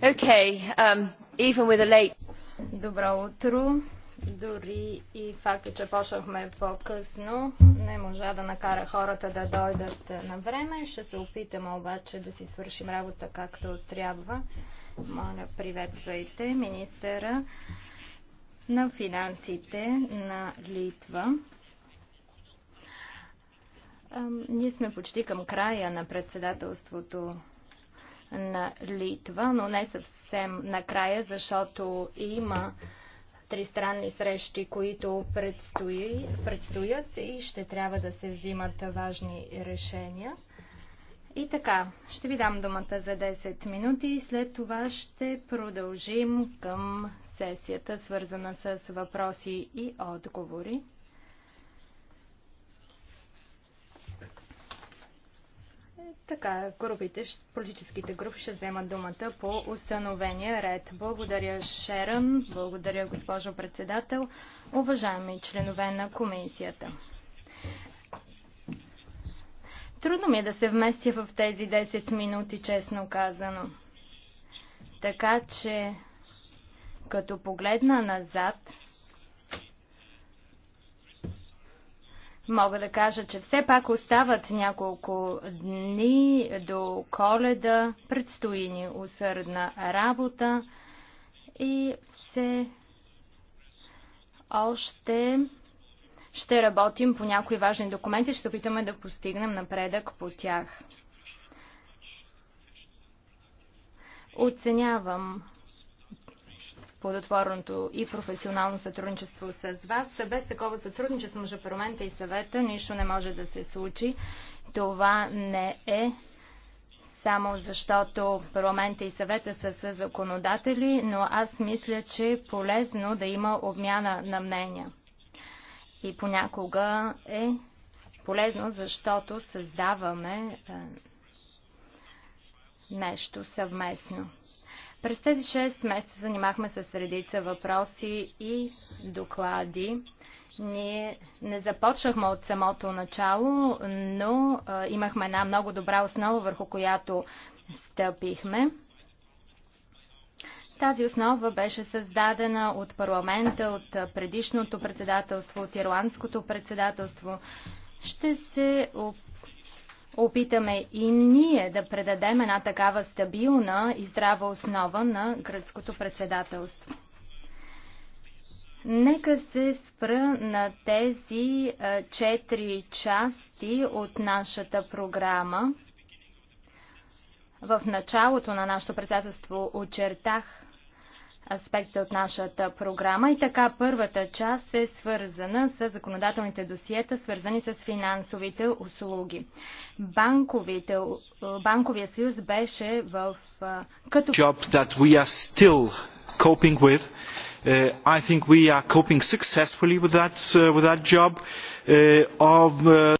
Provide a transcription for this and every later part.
Um, Добро утро. Дори и факта, че почнахме по-късно, не можа да накара хората да дойдат на време. Ще се опитаме обаче да си свършим работа както трябва. Моля, приветствайте министъра на финансите на Литва. Ние сме почти към края на председателството на Литва, но не съвсем накрая, защото има тристранни срещи, които предстои, предстоят и ще трябва да се взимат важни решения. И така, ще ви дам думата за 10 минути и след това ще продължим към сесията, свързана с въпроси и отговори. Така, групите, политическите групи ще вземат думата по установения ред. Благодаря, Шерън. Благодаря, госпожо председател. Уважаеми членове на комисията. Трудно ми е да се вместя в тези 10 минути, честно казано. Така че, като погледна назад, Мога да кажа, че все пак остават няколко дни до коледа, предстои ни усърдна работа и все още ще работим по някои важни документи, ще опитаме да постигнем напредък по тях. Оценявам плодотворното и професионално сътрудничество с вас. Без такова сътрудничество между парламента и съвета нищо не може да се случи. Това не е само защото парламента и съвета са, със законодатели, но аз мисля, че е полезно да има обмяна на мнения. И понякога е полезно, защото създаваме е, нещо съвместно. През тези 6 месеца занимахме се с редица въпроси и доклади. Ние не започнахме от самото начало, но а, имахме една много добра основа, върху която стъпихме. Тази основа беше създадена от парламента, от предишното председателство, от ирландското председателство. Ще се опитам опитаме и ние да предадем една такава стабилна и здрава основа на гръцкото председателство. Нека се спра на тези е, четири части от нашата програма. В началото на нашето председателство очертах аспекти от нашата програма. И така първата част е свързана с законодателните досиета, свързани с финансовите услуги. Банковите, банковия съюз беше в... Като... Job that we are still coping with. Uh, I think we are coping successfully with that, uh, with that job uh, of... Uh...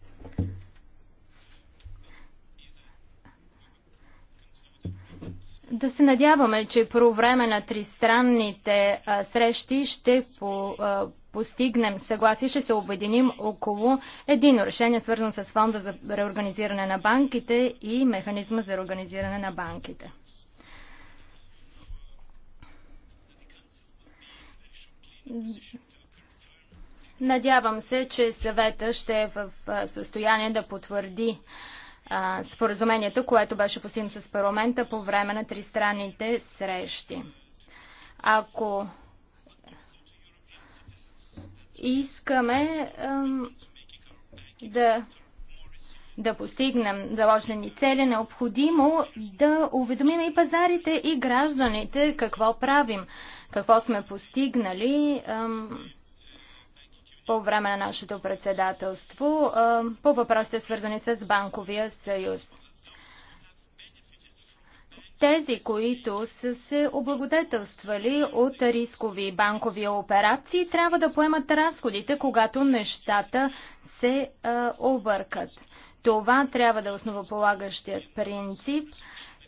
Да се надяваме, че по време на тристранните а, срещи ще по, а, постигнем съгласие, ще се обединим около едно решение, свързано с фонда за реорганизиране на банките и механизма за реорганизиране на банките. Надявам се, че съвета ще е в състояние да потвърди а, споразумението, което беше постигнато с парламента по време на тристранните срещи. Ако искаме да, да постигнем заложени цели, необходимо да уведомим и пазарите, и гражданите какво правим, какво сме постигнали. Ам, по време на нашето председателство по въпросите свързани с Банковия съюз. Тези, които са се облагодетелствали от рискови банкови операции, трябва да поемат разходите, когато нещата се а, объркат. Това трябва да е основополагащият принцип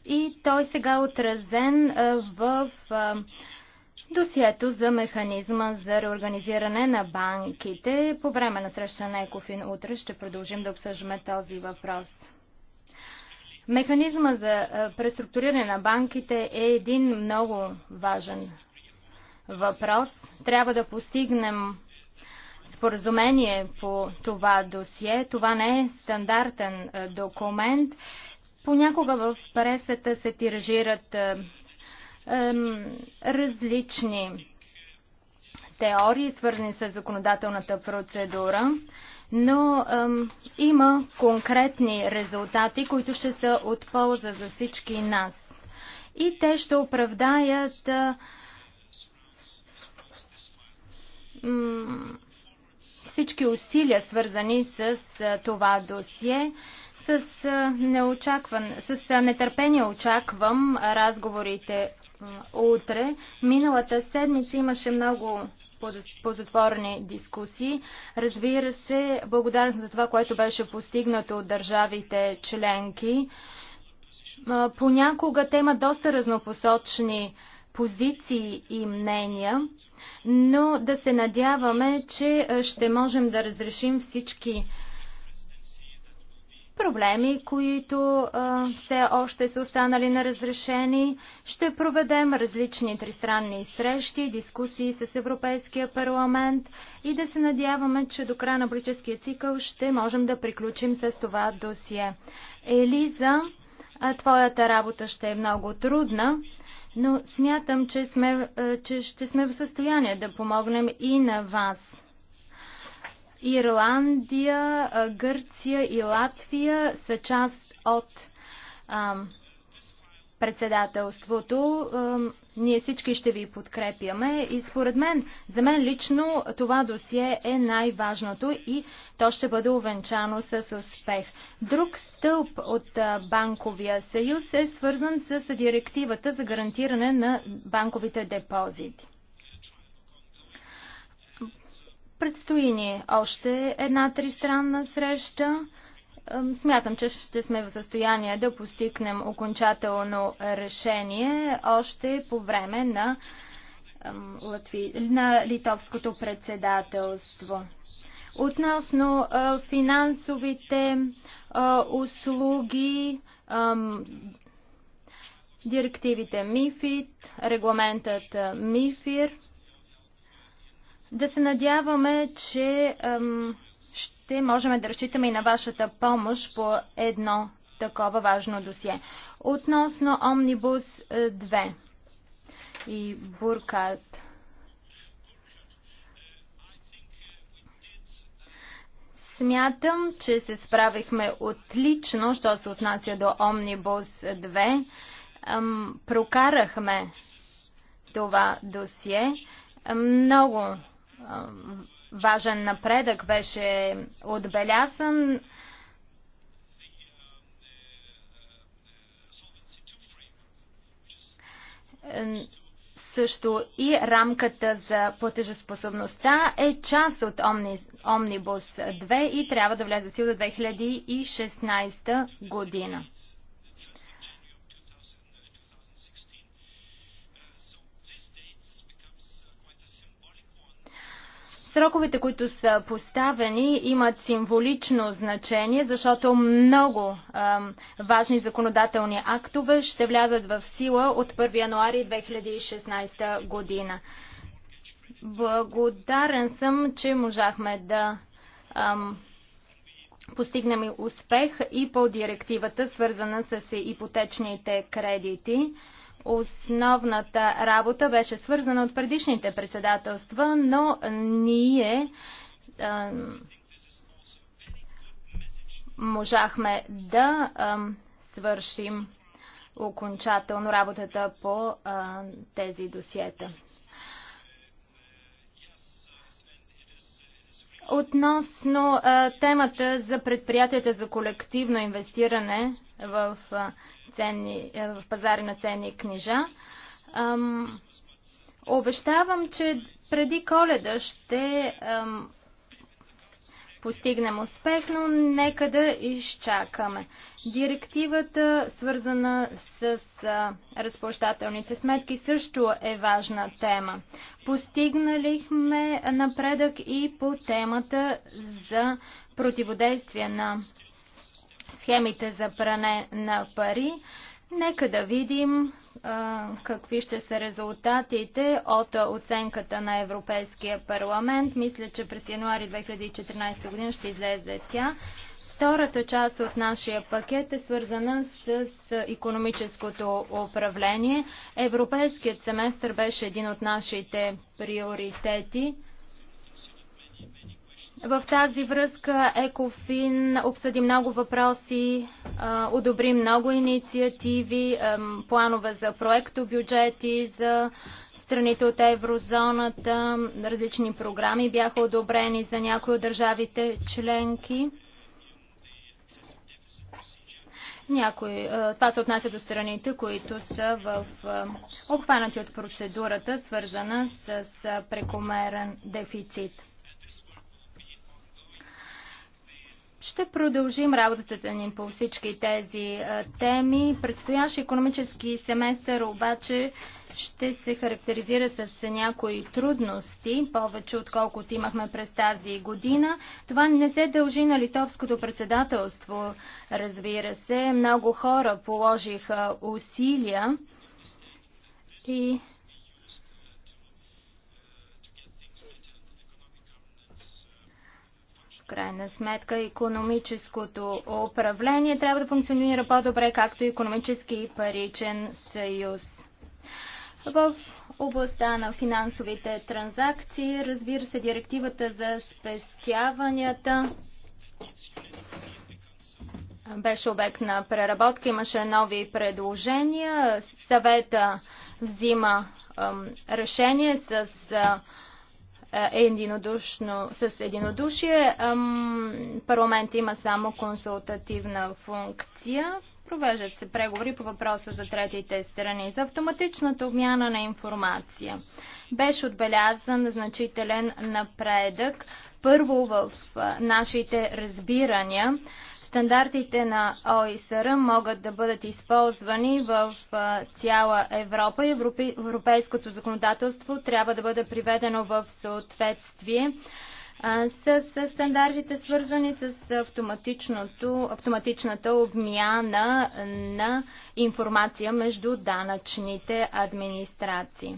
и той сега е отразен а, в. А, Досието за механизма за реорганизиране на банките. По време на среща на Екофин утре ще продължим да обсъждаме този въпрос. Механизма за преструктуриране на банките е един много важен въпрос. Трябва да постигнем споразумение по това досие. Това не е стандартен документ. Понякога в пресата се тиражират различни теории, свързани с законодателната процедура, но ем, има конкретни резултати, които ще са от полза за всички нас. И те ще оправдаят ем, всички усилия, свързани с е, това досие. С, е, неочакван, с е, нетърпение очаквам разговорите утре. Миналата седмица имаше много позатворени дискусии. Разбира се, благодарен за това, което беше постигнато от държавите членки. Понякога те имат доста разнопосочни позиции и мнения, но да се надяваме, че ще можем да разрешим всички проблеми, които а, все още са останали неразрешени. Ще проведем различни тристранни срещи, дискусии с Европейския парламент и да се надяваме, че до края на политическия цикъл ще можем да приключим с това досие. Елиза, твоята работа ще е много трудна, но смятам, че, сме, че ще сме в състояние да помогнем и на вас. Ирландия, Гърция и Латвия са част от председателството. ние всички ще ви подкрепяме и според мен, за мен лично това досие е най-важното и то ще бъде увенчано с успех. Друг стълб от Банковия съюз е свързан с директивата за гарантиране на банковите депозити. Предстои ни още една тристранна среща. Смятам, че ще сме в състояние да постигнем окончателно решение още по време на, Латви... на литовското председателство. Относно финансовите услуги, директивите МИФИД, регламентът МИФИР – да се надяваме, че ем, ще можем да разчитаме и на вашата помощ по едно такова важно досие. Относно Омнибус 2 е, и Буркат. Смятам, че се справихме отлично, що се отнася до Омнибус 2. Е, ем, прокарахме това досие. Много важен напредък беше отбелязан. Също и рамката за платежоспособността е част от Омнибус 2 и трябва да влезе сил до 2016 година. Сроковете, които са поставени, имат символично значение, защото много важни законодателни актове ще влязат в сила от 1 януари 2016 година. Благодарен съм, че можахме да постигнем успех и по директивата, свързана с ипотечните кредити. Основната работа беше свързана от предишните председателства, но ние а, можахме да а, свършим окончателно работата по а, тези досиета. Относно а, темата за предприятията за колективно инвестиране в а, ценни, е, в пазари на ценни книжа. Ам, обещавам, че преди коледа ще ам, постигнем успех, но нека да изчакаме. Директивата, свързана с а, разплащателните сметки, също е важна тема. Постигналихме напредък и по темата за противодействие на схемите за пране на пари. Нека да видим а, какви ще са резултатите от оценката на Европейския парламент. Мисля, че през януари 2014 година ще излезе тя. Втората част от нашия пакет е свързана с економическото управление. Европейският семестър беше един от нашите приоритети. В тази връзка Екофин обсъди много въпроси, одобри много инициативи, планове за проекто, бюджети за страните от еврозоната, различни програми бяха одобрени за някои от държавите членки. Някои, това се отнася до страните, които са в обхванати от процедурата, свързана с прекомерен дефицит. Ще продължим работата ни по всички тези теми. Предстоящ економически семестър обаче ще се характеризира с някои трудности, повече отколкото имахме през тази година. Това не се дължи на литовското председателство, разбира се. Много хора положиха усилия и крайна сметка економическото управление трябва да функционира по-добре, както економически и паричен съюз. В областта на финансовите транзакции, разбира се, директивата за спестяванията беше обект на преработка, имаше нови предложения. Съвета взима решение с е единодушно, с единодушие. Парламент има само консултативна функция. Провеждат се преговори по въпроса за третите страни, за автоматичната обмяна на информация. Беше отбелязан значителен напредък първо в нашите разбирания Стандартите на ОИСР могат да бъдат използвани в цяла Европа и европейското законодателство трябва да бъде приведено в съответствие с стандартите, свързани с автоматичната обмяна на информация между данъчните администрации.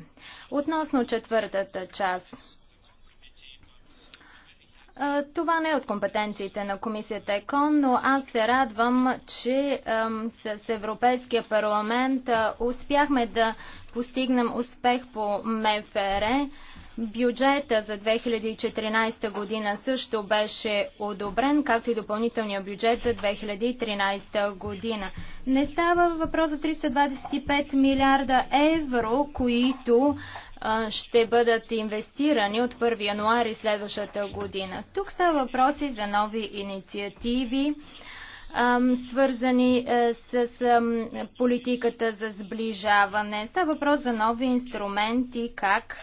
Относно четвъртата част това не е от компетенциите на комисията ЕКОН, но аз се радвам, че с Европейския парламент успяхме да постигнем успех по МФР. Бюджета за 2014 година също беше одобрен, както и допълнителния бюджет за 2013 година. Не става въпрос за 325 милиарда евро, които ще бъдат инвестирани от 1 януари следващата година. Тук става въпроси за нови инициативи, свързани е, с политиката за сближаване. Става въпрос за нови инструменти, как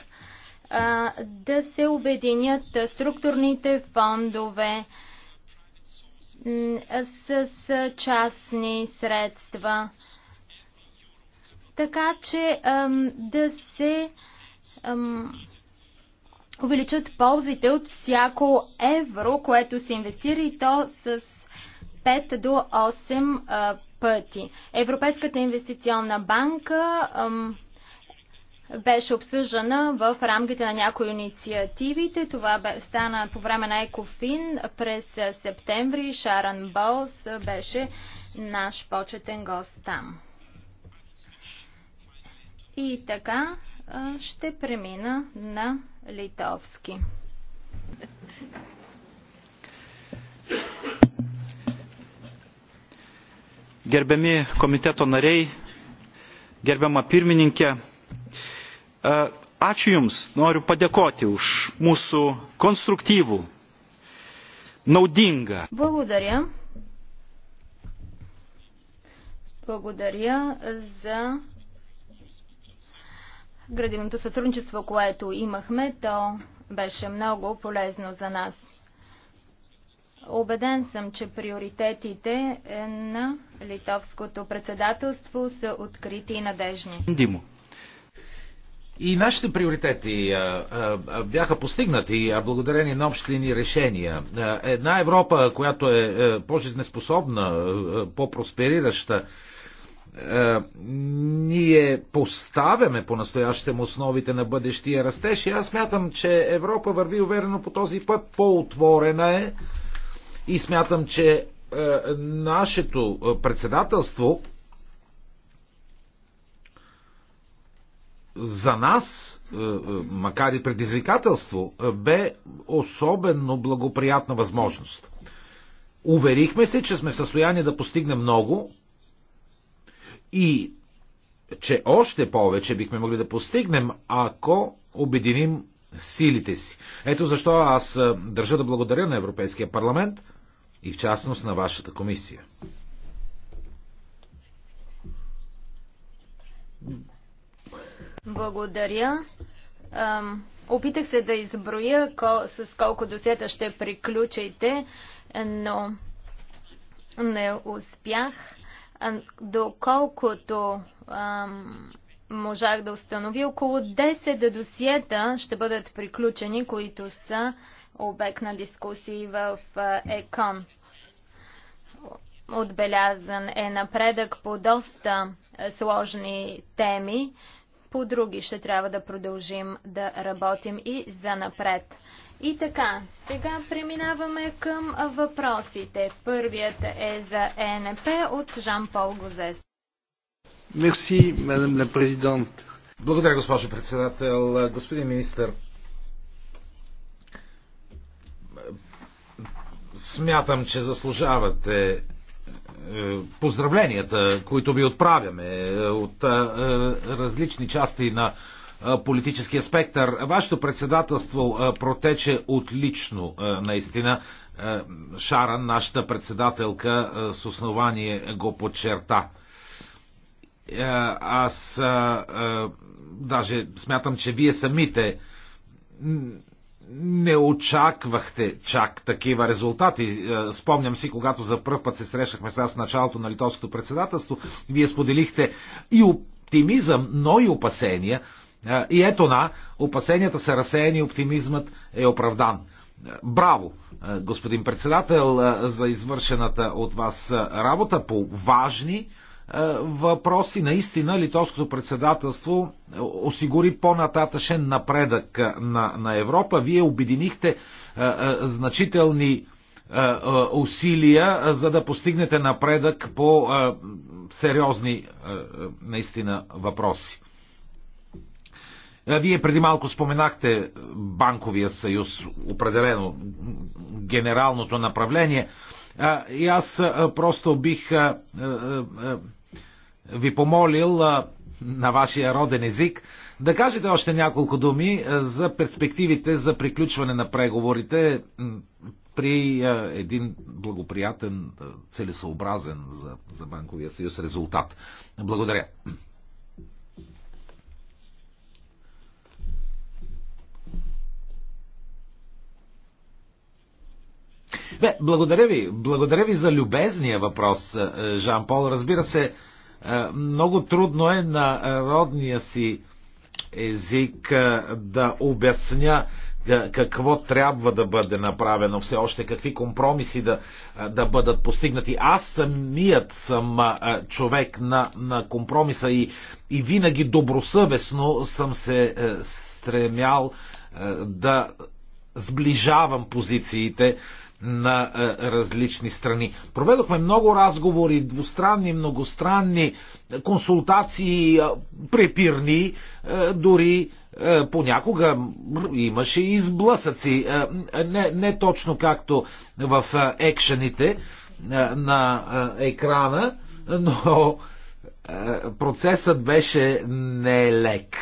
да се обединят структурните фондове с частни средства. Така че да се увеличат ползите от всяко евро, което се инвестира и то с 5 до 8 а, пъти. Европейската инвестиционна банка ам, беше обсъждана в рамките на някои инициативите. Това бе, стана по време на Екофин през септември. Шаран Болс беше наш почетен гост там. И така, ще премина на литовски. Gerbiami komiteto nariai, gerbiama pirmininkė, ačiū Jums, noriu padėkoti už mūsų konstruktyvų, naudingą. Благодаря. Благодаря за Градивното сътрудничество, което имахме, то беше много полезно за нас. Обеден съм, че приоритетите на литовското председателство са открити и надежни. Димо. И нашите приоритети а, а, бяха постигнати а благодарение на общини решения. Една Европа, която е, е по-жизнеспособна, е, е, по-просперираща, е, ние поставяме по-настоящем основите на бъдещия растеж и аз мятам, че Европа върви уверено по този път, по-отворена е и смятам, че е, нашето е, председателство за нас, е, е макар и предизвикателство, бе особено благоприятна възможност. Уверихме се, че сме в състояние да постигнем много, и че още повече бихме могли да постигнем, ако обединим силите си. Ето защо аз държа да благодаря на Европейския парламент и в частност на вашата комисия. Благодаря. Опитах се да изброя с колко досета ще приключите, но не успях доколкото можах да установи, около 10 досиета ще бъдат приключени, които са обект на дискусии в ЕКОН. Отбелязан е напредък по доста сложни теми. По други ще трябва да продължим да работим и за напред. И така, сега преминаваме към въпросите. Първият е за ЕНП от Жан-Пол Гозес. Мерси, мадам ла президент. Благодаря, госпожо председател. Господин министр, смятам, че заслужавате е, поздравленията, които ви отправяме е, от е, различни части на политическия спектър. Вашето председателство протече отлично, наистина. Шаран, нашата председателка, с основание го подчерта. Аз даже смятам, че вие самите не очаквахте чак такива резултати. Спомням си, когато за първ път се срещахме с началото на литовското председателство, вие споделихте и оптимизъм, но и опасения е, и ето на, опасенията са разсеяни, оптимизмът е оправдан. Е, браво, е, господин председател, за извършената от вас работа по важни въпроси. Наистина литовското председателство осигури по-нататъчен напредък на, на Европа. Вие обединихте значителни усилия, за да постигнете напредък по сериозни наистина въпроси. Вие преди малко споменахте банковия съюз, определено генералното направление. И аз просто бих ви помолил на вашия роден език да кажете още няколко думи за перспективите за приключване на преговорите при един благоприятен, целесообразен за, за Банковия съюз резултат. Благодаря. Бе, благодаря ви. Благодаря ви за любезния въпрос, е, Жан Пол. Разбира се, е, много трудно е на родния си език е, да обясня какво трябва да бъде направено все още, какви компромиси да, да бъдат постигнати. Аз самият съм човек на, на компромиса и, и винаги добросъвестно съм се стремял да сближавам позициите на е, различни страни. Проведохме много разговори, двустранни, многостранни, консултации, е, препирни, е, дори понякога имаше и сблъсъци. Не, не точно както в екшените на екрана, но процесът беше нелек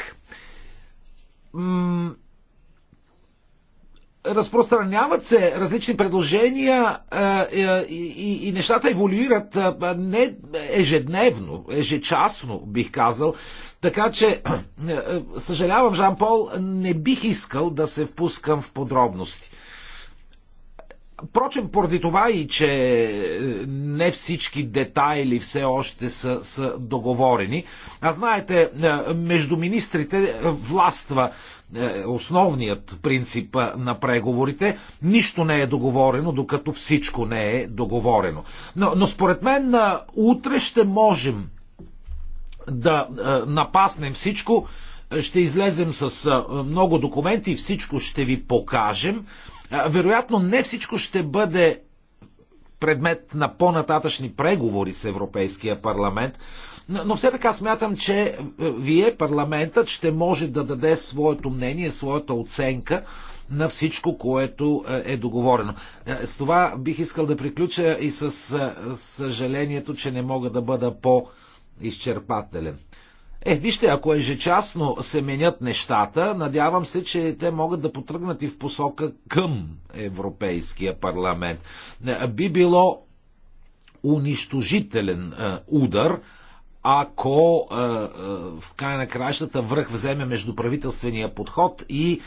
разпространяват се различни предложения е, е, и, и, и нещата еволюират е, не ежедневно, ежечасно, бих казал. Така че, съжалявам, Жан-Пол, не бих искал да се впускам в подробности. Впрочем, поради това и, че не всички детайли все още са, са договорени, а знаете, между министрите властва е, основният принцип е, на преговорите. Нищо не е договорено, докато всичко не е договорено. Но, но според мен е, утре ще можем да напаснем всичко, ще излезем с много документи и всичко ще ви покажем. Вероятно не всичко ще бъде предмет на по-нататъчни преговори с Европейския парламент, но все така смятам, че е, вие, парламентът, ще може да даде своето мнение, своята оценка на всичко, което е, е договорено. Е, с това бих искал да приключа и с съжалението, че не мога да бъда по-изчерпателен. Е, вижте, ако ежечасно се менят нещата, надявам се, че те могат да потръгнат и в посока към Европейския парламент. Би било унищожителен удар ако е, е, в край на краищата връх вземе междуправителствения подход и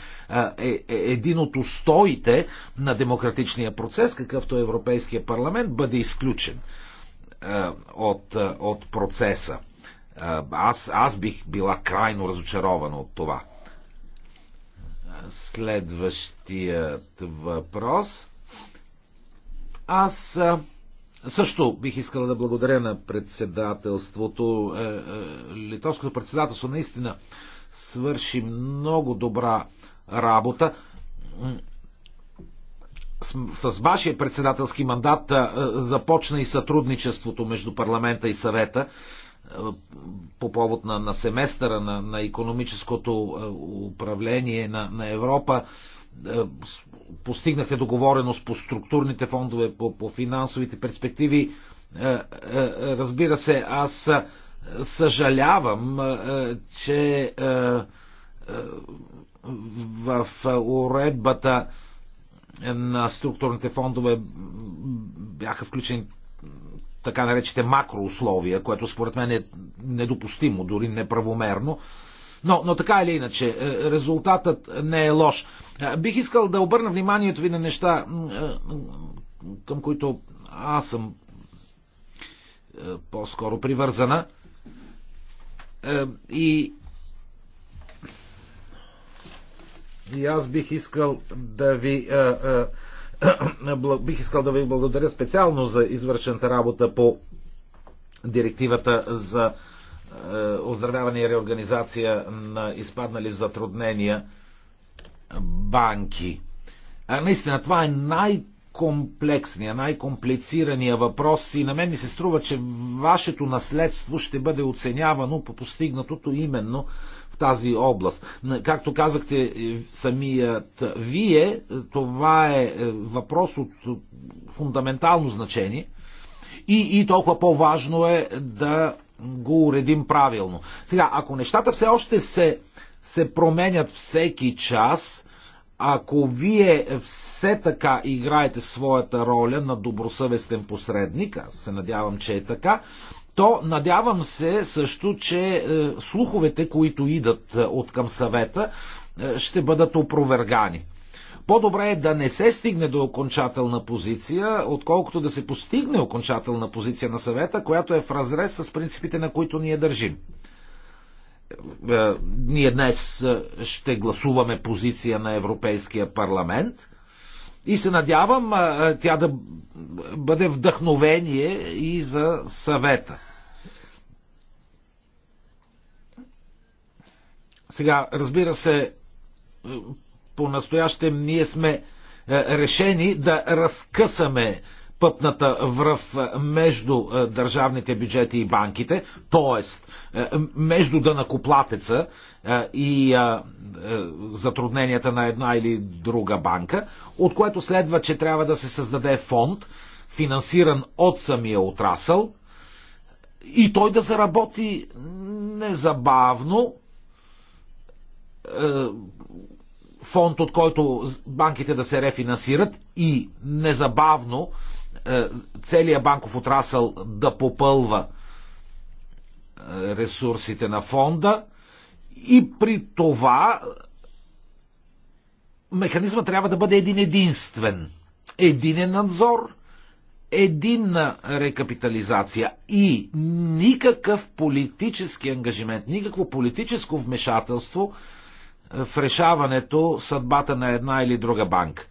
е, един от устоите на демократичния процес, какъвто е Европейския парламент, бъде изключен от, от процеса. Аз, аз бих била крайно разочарована от това. Следващият въпрос. Аз също бих искал да благодаря на председателството. Е, е, Литовското председателство наистина свърши много добра работа. С, с вашия председателски мандат е, започна и сътрудничеството между парламента и съвета по повод на, на семестъра на, на економическото управление на, на Европа. Е, постигнахте договореност по структурните фондове, по, по финансовите перспективи. Е, е, разбира се, аз съжалявам, че в уредбата на структурните фондове бяха включени така наречите макроусловия, което според мен е недопустимо, дори неправомерно. Но, но така или иначе, е, резултатът не е лош. Е, бих искал да обърна вниманието ви на неща, е, към които аз съм по-скоро привързана. И, и аз бих искал да ви бих искал да ви благодаря специално за извършената работа по директивата за е, оздравяване и реорганизация на изпаднали в затруднения банки. А, наистина, това е най- комплексния, най-комплицирания въпрос и на мен ми се струва, че вашето наследство ще бъде оценявано по постигнатото именно в тази област. Както казахте е, самият вие, е, това е въпрос от фундаментално значение и, и толкова по-важно е да го уредим правилно. Сега, ако нещата все още се, се променят всеки час, ако вие все така играете своята роля на добросъвестен посредник, аз се надявам, че е така, то надявам се също, че е, слуховете, които идат е, от към съвета, е, ще бъдат опровергани. По-добре е да не се стигне до окончателна позиция, отколкото да се постигне окончателна позиция на съвета, която е в разрез с принципите, на които ние държим. Е, ние днес е, ще гласуваме позиция на Европейския парламент и се надявам е, тя да бъде вдъхновение и за съвета. Сега, разбира се, по-настоящем ние сме е, решени да разкъсаме пътната връв е, между е, държавните бюджети и банките, т.е. между дънакоплатеца и затрудненията на една или друга банка, от което следва, че трябва да се създаде фонд, финансиран от самия отрасъл, и той да заработи незабавно фонд, от който банките да се рефинансират и незабавно е, целият банков отрасъл да попълва е, ресурсите на фонда и при това механизма трябва да бъде един единствен. Единен надзор, единна рекапитализация и никакъв политически ангажимент, никакво политическо вмешателство – в решаването съдбата на една или друга банка.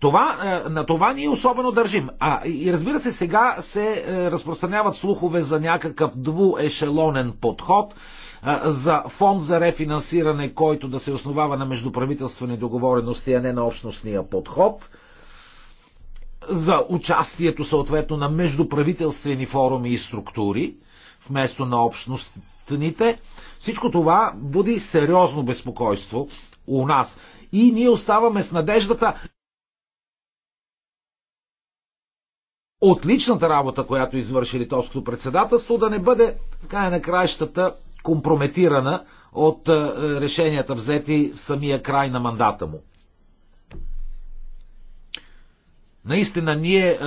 Това, е, на това ние особено държим. А, и разбира се, сега се е, разпространяват слухове за някакъв двуешелонен подход, е, за фонд за рефинансиране, който да се основава на междуправителствени договорености, а не на общностния подход, за участието съответно на междуправителствени форуми и структури, вместо на общностните, всичко това буди сериозно безпокойство у нас. И ние оставаме с надеждата отличната работа, която извърши литовското председателство, да не бъде така края е, на краищата компрометирана от е, решенията взети в самия край на мандата му. Наистина ние е,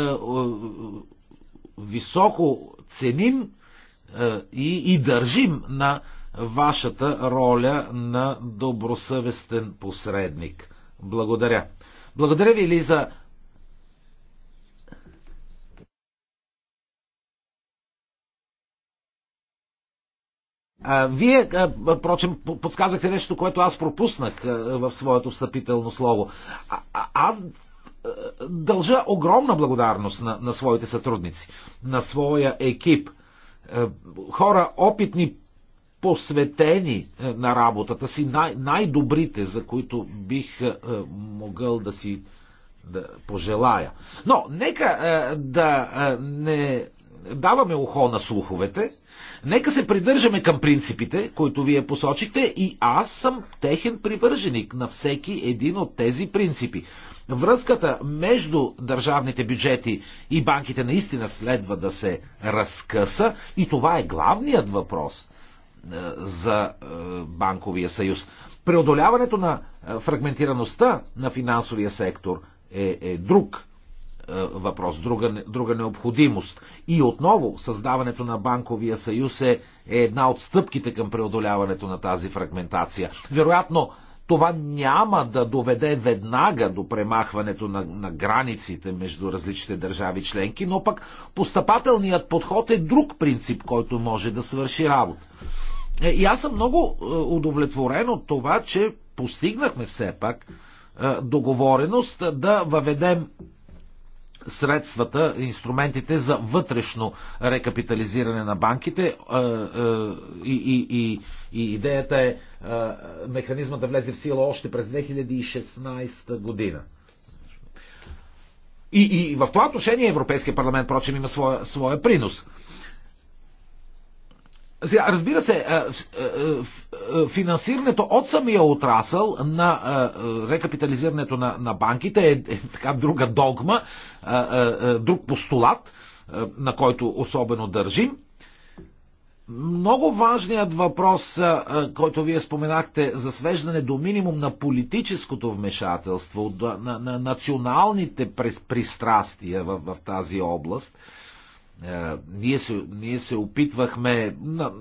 високо ценим и, и държим на вашата роля на добросъвестен посредник. Благодаря. Благодаря ви, Лиза. А, вие, впрочем, подсказахте нещо, което аз пропуснах в своето встъпително слово. А, а, аз дължа огромна благодарност на, на своите сътрудници, на своя екип. Хора опитни посветени е, на работата си, най- най-добрите, за които бих е, е, могъл да си да пожелая. Но нека е, да е, не даваме ухо на слуховете, нека се придържаме към принципите, които вие посочихте и аз съм техен привърженик на всеки един от тези принципи. Връзката между държавните бюджети и банките наистина следва да се разкъса и това е главният въпрос – е, за е, банковия съюз. Преодоляването на е, фрагментираността на финансовия сектор е, е друг въпрос, друга, друга необходимост. И отново създаването на банковия съюз е, е една от стъпките към преодоляването на тази фрагментация. Вероятно, това няма да доведе веднага до премахването на, на границите между различните държави членки, но пък постъпателният подход е друг принцип, който може да свърши работа. Е, и аз съм много е, удовлетворен от това, че постигнахме все пак е, договореност да въведем средствата, инструментите за вътрешно рекапитализиране на банките е, е, и, и, и идеята е, е механизма да влезе в сила още през 2016 година. И, и в това отношение Европейския парламент, прочим, има своя, своя принос. Сега, разбира се, финансирането от самия отрасъл на рекапитализирането на, на банките е, е така друга догма, друг постулат, на който особено държим. Много важният въпрос, който вие споменахте за свеждане до минимум на политическото вмешателство, на, на, националните пристрастия в, в тази област – е, ние се, ние се опитвахме,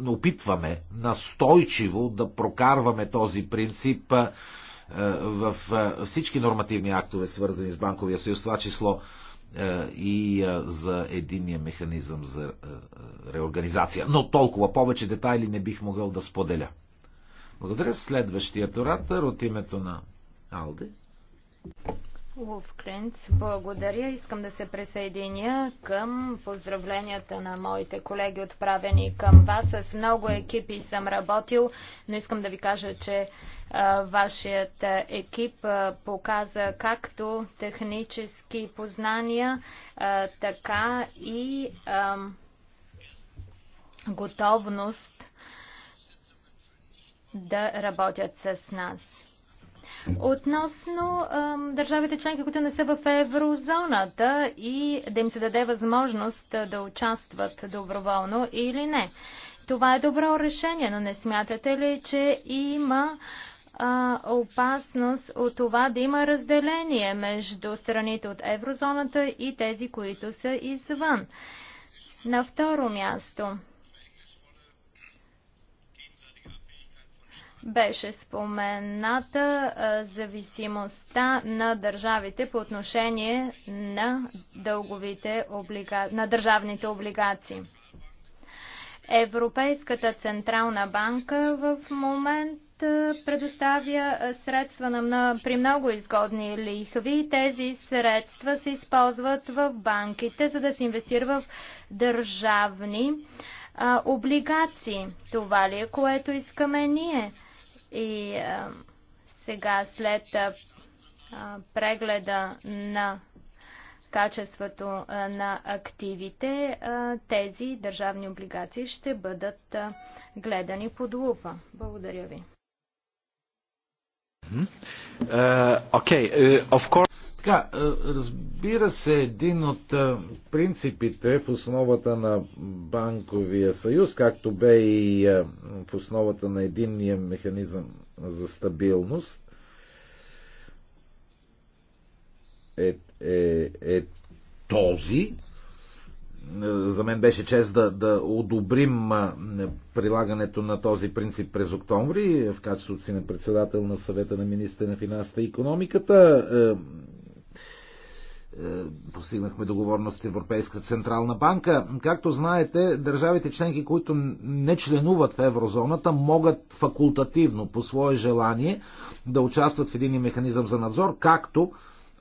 опитваме настойчиво да прокарваме този принцип е, в е, всички нормативни актове, свързани с Банковия съюз, това число и за единния механизъм за реорганизация. Но толкова повече детайли не бих могъл да споделя. Благодаря. Следващият оратор от името на Алде. Клинц, благодаря. Искам да се присъединя към поздравленията на моите колеги, отправени към вас. С много екипи съм работил, но искам да ви кажа, че вашият екип показа както технически познания, така и готовност да работят с нас. Относно държавите членки, които не са в еврозоната и да им се даде възможност да участват доброволно или не. Това е добро решение, но не смятате ли, че има а, опасност от това да има разделение между страните от еврозоната и тези, които са извън? На второ място, Беше спомената зависимостта на държавите по отношение на, дълговите облига... на държавните облигации. Европейската централна банка в момент предоставя средства на, при много изгодни лихви. Тези средства се използват в банките, за да се инвестира в държавни а, облигации. Това ли е, което искаме ние? И а, сега след а, прегледа на качеството а, на активите, а, тези държавни облигации ще бъдат а, гледани под лупа. Благодаря ви. Okay, е, е, of course. Така, е, разбира се, един от е, принципите в основата на банковия съюз, както бе и е, в основата на единния механизъм за стабилност, е, е, е този. За мен беше чест да, да одобрим прилагането на този принцип през октомври в качеството си на председател на съвета на министър на финансите и економиката. Е, постигнахме договорност с Европейска централна банка. Както знаете, държавите членки, които не членуват в еврозоната, могат факултативно, по свое желание, да участват в един механизъм за надзор, както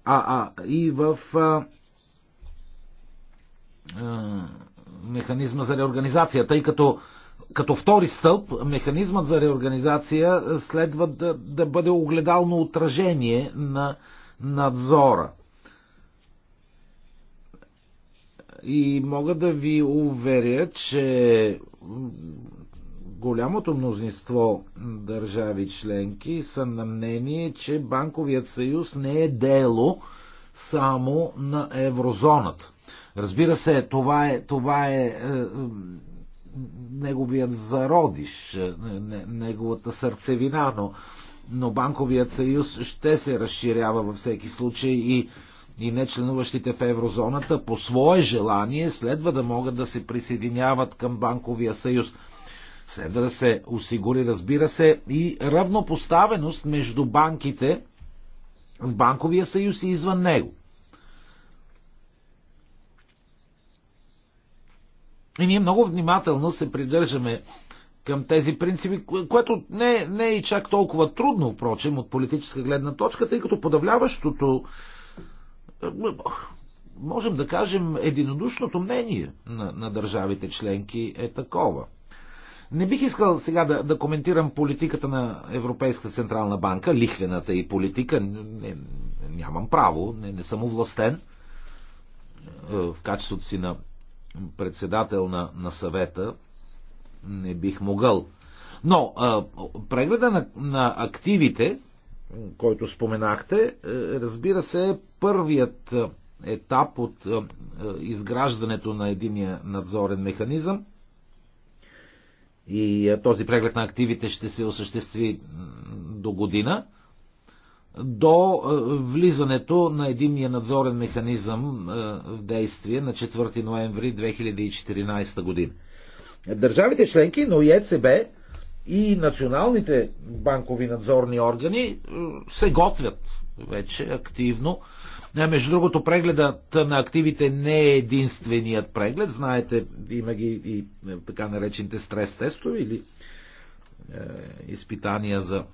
а, а, и в а, а, механизма за реорганизация, тъй като като втори стълб, механизмът за реорганизация следва да, да бъде огледално отражение на надзора. И мога да ви уверя, че голямото мнозинство държави членки са на мнение, че банковият съюз не е дело само на еврозоната. Разбира се, това е, това е, е неговият зародиш, е, не, неговата сърцевина, но, но банковият съюз ще се разширява във всеки случай и и не, членуващите в еврозоната по свое желание следва да могат да се присъединяват към банковия съюз. Следва да се осигури, разбира се, и равнопоставеност между банките в банковия съюз и извън него. И ние много внимателно се придържаме към тези принципи, което не, не е и чак толкова трудно, впрочем, от политическа гледна точка, тъй като подавляващото можем да кажем, единодушното мнение на, на държавите членки е такова. Не бих искал сега да, да коментирам политиката на Европейска централна банка, лихвената и политика. Не, нямам право, не, не съм овластен е, в качеството си на председател на, на съвета. Не бих могъл. Но а, е, прегледа на, на активите който споменахте, е, разбира се, първият е, етап от е, изграждането на единия надзорен механизъм. И този преглед на активите ще се осъществи до година до влизането на единния надзорен механизъм в действие на 4 ноември 2014 година. Държавите членки, но и ЕЦБ и националните банкови надзорни органи се готвят вече активно. Е, между другото, прегледът на активите не е единственият преглед. Знаете, има ги и е, така наречените стрес тестове или е, изпитания за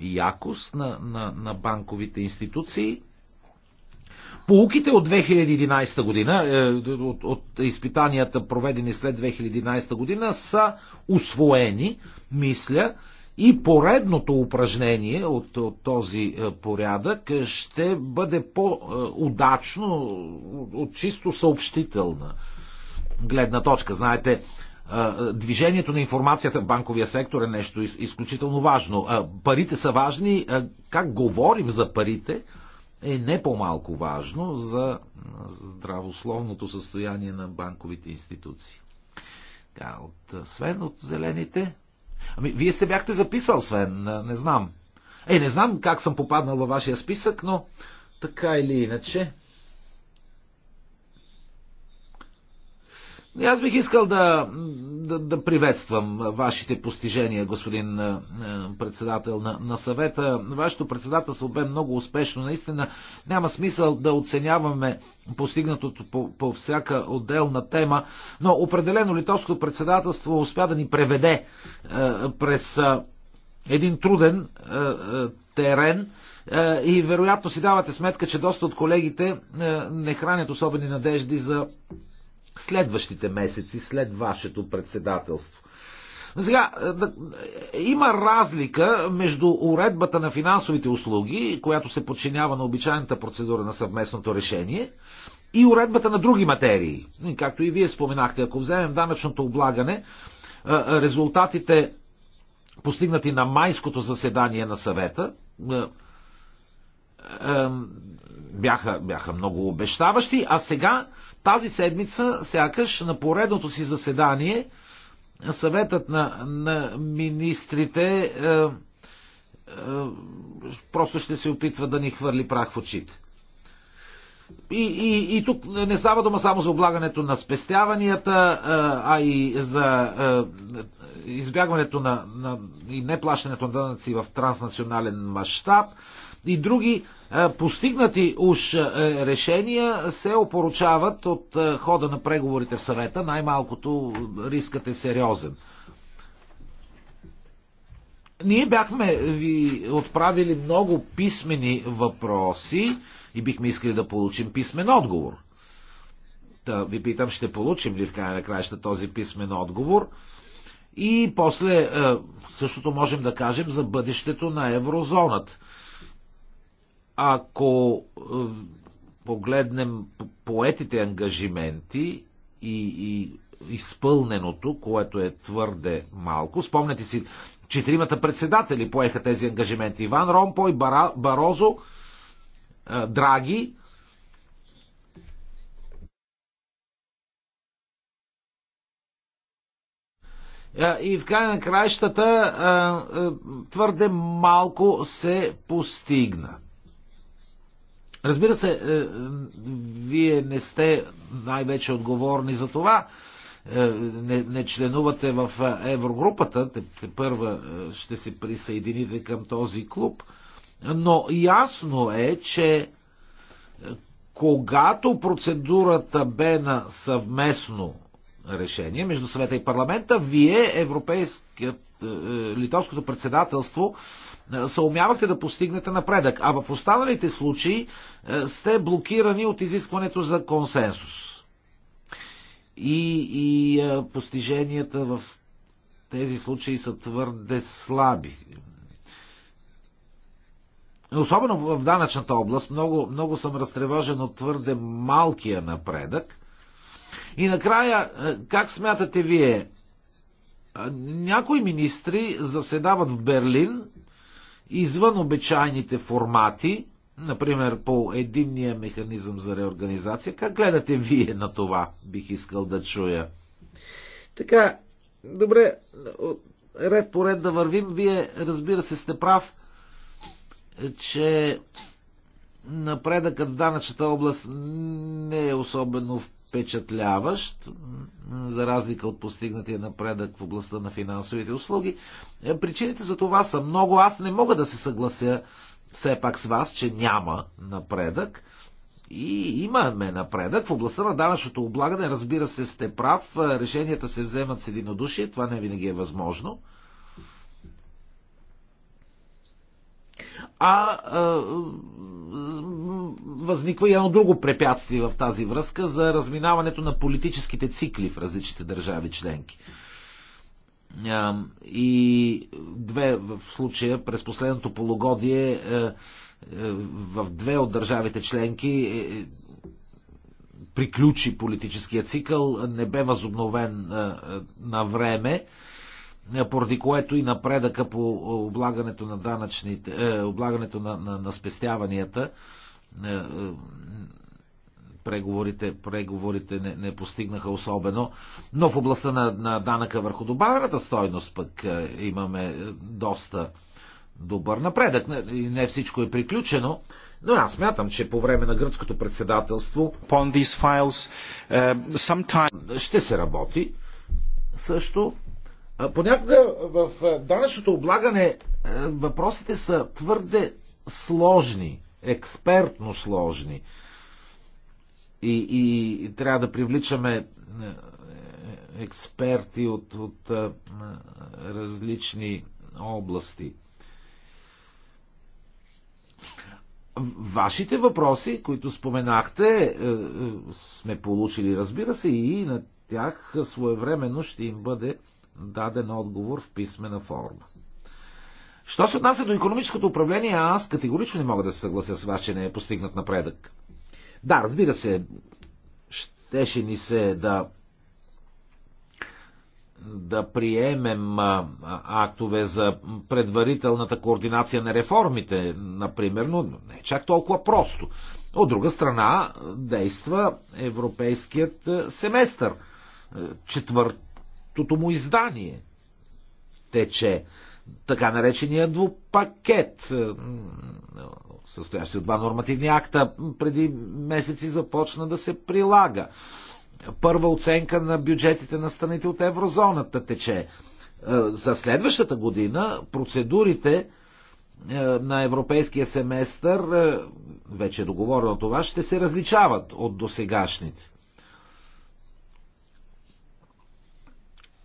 якост на, на, на банковите институции. Полуките от 2011 година, е, от, от изпитанията проведени след 2011 година, са освоени, мисля, и поредното упражнение от, от този е, порядък ще бъде по-удачно от чисто съобщителна гледна точка. Знаете, е, движението на информацията в банковия сектор е нещо изключително важно. Парите са важни. Как говорим за парите? е не по-малко важно за здравословното състояние на банковите институции. Така, от е, Свен, от зелените. Ами, вие сте бяхте записал, Свен, е, не знам. Е, не знам как съм попаднал във вашия списък, но така или иначе. Аз бих искал да, да, да приветствам вашите постижения, господин е, е, председател на, на съвета. Вашето председателство бе много успешно. Наистина няма смисъл да оценяваме постигнатото по, по всяка отделна тема, но определено литовското председателство успя да ни преведе е, през е, един труден е, е, терен е, и вероятно си давате сметка, че доста от колегите не хранят особени надежди за следващите месеци, след вашето председателство. Сега, е, да, е, има разлика между уредбата на финансовите услуги, която се подчинява на обичайната процедура на съвместното решение, и уредбата на други материи. Както и вие споменахте, ако вземем данъчното облагане, е, резултатите постигнати на майското заседание на съвета, бяха, бяха много обещаващи, а сега тази седмица, сякаш, на поредното си заседание, съветът на, на министрите е, е, просто ще се опитва да ни хвърли прах в очите. И, и, и тук не става дума само за облагането на спестяванията, е, а и за е, избягването на, на и неплащането на данъци в транснационален мащаб и други постигнати уж е, решения се опоручават от е, хода на преговорите в съвета, най-малкото е, рискът е сериозен. Ние бяхме ви отправили много писмени въпроси и бихме искали да получим писмен отговор. Та ви питам, ще получим ли в края на краища този писмен отговор? И после същото можем да кажем за бъдещето на еврозоната. Ако е, погледнем поетите ангажименти и, и изпълненото, което е твърде малко, спомняте си, четиримата председатели поеха тези ангажименти. Иван Ромпой, Бара, Барозо, е, Драги, е, И в край на краищата твърде малко се постигна. Разбира се, е, вие не сте най-вече отговорни за това. Е, не, не членувате в е, Еврогрупата, те, те първа ще се присъедините към този клуб, но ясно е, че когато процедурата бе на съвместно решение между съвета и парламента, вие, Европейският, литовското председателство, е, умявахте да постигнете напредък, а в останалите случаи е, сте блокирани от изискването за консенсус. И, и е, постиженията в тези случаи са твърде слаби. Особено в данъчната област много, много съм разтревожен от твърде малкия напредък. И накрая, как смятате вие? Някои министри заседават в Берлин извън обичайните формати, например по единния механизъм за реорганизация. Как гледате вие на това, бих искал да чуя. Така, добре, ред по ред да вървим. Вие, разбира се, сте прав, че напредъкът в данъчната област не е особено в впечатляващ, за разлика от постигнатия напредък в областта на финансовите услуги. Е, причините за това са много. Аз не мога да се съглася все пак с вас, че няма напредък. И имаме напредък в областта на данъчното облагане. Разбира се, сте прав. Решенията се вземат с единодушие. Това не винаги е възможно. А, а възниква и едно друго препятствие в тази връзка за разминаването на политическите цикли в различните държави членки. И две в случая през последното полугодие е, е, в две от държавите членки е, приключи политическия цикъл, не бе възобновен на време е, поради което и напредъка по е, облагането на данъчните, е, облагането на, на, на спестяванията, преговорите, преговорите не, не постигнаха особено, но в областта на, на данъка върху добавената стойност пък имаме доста добър напредък. Не, не всичко е приключено, но аз смятам, че по време на гръцкото председателство files, uh, sometime... ще се работи също Понякога в данъчното облагане въпросите са твърде сложни, експертно сложни. И, и трябва да привличаме експерти от, от различни области. Вашите въпроси, които споменахте, е, е, сме получили, разбира се, и на тях своевременно ще им бъде даден отговор в писмена форма. Що се отнася до економическото управление, аз категорично не мога да се съглася с вас, че не е постигнат напредък. Да, разбира се, щеше ни се да да приемем актове за предварителната координация на реформите, например, но не е чак толкова просто. От друга страна действа европейският семестър. Четвърт четвъртото му издание тече така наречения двупакет, състоящ се от два нормативни акта, преди месеци започна да се прилага. Първа оценка на бюджетите на страните от еврозоната тече. Е, за следващата година процедурите е, на европейския семестър, е, вече е договорено това, ще се различават от досегашните.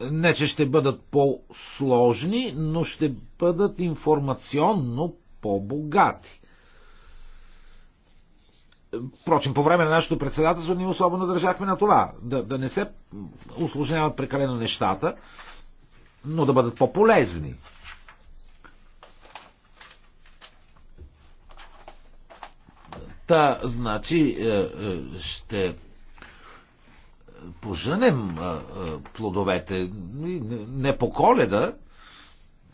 Не, че ще бъдат по-сложни, но ще бъдат информационно по-богати. Впрочем, по време на нашето председателство ние особено държахме на това. Да, да не се усложняват прекалено нещата, но да бъдат по-полезни. Та, значи, е, е, ще поженем плодовете. Не по коледа,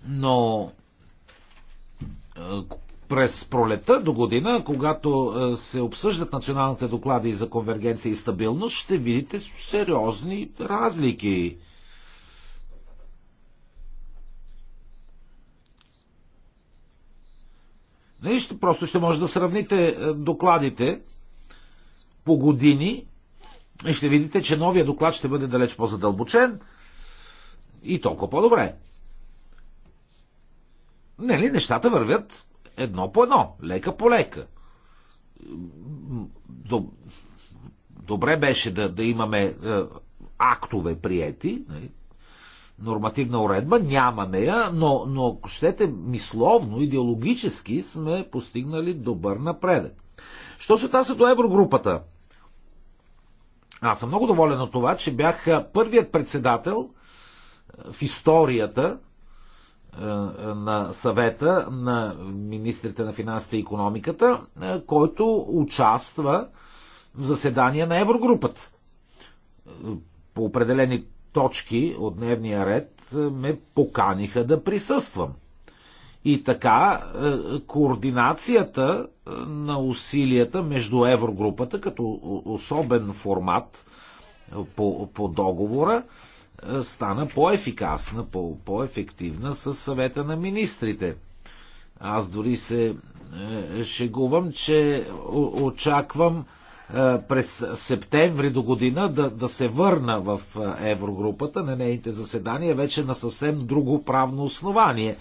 но през пролета до година, когато се обсъждат националните доклади за конвергенция и стабилност, ще видите сериозни разлики. Не, просто ще може да сравните докладите по години и ще видите, че новия доклад ще бъде далеч по-задълбочен и толкова по-добре. Не ли, нещата вървят едно по едно, лека по лека. Добре беше да, да имаме е, актове приети, нали? нормативна уредба, нямаме я, но, но ако щете мисловно, идеологически сме постигнали добър напредък. Що се отнася до еврогрупата? Аз съм много доволен от това, че бях първият председател в историята на съвета на министрите на финансите и економиката, който участва в заседания на Еврогрупата. По определени точки от дневния ред ме поканиха да присъствам – и така, е, координацията е, на усилията между Еврогрупата като особен формат е, по, по договора стана по-ефикасна, по-ефективна с съвета на министрите. Аз дори се шегувам, че очаквам през септември до година да, да се върна в Еврогрупата на нейните заседания вече на съвсем друго правно основание.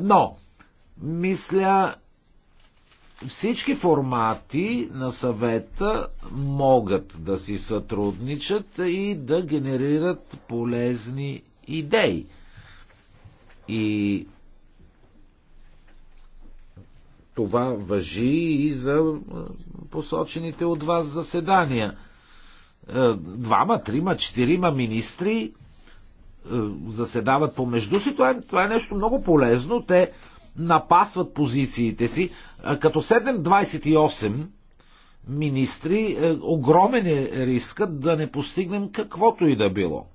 Но, мисля, всички формати на съвета могат да си сътрудничат и да генерират полезни идеи. И това въжи и за посочените от вас заседания. Е, двама, трима, четирима министри е, заседават помежду си, това е, това е нещо много полезно. Те напасват позициите си. Е, като 7-28 министри, е, огромен е рискът да не постигнем каквото и да било.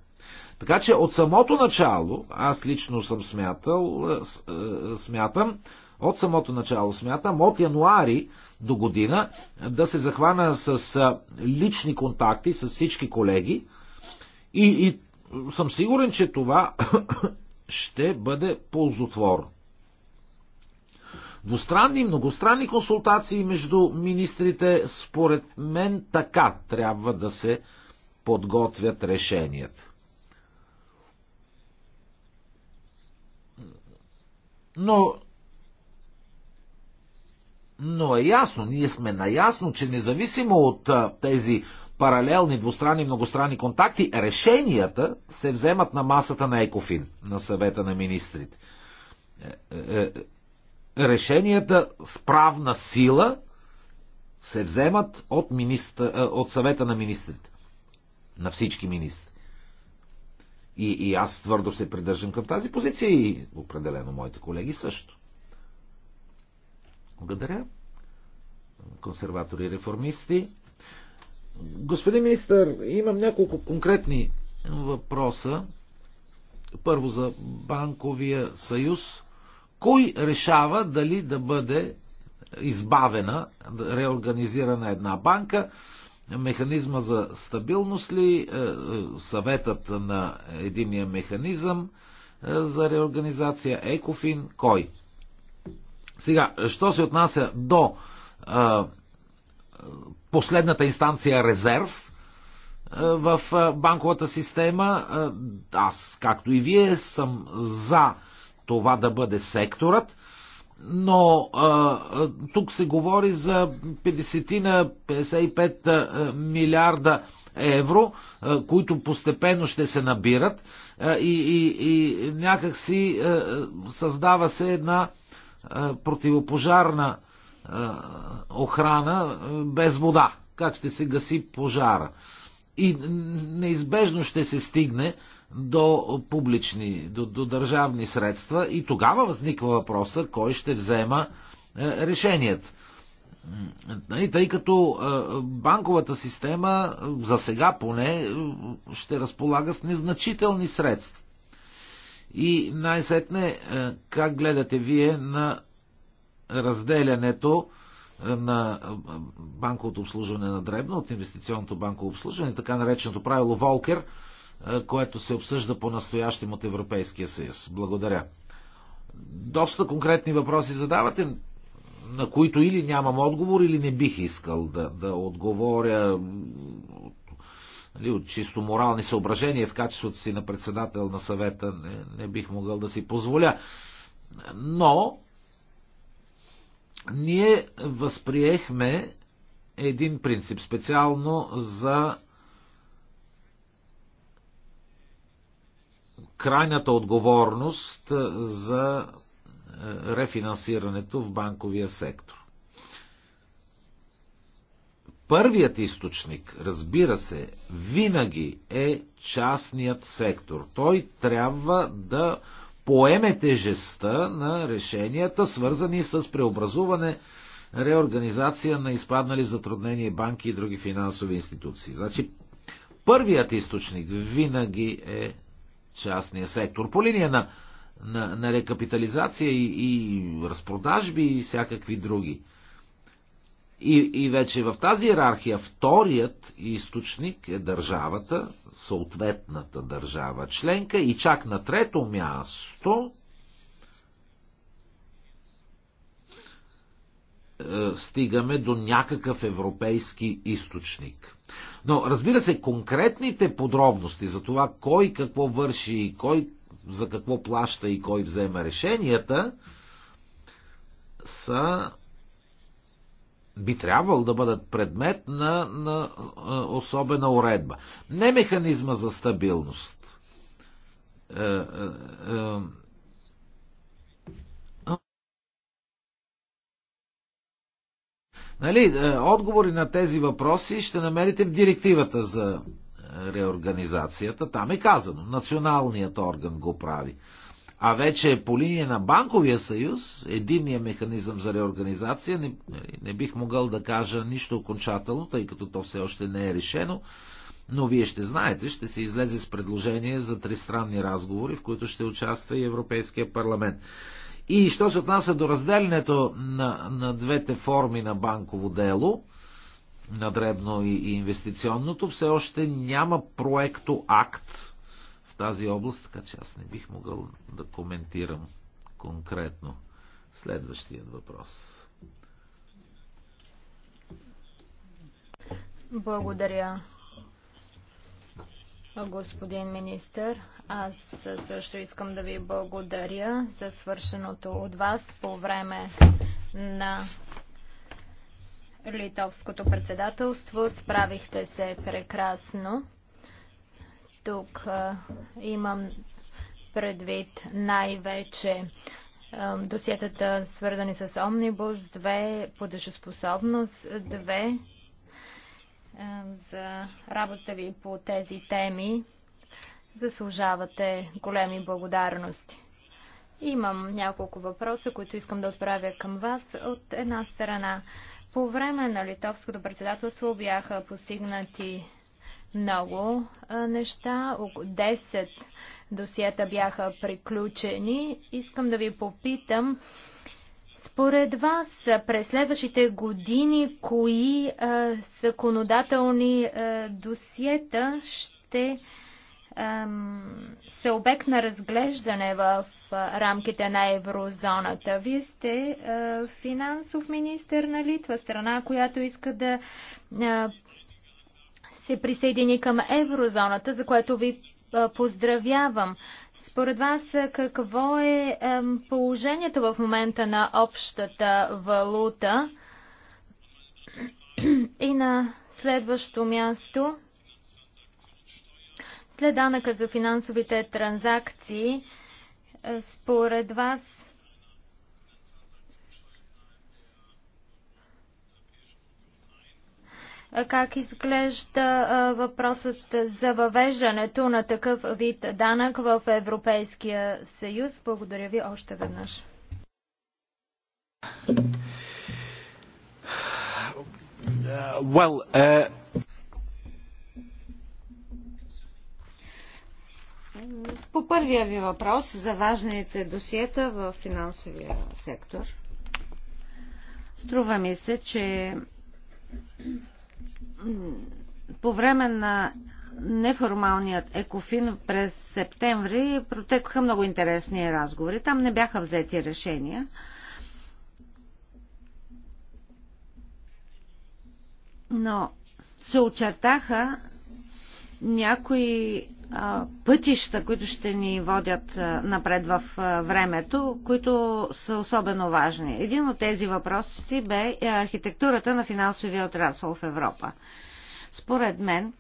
Така че от самото начало, аз лично съм смятал, смятам, от самото начало смятам, от януари до година да се захвана с лични контакти с всички колеги и, и съм сигурен, че това ще бъде ползотворно. Двустранни и многостранни консултации между министрите, според мен така трябва да се подготвят решенията. Но, но е ясно, ние сме наясно, че независимо от тези паралелни двустранни и многостранни контакти, решенията се вземат на масата на Екофин, на съвета на министрите. Е, е, е, решенията с правна сила се вземат от, министр, от съвета на министрите. На всички министри. И, и аз твърдо се придържам към тази позиция и определено моите колеги също. Благодаря. Консерватори и реформисти. Господин министър, имам няколко конкретни въпроса. Първо за банковия съюз. Кой решава дали да бъде избавена, реорганизирана една банка? Механизма за стабилност ли? Е, е, съветът на единия механизъм е, за реорганизация? Екофин? Кой? Сега, що се отнася до последната инстанция резерв е, в е, банковата система. Е, аз, както и вие, съм за това да бъде секторът, но тук се говори за 50 на 55 милиарда евро, които постепенно ще се набират и, и, и някакси създава се една противопожарна охрана без вода. Как ще се гаси пожара? И неизбежно ще се стигне до публични, до, до държавни средства и тогава възниква въпроса кой ще взема е, решението. Тъй като е, банковата система за сега поне ще разполага с незначителни средства. И най-сетне, е, как гледате вие на разделянето е, на е, банковото обслужване на дребно от инвестиционното банково обслужване, така нареченото правило Волкер, е, което се обсъжда по-настоящем от Европейския съюз. Благодаря. Доста конкретни въпроси задавате, на които или нямам отговор, или не бих искал да, да отговоря нали, от чисто морални съображения в качеството си на председател на съвета не, не бих могъл да си позволя. Но ние възприехме един принцип специално за крайната отговорност за е, рефинансирането в банковия сектор. Първият източник, разбира се, винаги е частният сектор. Той трябва да поеме тежестта на решенията, свързани с преобразуване, реорганизация на изпаднали в затруднение банки и други финансови институции. Значи, първият източник винаги е частния сектор. По линия на, на, на рекапитализация и, и разпродажби и всякакви други и, и вече в тази иерархия вторият източник е държавата, съответната държава членка и чак на трето място е, стигаме до някакъв европейски източник. Но разбира се, конкретните подробности за това кой какво върши и кой за какво плаща и кой взема решенията са би трябвало да бъдат предмет на, на особена уредба. Не механизма за стабилност. Е, е, е. Нали, отговори на тези въпроси ще намерите в директивата за реорганизацията. Там е казано. Националният орган го прави. А вече по линия на банковия съюз, единния механизъм за реорганизация, не, не бих могъл да кажа нищо окончателно, тъй като то все още не е решено, но вие ще знаете, ще се излезе с предложение за тристранни разговори, в които ще участва и Европейския парламент. И що се отнася до разделянето на, на двете форми на банково дело, на дребно и, и инвестиционното, все още няма проекто акт, в тази област, така че аз не бих могъл да коментирам конкретно следващият въпрос. Благодаря, господин министър. Аз също искам да ви благодаря за свършеното от вас по време на литовското председателство. Справихте се прекрасно. Тук имам предвид най-вече досиетата, свързани с Омнибус 2, подъжоспособност 2, за работа ви по тези теми заслужавате големи благодарности. Имам няколко въпроса, които искам да отправя към вас. От една страна, по време на литовското председателство бяха постигнати много неща. 10 досиета бяха приключени. Искам да ви попитам, според вас през следващите години, кои законодателни досиета ще са обект на разглеждане в рамките на еврозоната. Вие сте финансов министр на Литва, страна, която иска да се присъедини към еврозоната, за което ви поздравявам. Според вас какво е положението в момента на общата валута? И на следващо място, след данъка за финансовите транзакции, е, според вас как изглежда въпросът за въвеждането на такъв вид данък в Европейския съюз. Благодаря ви още веднъж. Well, uh... По първия ви въпрос за важните досиета в финансовия сектор, струва ми се, че по време на неформалният екофин през септември протекоха много интересни разговори. Там не бяха взети решения. Но се очертаха някои пътища, които ще ни водят напред в времето, които са особено важни. Един от тези въпроси бе е, архитектурата на финансовия отрасъл в Европа. Според мен,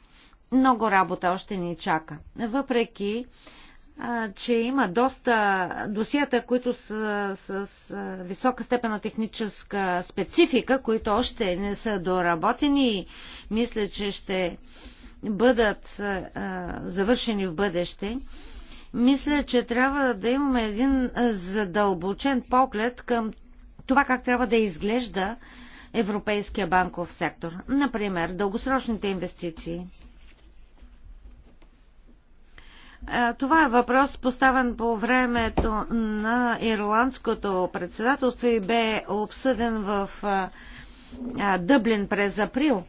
много работа още ни чака. Въпреки, че има доста досията, които са с висока степен на техническа специфика, които още не са доработени и мисля, че ще бъдат завършени в бъдеще, мисля, че трябва да имаме един задълбочен поглед към това как трябва да изглежда европейския банков сектор. Например, дългосрочните инвестиции. Това е въпрос поставен по времето на ирландското председателство и бе обсъден в Дъблин през април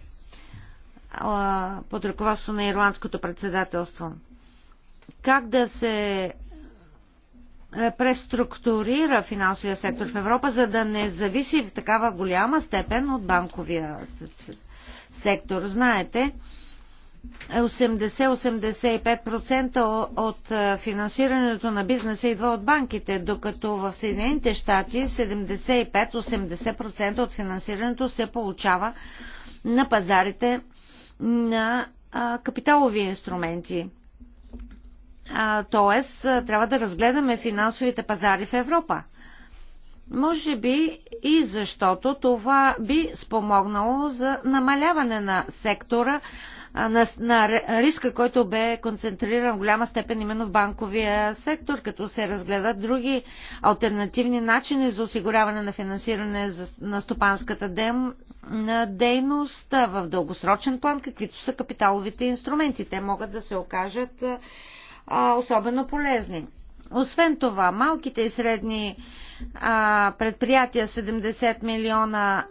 под ръководство на ирландското председателство. Как да се е, преструктурира финансовия сектор в Европа, за да не зависи в такава голяма степен от банковия сектор. Знаете, 80-85% е, от е, финансирането на бизнеса идва от банките, докато в Съединените щати 75-80% от финансирането се получава на пазарите на капиталови инструменти. Тоест, трябва да разгледаме финансовите пазари в Европа. Може би и защото това би спомогнало за намаляване на сектора на, на риска, който бе концентриран в голяма степен именно в банковия сектор, като се разгледат други альтернативни начини за осигуряване на финансиране на стопанската дем, на дейност в дългосрочен план, каквито са капиталовите инструменти. Те могат да се окажат а, особено полезни. Освен това, малките и средни а, предприятия 70 милиона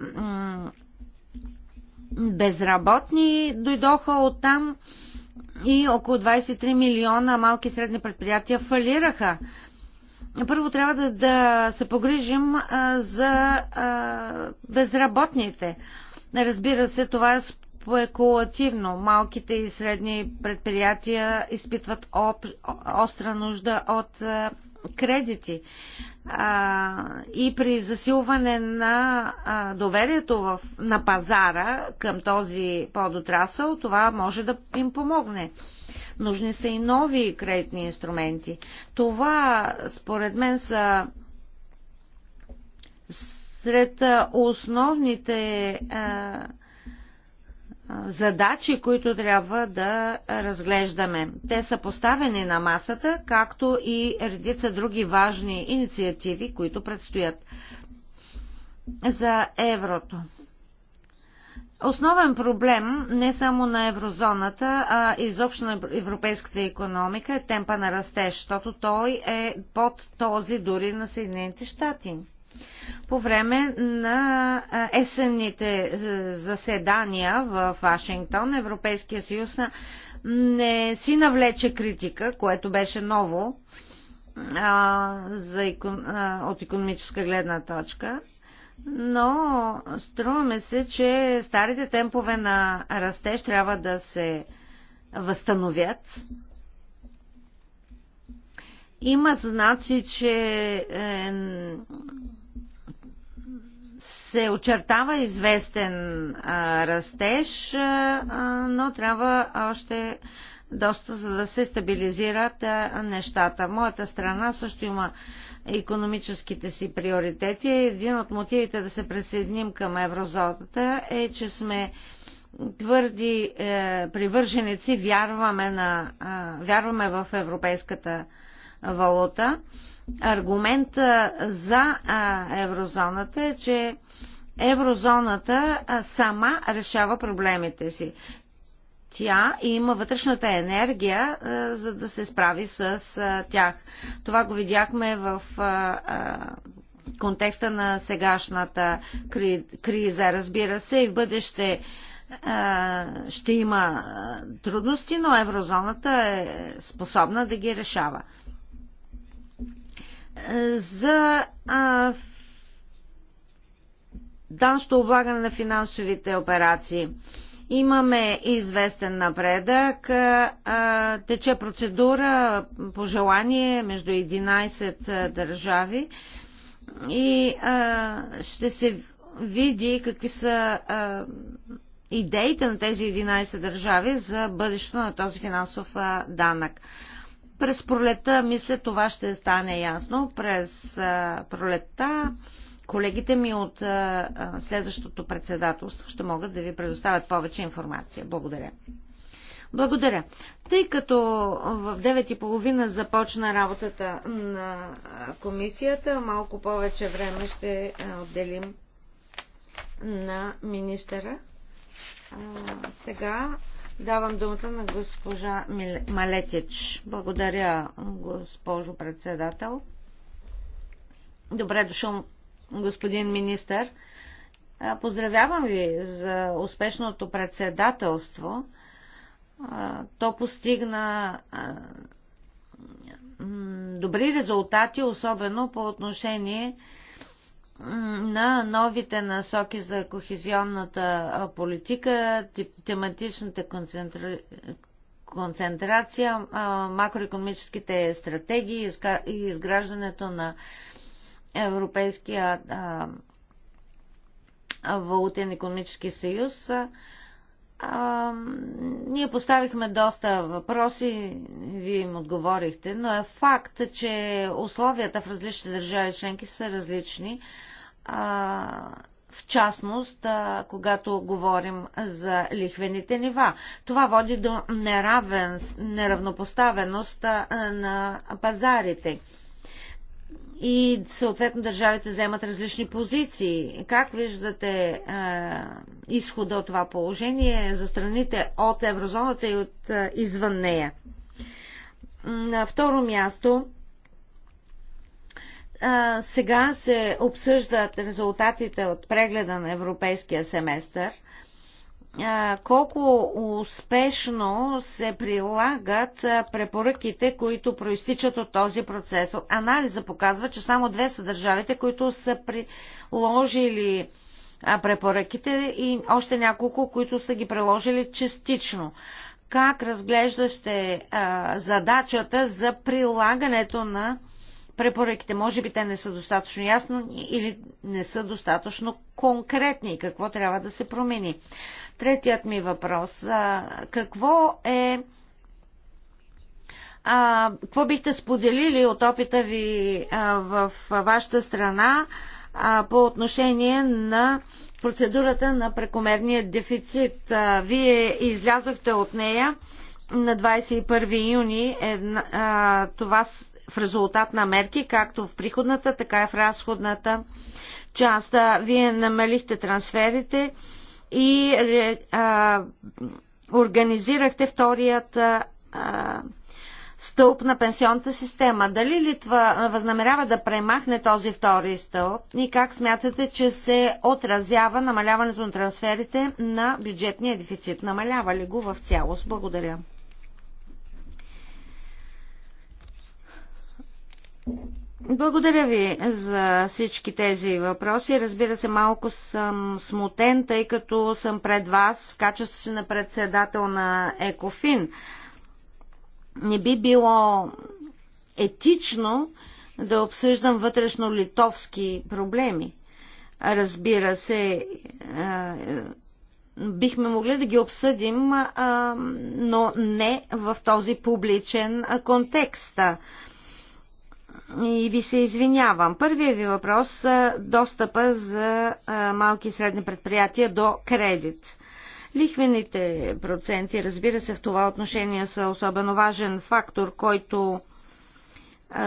безработни дойдоха оттам и около 23 милиона малки и средни предприятия фалираха. Първо трябва да, да се погрижим а, за а, безработните. Разбира се, това е спекулативно. Малките и средни предприятия изпитват об, остра нужда от а, кредити а, и при засилване на а, доверието в, на пазара към този подотрасъл, това може да им помогне. Нужни са и нови кредитни инструменти. Това, според мен, са сред основните а, задачи, които трябва да разглеждаме. Те са поставени на масата, както и редица други важни инициативи, които предстоят за еврото. Основен проблем не само на еврозоната, а изобщо на европейската економика е темпа на растеж, защото той е под този дори на Съединените щати по време на есенните заседания в Вашингтон Европейския съюз не си навлече критика, което беше ново а, за а, от економическа гледна точка. Но струваме се, че старите темпове на растеж трябва да се възстановят. Има знаци, че е, се очертава известен а, растеж, а, но трябва още доста, за да се стабилизират а, нещата. Моята страна също има економическите си приоритети. Един от мотивите да се присъединим към еврозоната е, че сме твърди е, привърженици, вярваме, на, е, вярваме в европейската валута. Е, аргумент за еврозоната е, че еврозоната сама решава проблемите си. Тя има вътрешната енергия, за да се справи с тях. Това го видяхме в контекста на сегашната криза. Разбира се, и в бъдеще ще има трудности, но еврозоната е способна да ги решава за данщо облагане на финансовите операции. Имаме известен напредък. Тече процедура по желание между 11 държави и ще се види какви са идеите на тези 11 държави за бъдещето на този финансов данък. През пролета, мисля, това ще стане ясно. През пролета колегите ми от следващото председателство ще могат да ви предоставят повече информация. Благодаря. Благодаря. Тъй като в 9.30 започна работата на комисията, малко повече време ще отделим на министъра. сега Давам думата на госпожа Малетич. Благодаря, госпожо председател. Добре дошъл, господин министър. Поздравявам ви за успешното председателство. То постигна добри резултати, особено по отношение на на новите насоки за кохезионната политика, тематичната концентра... концентрация, макроекономическите стратегии и изграждането на Европейския валутен економически съюз а, ние поставихме доста въпроси, вие им отговорихте, но е факт, че условията в различни държави членки са различни. А, в частност, а, когато говорим за лихвените нива. Това води до неравен, неравнопоставеност а, на пазарите и съответно държавите вземат различни позиции. Как виждате е, изхода от това положение за страните от еврозоната и от е, извън нея? На второ място, е, сега се обсъждат резултатите от прегледа на европейския семестър колко успешно се прилагат препоръките, които проистичат от този процес. Анализа показва, че само две са държавите, които са приложили препоръките и още няколко, които са ги приложили частично. Как разглеждаще задачата за прилагането на препоръките. Може би те не са достатъчно ясно или не са достатъчно конкретни. Какво трябва да се промени? Третият ми въпрос. А, какво е а, какво бихте споделили от опита ви а, в вашата страна а, по отношение на процедурата на прекомерния дефицит? А, вие излязохте от нея на 21 юни. Една, а, това в резултат на мерки, както в приходната, така и в разходната част. Вие намалихте трансферите и а, организирахте вторият а, стълб на пенсионната система. Дали Литва възнамерява да премахне този втори стълб и как смятате, че се отразява намаляването на трансферите на бюджетния дефицит? Намалява ли го в цялост? Благодаря. Благодаря ви за всички тези въпроси. Разбира се, малко съм смутен, тъй като съм пред вас в качеството на председател на ЕКОФИН. Не би било етично да обсъждам вътрешно-литовски проблеми. Разбира се, е, бихме могли да ги обсъдим, е, но не в този публичен контекст и ви се извинявам. Първият ви въпрос е – достъпа за е, малки и средни предприятия до кредит. Лихвените проценти, разбира се, в това отношение са особено важен фактор, който е,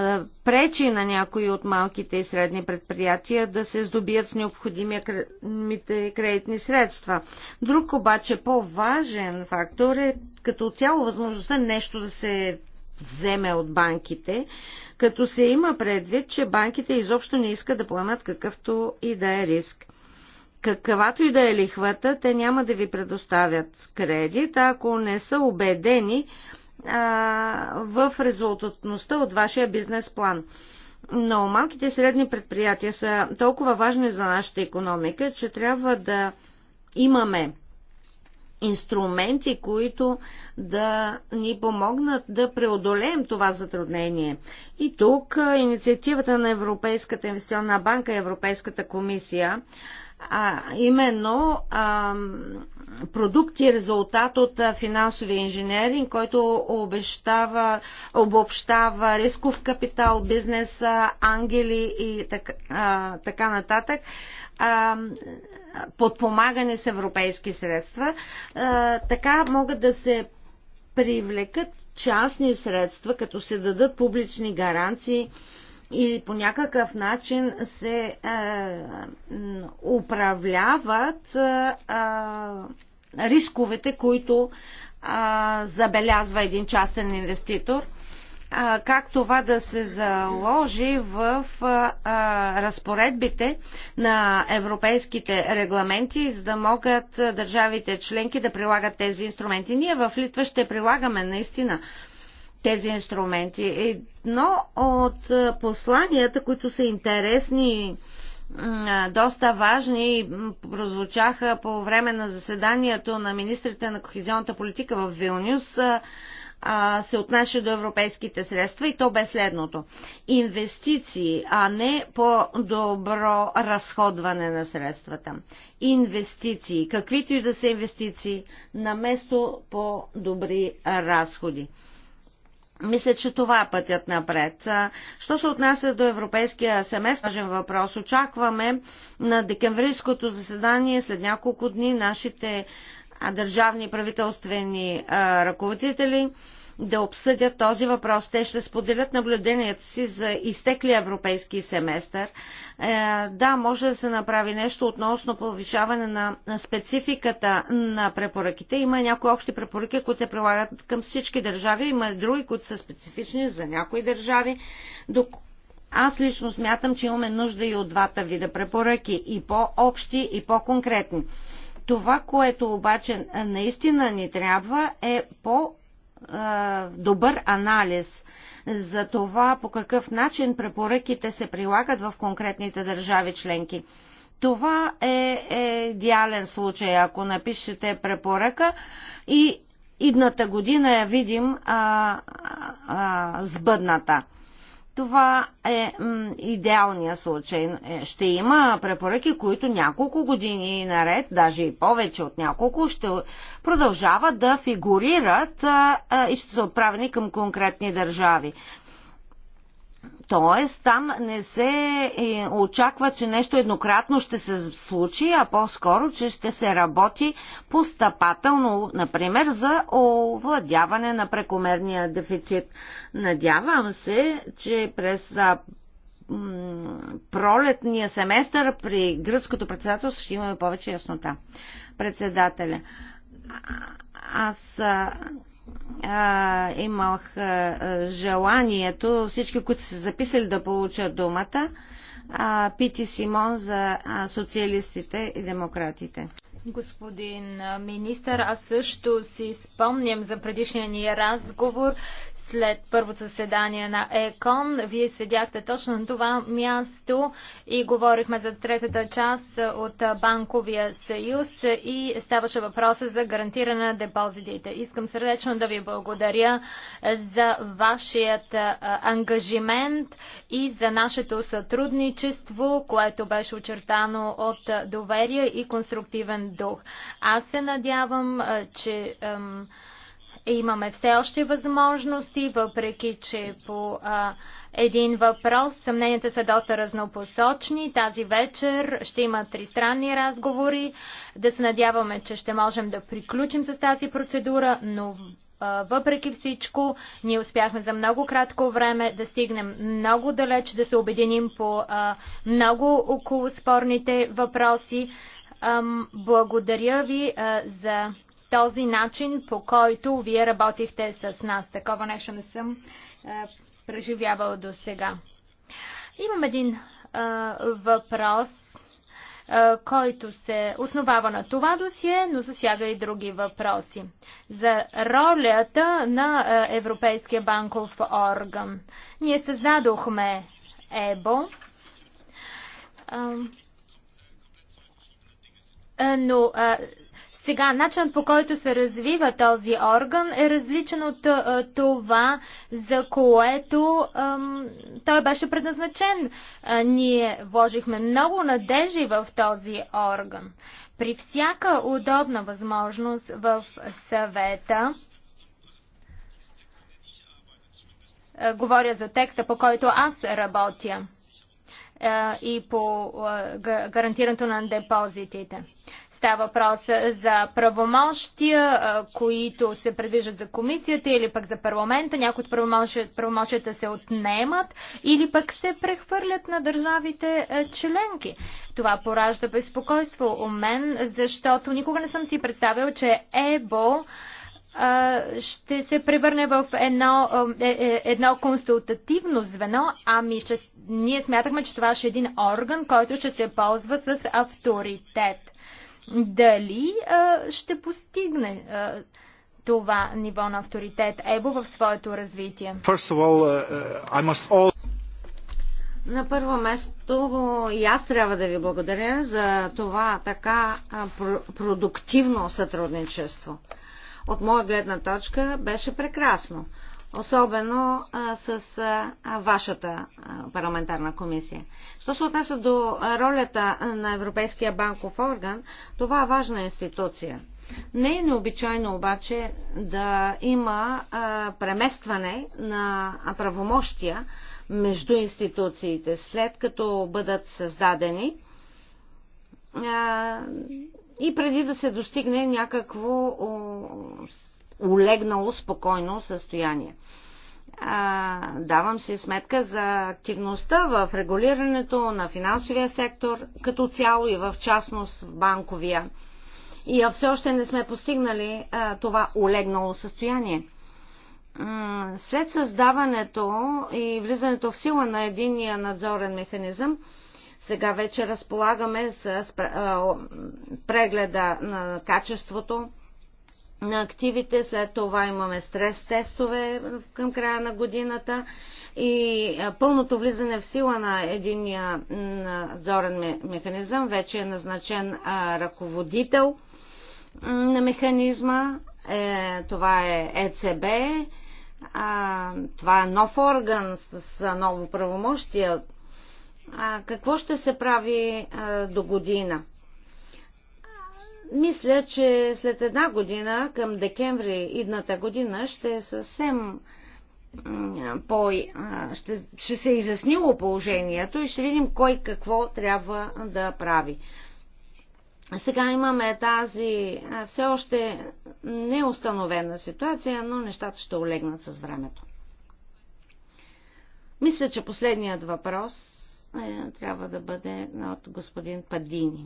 пречи на някои от малките и средни предприятия да се здобият с необходимите кредитни средства. Друг обаче по-важен фактор е като цяло възможността нещо да се вземе от банките, като се има предвид, че банките изобщо не искат да поемат какъвто и да е риск. Каквато и да е лихвата, те няма да ви предоставят кредит, ако не са убедени а, в резултатността от вашия бизнес план. Но малките и средни предприятия са толкова важни за нашата економика, че трябва да имаме инструменти, които да ни помогнат да преодолеем това затруднение. И тук инициативата на Европейската инвестиционна банка и Европейската комисия а, именно а, продукти и резултат от финансовия инженеринг, който обещава, обобщава рисков капитал, бизнес, ангели и така, а, така нататък. А, подпомагане с европейски средства, така могат да се привлекат частни средства, като се дадат публични гаранции и по някакъв начин се е, управляват е, е, рисковете, които е, забелязва един частен инвеститор – как това да се заложи в разпоредбите на европейските регламенти, за да могат държавите членки да прилагат тези инструменти. Ние в Литва ще прилагаме наистина тези инструменти. Едно от посланията, които са интересни доста важни и прозвучаха по време на заседанието на министрите на кохезионната политика в Вилнюс а, се отнася до европейските средства и то бе следното. Инвестиции, а не по-добро разходване на средствата. Инвестиции, каквито и да са инвестиции, на место по-добри разходи. Мисля, че това е пътят напред. Що се отнася до европейския семестър, важен въпрос. Очакваме на декемврийското заседание след няколко дни нашите държавни и правителствени ръководители да обсъдят този въпрос. Те ще споделят наблюдението си за изтекли европейски семестър. Е, да, може да се направи нещо относно повишаване на спецификата на препоръките. Има някои общи препоръки, които се прилагат към всички държави, има други, които са специфични за някои държави. Аз лично смятам, че имаме нужда и от двата вида препоръки, и по-общи, и по-конкретни. Това, което обаче наистина ни трябва е по добър анализ за това по какъв начин препоръките се прилагат в конкретните държави членки. Това е, идеален случай, ако напишете препоръка и идната година я видим а, а, сбъдната. Това е идеалният случай. Е, ще има препоръки, които няколко години наред, даже и повече от няколко, ще продължават да фигурират и ще са отправени към конкретни държави. Тоест, там не се е, очаква, че нещо еднократно ще се случи, а по-скоро, че ще се работи постъпателно, например, за овладяване на прекомерния дефицит. Надявам се, че през пролетния семестър при гръцкото председателство ще имаме повече яснота. Председателя. Аз а, имах а, желанието всички, които са записали да получат думата. А, Пити Симон за а, социалистите и демократите. Господин министър, аз също си спомням за предишния ни разговор след първото заседание на ЕКОН. Вие седяхте точно на това място и говорихме за третата част от Банковия съюз и ставаше въпроса за гарантиране на депозитите. Искам сърдечно да ви благодаря за вашият ангажимент и за нашето сътрудничество, което беше очертано от доверие и конструктивен дух. Аз се надявам, че Имаме все още възможности, въпреки че по а, един въпрос съмненията са доста разнопосочни. Тази вечер ще има тристранни разговори. Да се надяваме, че ще можем да приключим с тази процедура, но а, въпреки всичко, ние успяхме за много кратко време да стигнем много далеч, да се обединим по а, много около спорните въпроси. Благодаря ви за този начин, по който вие работихте с нас. Такова нещо не съм е, преживявала до сега. Имам един е, въпрос, е, който се основава на това досие, но засяга и други въпроси. За ролята на е, Европейския банков орган. Ние създадохме ЕБО е, но а, е, сега, начинът по който се развива този орган е различен от това, за което ам, той беше предназначен. Ние вложихме много надежи в този орган. При всяка удобна възможност в съвета, говоря за текста, по който аз работя и по гарантирането на депозитите. Става въпрос за правомощия, които се предвиждат за комисията или пък за парламента. Някои от правомощията, се отнемат или пък се прехвърлят на държавите членки. Това поражда безпокойство у мен, защото никога не съм си представил, че ЕБО ще се превърне в едно, е, е, едно консултативно звено, ами ще, ние смятахме, че това ще е един орган, който ще се ползва с авторитет дали а, ще постигне а, това ниво на авторитет ЕБО в своето развитие? All, uh, uh, all... На първо место и аз трябва да ви благодаря за това така продуктивно сътрудничество. От моя гледна точка беше прекрасно особено а, с а, вашата а, парламентарна комисия. Що се отнася до ролята на Европейския банков орган, това е важна институция. Не е необичайно обаче да има а, преместване на правомощия между институциите, след като бъдат създадени а, и преди да се достигне някакво о, улегнало спокойно състояние. А, давам си сметка за активността в регулирането на финансовия сектор като цяло и в частност в банковия. И все още не сме постигнали а, това улегнало състояние след създаването и влизането в сила на единия надзорен механизъм, сега вече разполагаме с прегледа на качеството на активите, след това имаме стрес тестове към края на годината и пълното влизане в сила на единия надзорен механизъм вече е назначен ръководител на механизма. Е, това е ЕЦБ. това е нов орган с, ново правомощие. какво ще се прави до година? Мисля, че след една година, към декември идната година, ще е съвсем по, ще, ще се е изяснило положението и ще видим кой какво трябва да прави. Сега имаме тази все още неустановена ситуация, но нещата ще олегнат с времето. Мисля, че последният въпрос е, трябва да бъде от господин Падини.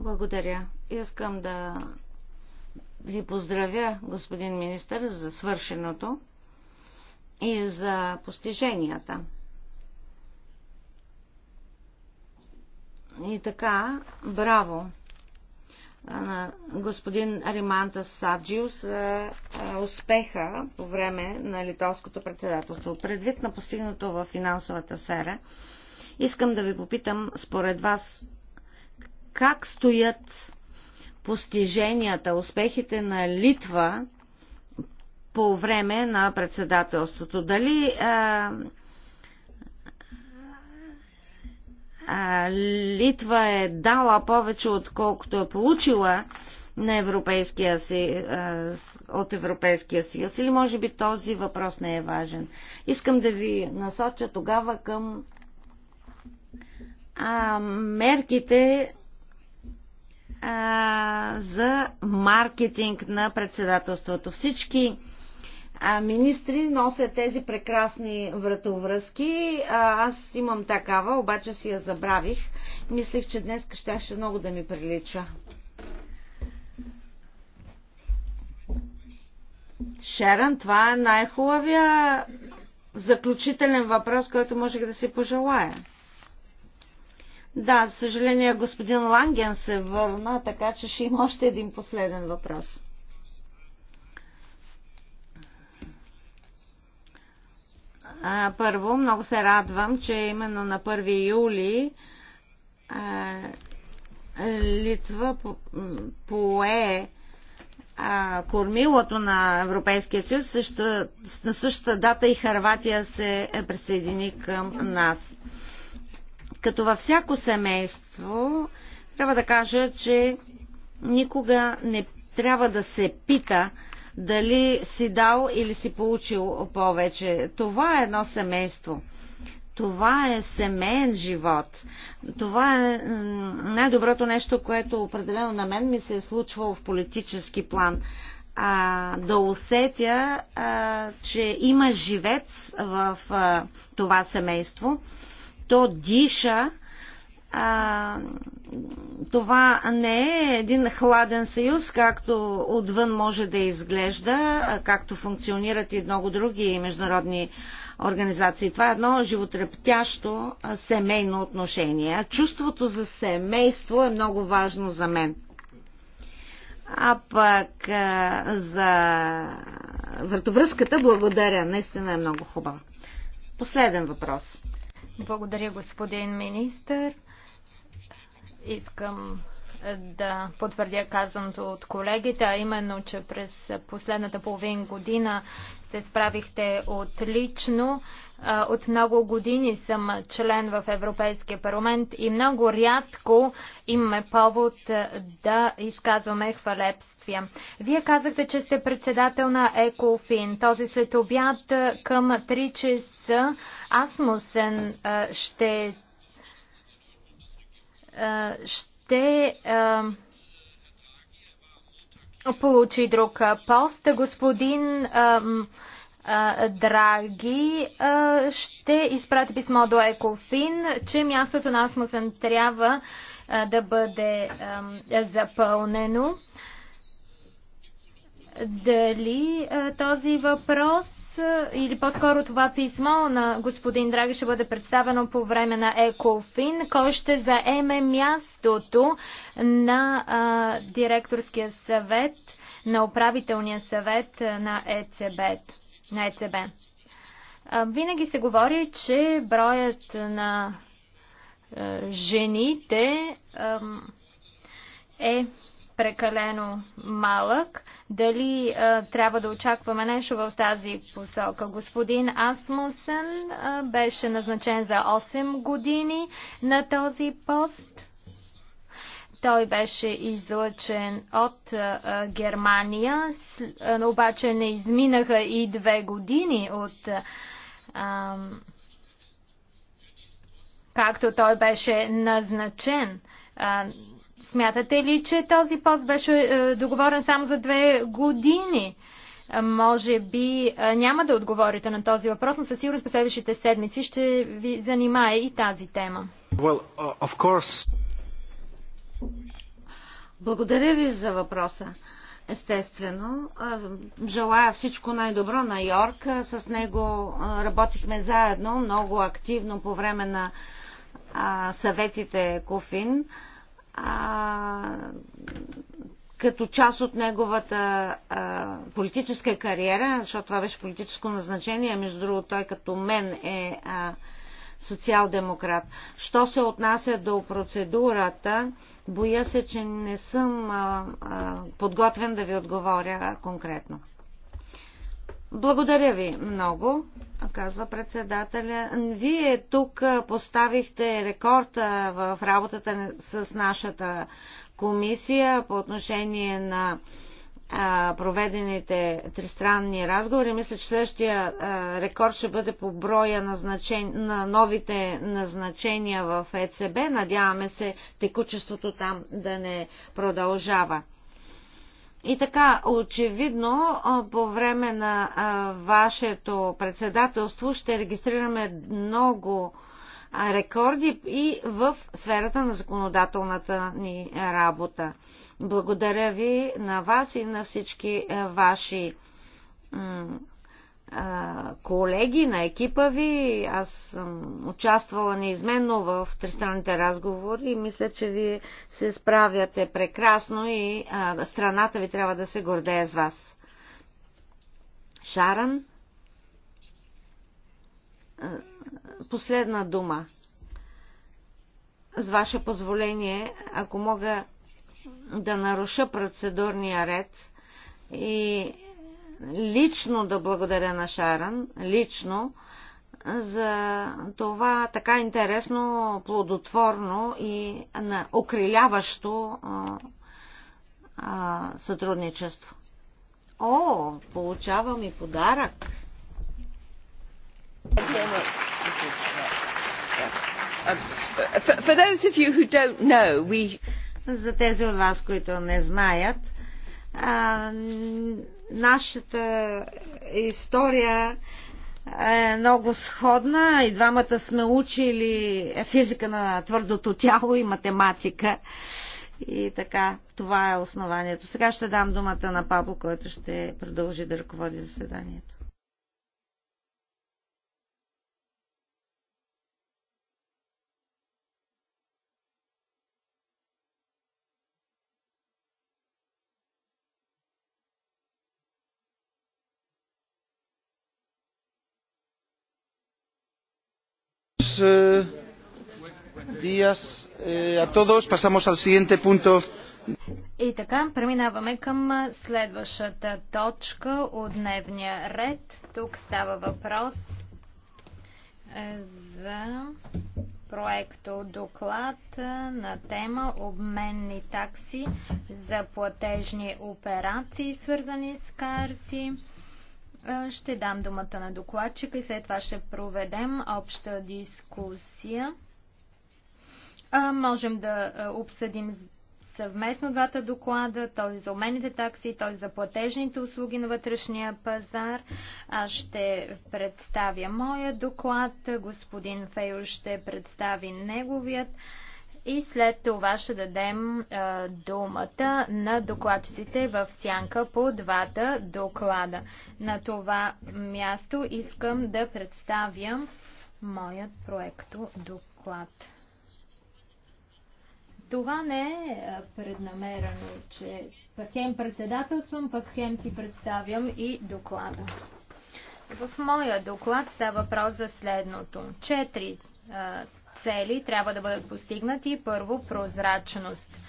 Благодаря. Искам да ви поздравя, господин министър, за свършеното и за постиженията. И така, браво на господин Риманта Саджил за успеха по време на литовското председателство. Предвид на постигнато в финансовата сфера, искам да ви попитам, според вас, как стоят постиженията, успехите на Литва по време на председателството. Дали а, а, Литва е дала повече, отколкото е получила на Европейския си, а, от Европейския съюз? Или може би този въпрос не е важен? Искам да ви насоча тогава към а, мерките а, за маркетинг на председателството. Всички а, министри носят тези прекрасни вратовръзки. А, аз имам такава, обаче си я забравих. Мислех, че днес ще много да ми прилича. Шерън, това е най-хубавия заключителен въпрос, който можех да си пожелая. Да, за съжаление господин Ланген се върна, така че ще има още един последен въпрос. А, първо, много се радвам, че именно на 1 юли а, Литва пое а, кормилото на Европейския съюз, също, на същата дата и Харватия се е присъедини към нас. Като във всяко семейство, трябва да кажа, че никога не трябва да се пита дали си дал или си получил повече. Това е едно семейство. Това е семейен живот. Това е най-доброто нещо, което определено на мен ми се е случвало в политически план. А, да усетя, а, че има живец в а, това семейство то диша, а, това не е един хладен съюз, както отвън може да изглежда, както функционират и много други международни организации. Това е едно животрептящо семейно отношение. Чувството за семейство е много важно за мен. А пък а, за въртовръзката благодаря. Наистина е много хубаво. Последен въпрос. Благодаря, господин министър. Искам да потвърдя казаното от колегите, а именно, че през последната половин година се справихте отлично. От много години съм член в Европейския парламент и много рядко имаме повод да изказваме хвалепствия. Вие казахте, че сте председател на ЕКОФИН. Този след обяд към 3 часа Асмусен ще ще ще а, получи друг пост. Господин а, а, Драги а, ще изпрати писмо до Екофин, че мястото на Асмусен трябва а, да бъде а, запълнено. Дали а, този въпрос е, или по-скоро това писмо на господин Драги ще бъде представено по време на ЕКОФИН, кой ще заеме мястото на а, директорския съвет, на управителния съвет на ЕЦБ. На ЕЦБ. А, винаги се говори, че броят на а, жените а, е прекалено малък. Дали а, трябва да очакваме нещо в тази посока? Господин Асмусен а, беше назначен за 8 години на този пост. Той беше излъчен от а, Германия, с, а, обаче не изминаха и две години от а, както той беше назначен. А, Смятате ли, че този пост беше е, договорен само за две години? Е, може би е, няма да отговорите на този въпрос, но със сигурност през следващите седмици ще ви занимае и тази тема. Well, uh, of course. Благодаря ви за въпроса. Естествено. Желая всичко най-добро на Йорк. С него работихме заедно много активно по време на съветите Кофин а, като част от неговата а, политическа кариера, защото това беше политическо назначение, между другото той като мен е а, социал-демократ. Що се отнася до процедурата, боя се, че не съм а, а, подготвен да ви отговоря конкретно. Благодаря ви много, казва председателя. Вие тук поставихте рекорд в работата с нашата комисия по отношение на проведените тристранни разговори. Мисля, че следващия рекорд ще бъде по броя назначен... на новите назначения в ЕЦБ. Надяваме се текучеството там да не продължава. И така, очевидно, по време на вашето председателство ще регистрираме много рекорди и в сферата на законодателната ни работа. Благодаря ви на вас и на всички ваши колеги на екипа ви. Аз съм участвала неизменно в тристранните разговори и мисля, че вие се справяте прекрасно и а, страната ви трябва да се гордее с вас. Шаран, последна дума. С ваше позволение, ако мога да наруша процедурния ред и лично да благодаря на Шаран, лично, за това така интересно, плодотворно и окриляващо сътрудничество. О, получавам и подарък. Know, we... За тези от вас, които не знаят, а, Нашата история е много сходна. И двамата сме учили физика на твърдото тяло и математика. И така, това е основанието. Сега ще дам думата на Пабло, който ще продължи да ръководи заседанието. Gracias eh, a todos. Pasamos al siguiente punto. И така, преминаваме към следващата точка от дневния ред. Тук става въпрос е, за проекто доклад на тема обменни такси за платежни операции, свързани с карти. Ще дам думата на докладчика и след това ще проведем обща дискусия. Можем да обсъдим съвместно двата доклада, този за умените такси, този за платежните услуги на вътрешния пазар. Аз ще представя моя доклад, господин Фейл ще представи неговият и след това ще дадем а, думата на докладчиците в сянка по двата доклада. На това място искам да представя моят проекто доклад. Това не е преднамерено, че пък хем председателствам, пък хем си представям и доклада. В моя доклад става въпрос за следното. Четири а, цели трябва да бъдат постигнати. Първо, прозрачност.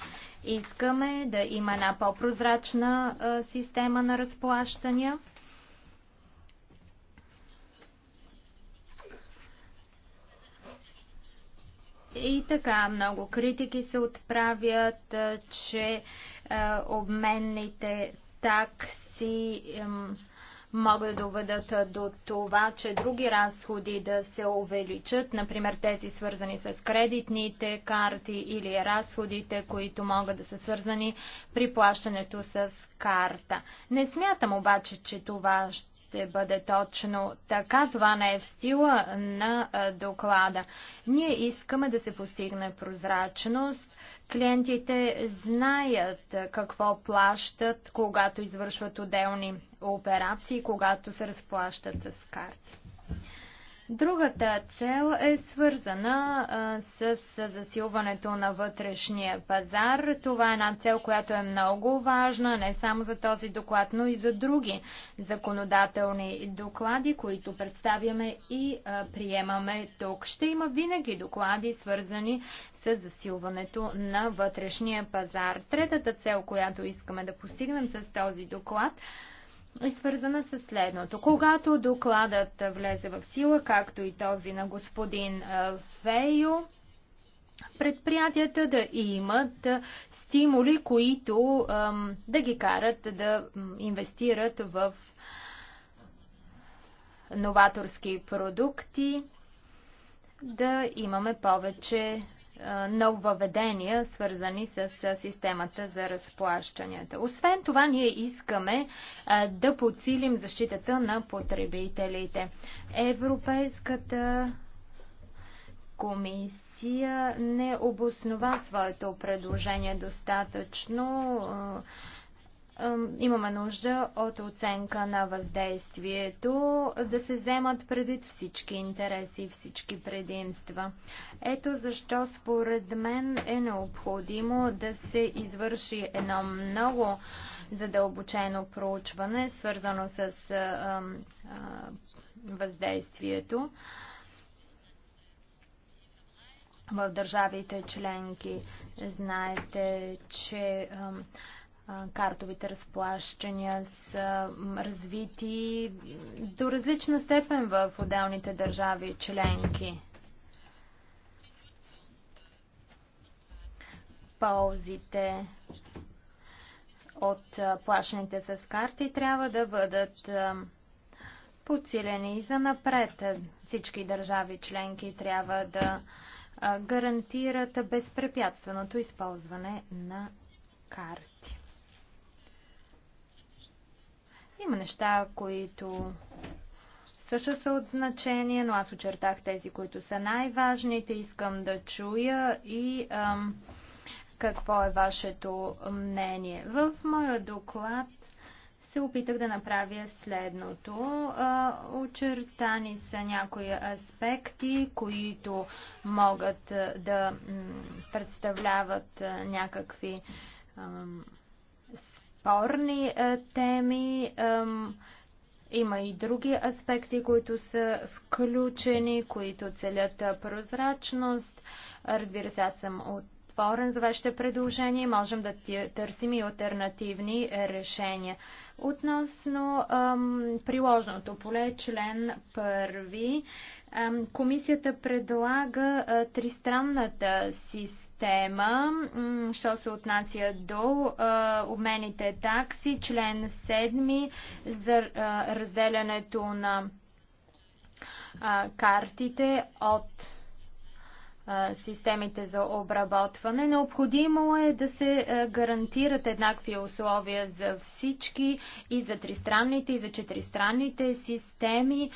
Искаме да има една по-прозрачна система на разплащания. И така много критики се отправят, че обменните такси могат да доведат до това, че други разходи да се увеличат, например тези свързани с кредитните карти или разходите, които могат да са свързани при плащането с карта. Не смятам обаче, че това ще ще бъде точно така. Това не е в стила на доклада. Ние искаме да се постигне прозрачност. Клиентите знаят какво плащат, когато извършват отделни операции, когато се разплащат с карти. Другата цел е свързана а, с засилването на вътрешния пазар. Това е една цел, която е много важна не само за този доклад, но и за други законодателни доклади, които представяме и а, приемаме тук. Ще има винаги доклади, свързани с засилването на вътрешния пазар. Третата цел, която искаме да постигнем с този доклад, е свързана с следното. Когато докладът влезе в сила, както и този на господин Фейо, предприятията да имат стимули, които да ги карат да инвестират в новаторски продукти, да имаме повече нововведения, свързани с системата за разплащанията. Освен това, ние искаме да подсилим защитата на потребителите. Европейската комисия не обоснова своето предложение достатъчно имаме нужда от оценка на въздействието, да се вземат предвид всички интереси и всички предимства. Ето защо според мен е необходимо да се извърши едно много задълбочено проучване, свързано с въздействието в държавите членки. Знаете, че картовите разплащания са развити до различна степен в отделните държави членки. Ползите от плащаните с карти трябва да бъдат подсилени и за напред. Всички държави членки трябва да гарантират безпрепятственото използване на карти. Има неща, които също са от значение, но аз очертах тези, които са най-важните. Искам да чуя и ам, какво е вашето мнение. В моя доклад се опитах да направя следното. Очертани са някои аспекти, които могат да представляват някакви спорни е, теми. Има и други аспекти, които са включени, които целят е, прозрачност. Разбира се, аз съм отворен за вашите предложения и можем да търсим и альтернативни решения. Относно ам, приложното поле, член първи, ам, комисията предлага а, е, тристранната система тема, що се отнася до обмените такси, член 7 за разделянето на картите от системите за обработване. Необходимо е да се гарантират еднакви условия за всички и за тристранните, и за четиристранните системи.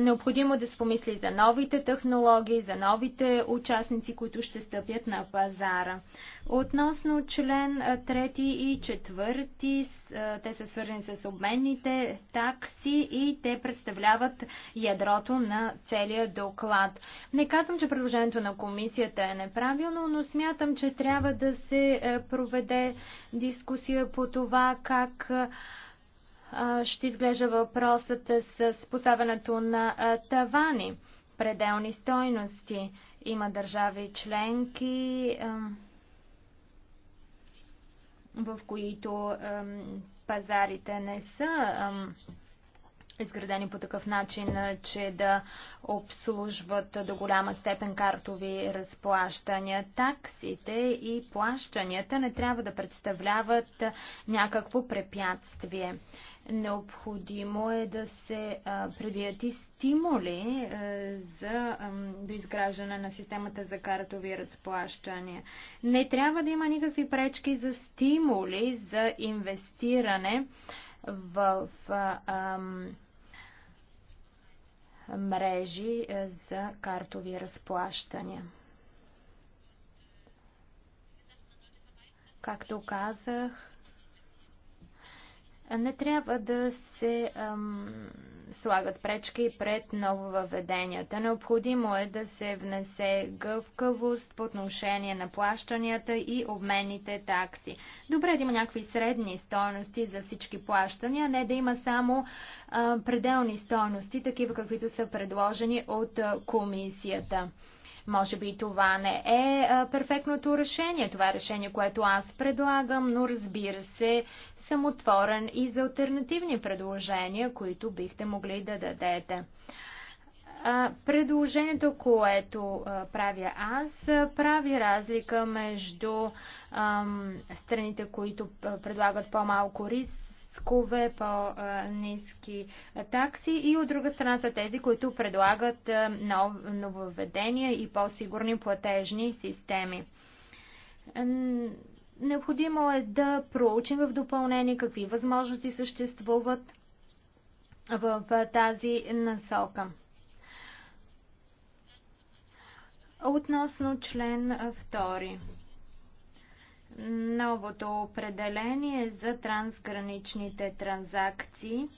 Необходимо е да се помисли за новите технологии, за новите участници, които ще стъпят на пазара. Относно член 3 и 4, те са свързани с обменните такси и те представляват ядрото на целия доклад. Не казвам, че предложението на комисията комисията е неправилно, но смятам, че трябва да се е, проведе дискусия по това как е, ще изглежда въпросът с поставянето на е, тавани, пределни стойности. Има държави членки, в които пазарите не са изградени по такъв начин, че да обслужват до голяма степен картови разплащания. Таксите и плащанията не трябва да представляват някакво препятствие. Необходимо е да се предвидят и стимули за доизграждане на системата за картови разплащания. Не трябва да има никакви пречки за стимули за инвестиране в ам, мрежи е, за картови разплащания. Както казах, не трябва да се ам, слагат пречки пред въведенията. Необходимо е да се внесе гъвкавост по отношение на плащанията и обменните такси. Добре е да има някакви средни стоености за всички плащания, не да има само ам, пределни стоености, такива каквито са предложени от комисията. Може би това не е перфектното решение. Това е решение, което аз предлагам, но разбира се, съм отворен и за альтернативни предложения, които бихте могли да дадете. Предложението, което правя аз, прави разлика между страните, които предлагат по-малко риск рискове, по-низки такси и от друга страна са тези, които предлагат нов, нововведения и по-сигурни платежни системи. Необходимо е да проучим в допълнение какви възможности съществуват в тази насока. Относно член 2 новото определение за трансграничните транзакции.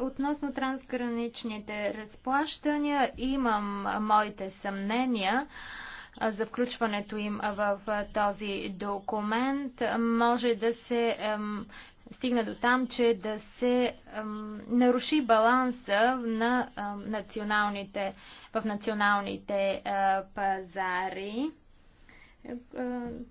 Относно трансграничните разплащания имам моите съмнения за включването им в този документ. Може да се стигна до там, че да се наруши баланса на, националните, в националните е, пазари. Е, е,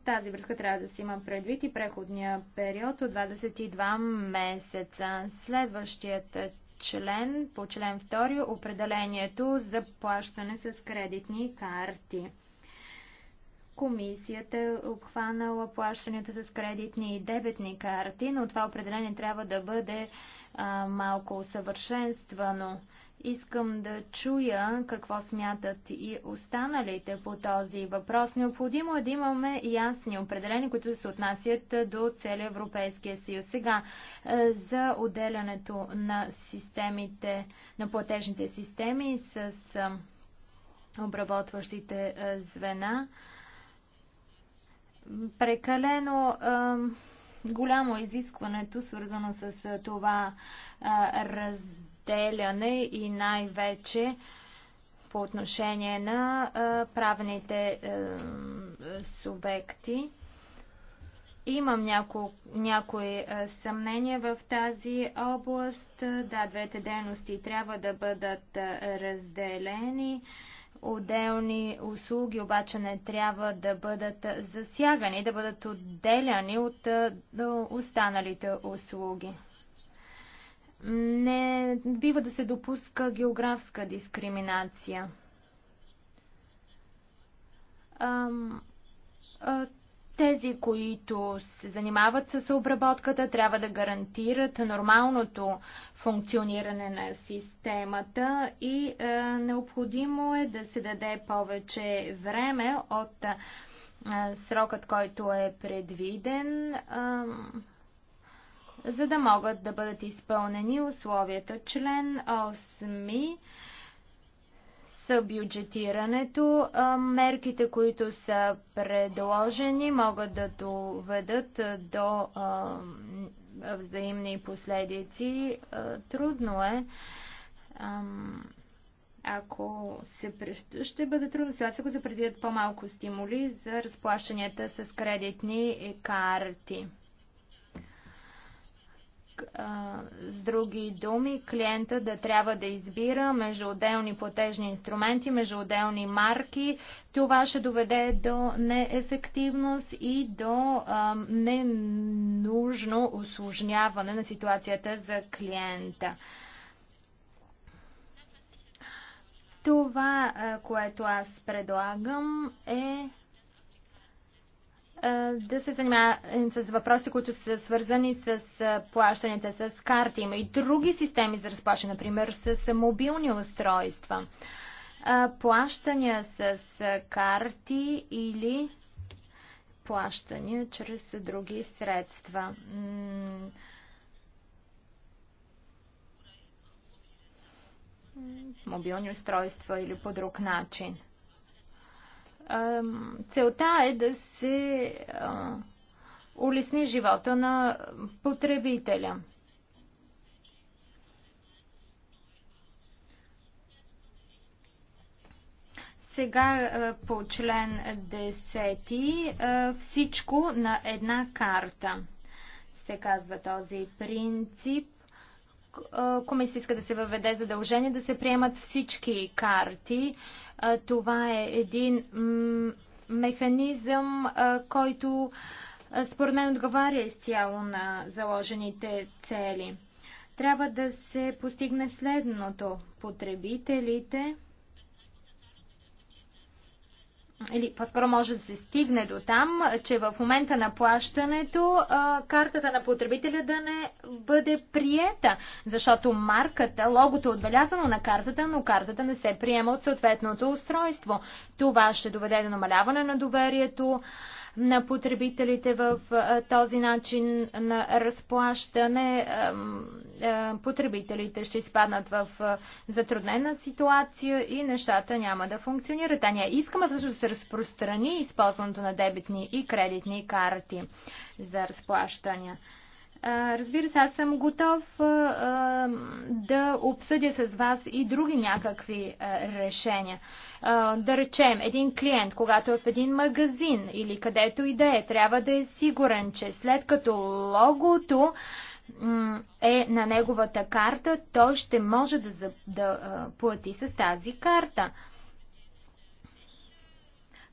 тази връзка трябва да си има предвид и преходния период от 22 месеца. Следващият член по член 2 определението за плащане с кредитни карти. Комисията е обхванала плащанията с кредитни и дебетни карти, но това определение трябва да бъде а, малко усъвършенствано. Искам да чуя какво смятат и останалите по този въпрос. Необходимо е да имаме ясни определени, които се отнасят до целия Европейския съюз. Сега е, за отделянето на системите, на платежните системи с е, обработващите е, звена. Прекалено голямо изискването, свързано с това разбиране отделяне и най-вече по отношение на а, субекти. Имам няко, някои съмнения в тази област. Да, двете дейности трябва да бъдат разделени. Отделни услуги обаче не трябва да бъдат засягани, да бъдат отделяни от останалите услуги. Не бива да се допуска географска дискриминация. Тези, които се занимават с обработката, трябва да гарантират нормалното функциониране на системата и необходимо е да се даде повече време от срокът, който е предвиден за да могат да бъдат изпълнени условията. Член 8 са бюджетирането. Мерките, които са предложени, могат да доведат до взаимни последици. Трудно е ако се ще бъде трудно сега, ако се предвидят по-малко стимули за разплащанията с кредитни карти. С други думи, клиента да трябва да избира между отделни платежни инструменти, между отделни марки. Това ще доведе до неефективност и до ненужно осложняване на ситуацията за клиента. Това, което аз предлагам е да се занимава с въпроси, които са свързани с плащаните с карти. Има и други системи за разплащане, например с мобилни устройства. Плащания с карти или плащания чрез други средства. Мобилни устройства или по друг начин. Целта е да се улесни живота на потребителя. Сега по член 10 всичко на една карта. Се казва този принцип. Комисията иска да се въведе задължение да се приемат всички карти. Това е един механизъм, който според мен отговаря изцяло на заложените цели. Трябва да се постигне следното. Потребителите или по-скоро може да се стигне до там, че в момента на плащането а, картата на потребителя да не бъде приета, защото марката, логото е отбелязано на картата, но картата не се приема от съответното устройство. Това ще доведе до намаляване на доверието, на потребителите в този начин на разплащане, потребителите ще изпаднат в затруднена ситуация и нещата няма да функционират. А ние искаме всъщност да се разпространи използването на дебитни и кредитни карти за разплащания. Разбира се, аз съм готов да обсъдя с вас и други някакви решения. Да речем, един клиент, когато е в един магазин или където и да е, трябва да е сигурен, че след като логото е на неговата карта, той ще може да, да плати с тази карта.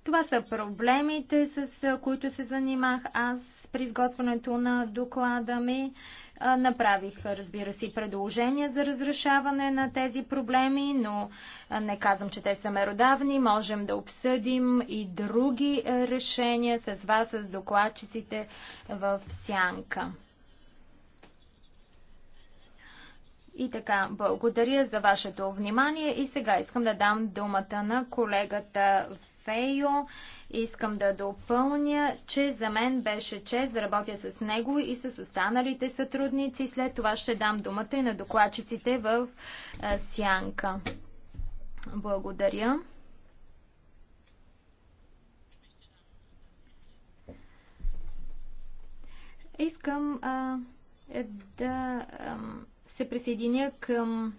Това са проблемите, с които се занимах аз при изготвянето на доклада ми. Направих, разбира се, предложения за разрешаване на тези проблеми, но не казвам, че те са меродавни. Можем да обсъдим и други решения с вас, с докладчиците в сянка. И така, благодаря за вашето внимание и сега искам да дам думата на колегата Фейо. Искам да допълня, че за мен беше чест да работя с него и с останалите сътрудници. След това ще дам думата и на докладчиците в е, Сянка. Благодаря. Искам а, е, да а, се присъединя към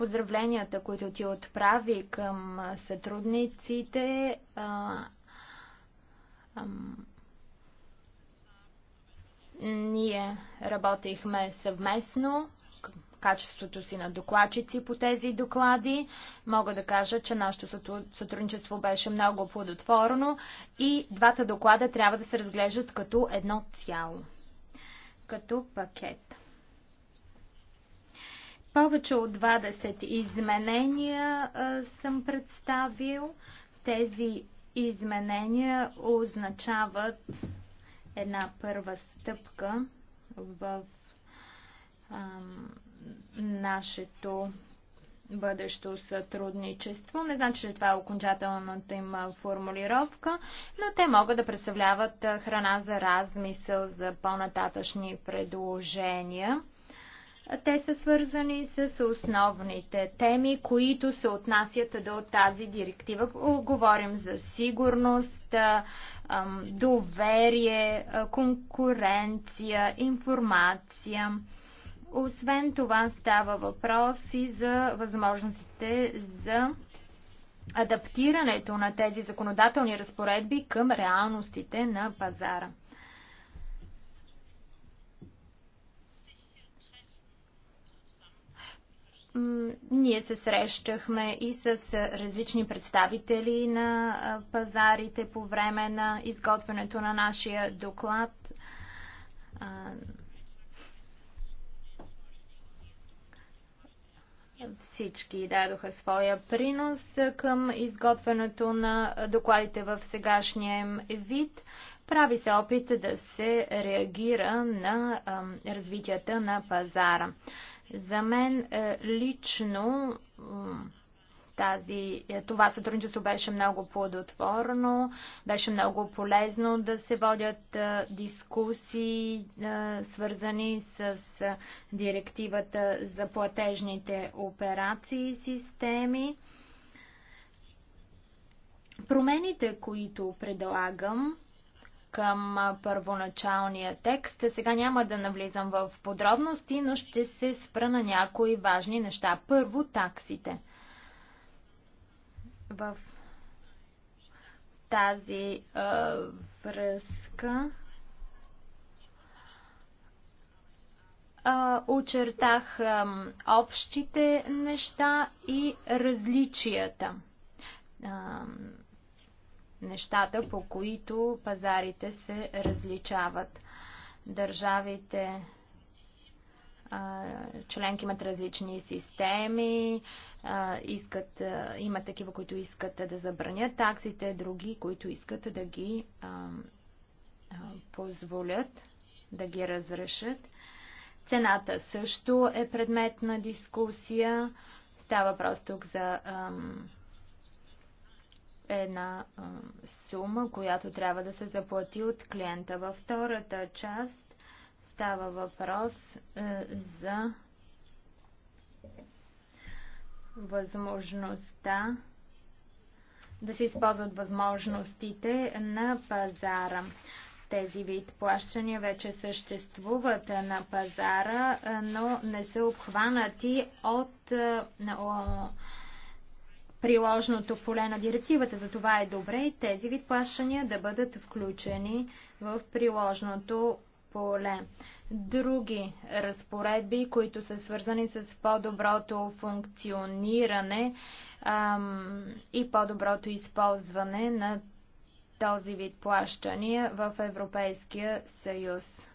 Поздравленията, които ти отправи към сътрудниците, а, ние работихме съвместно качеството си на докладчици по тези доклади. Мога да кажа, че нашето сътрудничество беше много плодотворно и двата доклада трябва да се разглеждат като едно цяло, като пакет. Повече от 20 изменения а, съм представил. Тези изменения означават една първа стъпка в а, нашето бъдещо сътрудничество. Не значи, че това е окончателната им формулировка, но те могат да представляват храна за размисъл за по-нататъчни предложения. Те са свързани с основните теми, които се отнасят до тази директива. Говорим за сигурност, доверие, конкуренция, информация. Освен това става въпрос и за възможностите за адаптирането на тези законодателни разпоредби към реалностите на пазара. ние се срещахме и с различни представители на пазарите по време на изготвянето на нашия доклад. Всички дадоха своя принос към изготвянето на докладите в сегашния вид. Прави се опит да се реагира на развитията на пазара. За мен е, лично тази, е, това сътрудничество беше много плодотворно, беше много полезно да се водят е, дискусии, свързани с директивата за платежните операции и системи. Промените, които предлагам, към първоначалния текст. Сега няма да навлизам в подробности, но ще се спра на някои важни неща. Първо, таксите. В тази а, връзка а, очертах а, общите неща и различията. А, нещата, по които пазарите се различават. Държавите членки имат различни системи, искат, има такива, които искат да забранят таксите, други, които искат да ги позволят, да ги разрешат. Цената също е предмет на дискусия. Става просто тук за ам, една а, сума, която трябва да се заплати от клиента. Във втората част става въпрос а, за възможността да се използват възможностите на пазара. Тези вид плащания вече съществуват на пазара, но не са обхванати от а, приложното поле на директивата. Затова е добре и тези вид плащания да бъдат включени в приложното поле. Други разпоредби, които са свързани с по-доброто функциониране ам, и по-доброто използване на този вид плащания в Европейския съюз.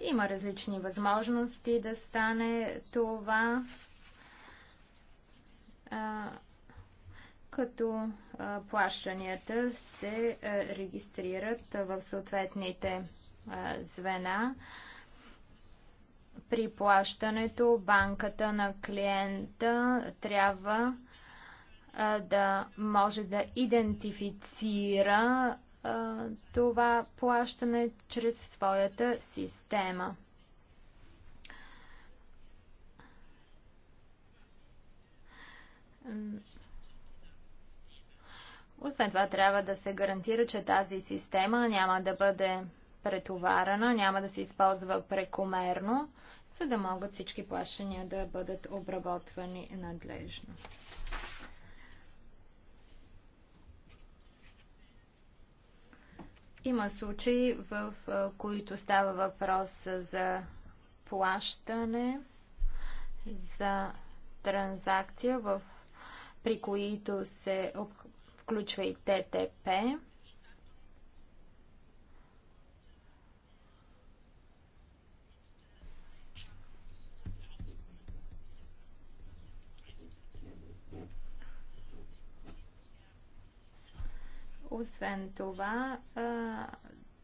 Има различни възможности да стане това, като плащанията се регистрират в съответните звена. При плащането банката на клиента трябва да може да идентифицира това плащане чрез своята система. Освен това трябва да се гарантира, че тази система няма да бъде претоварена, няма да се използва прекомерно, за да могат всички плащания да бъдат обработвани надлежно. Има случаи, в които става въпрос за плащане, за транзакция, в, при които се включва и ТТП. Освен това,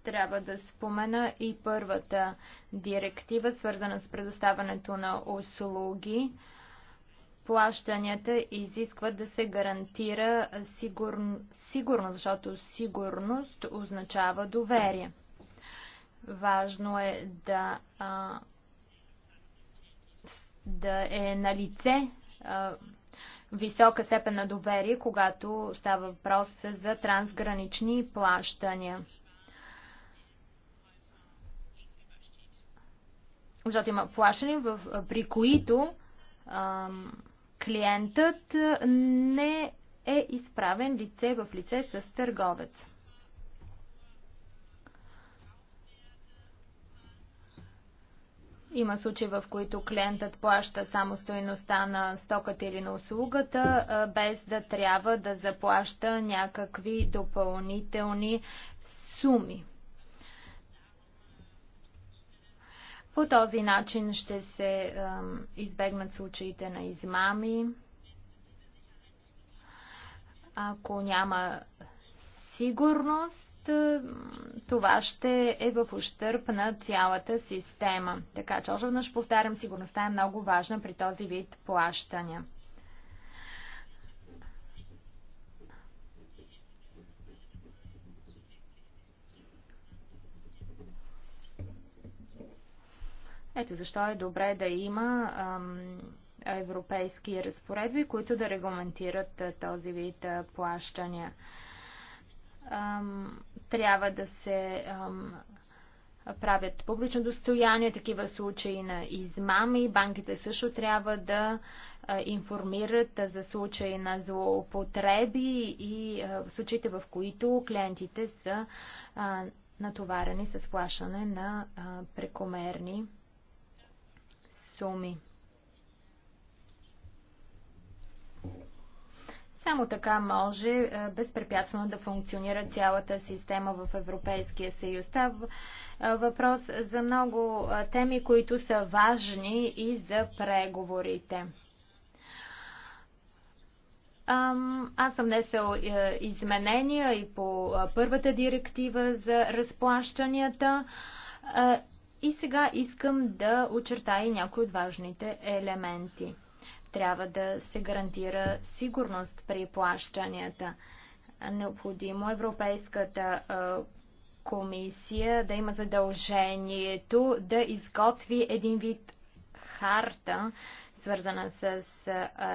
трябва да спомена и първата директива, свързана с предоставането на услуги. Плащанията изискват да се гарантира сигурно, сигурност, защото сигурност означава доверие. Важно е да, а, да е на лице а, висока степен на доверие, когато става въпрос за трансгранични плащания. Защото има плащане, в, при които ам, клиентът не е изправен лице в лице с търговец. Има случаи, в които клиентът плаща само стоеността на стоката или на услугата, без да трябва да заплаща някакви допълнителни суми. По този начин ще се избегнат случаите на измами. Ако няма сигурност, е, това ще е в ущърп на цялата система. Така че още веднъж повтарям, сигурността е много важна при този вид плащания. Ето защо е добре да има ам, европейски разпоредби, които да регламентират този вид плащания трябва да се правят публично достояние, такива случаи на измами. Банките също трябва да информират за случаи на злоупотреби и случаите, в които клиентите са натоварени с плащане на прекомерни суми. Само така може е, безпрепятствено да функционира цялата система в Европейския съюз. Става е, въпрос за много е, теми, които са важни и за преговорите. Аз съм внесъл изменения и по първата директива за разплащанията. И сега искам да очертая някои от важните елементи. Трябва да се гарантира сигурност при плащанията. Необходимо е Европейската комисия да има задължението да изготви един вид харта, свързана с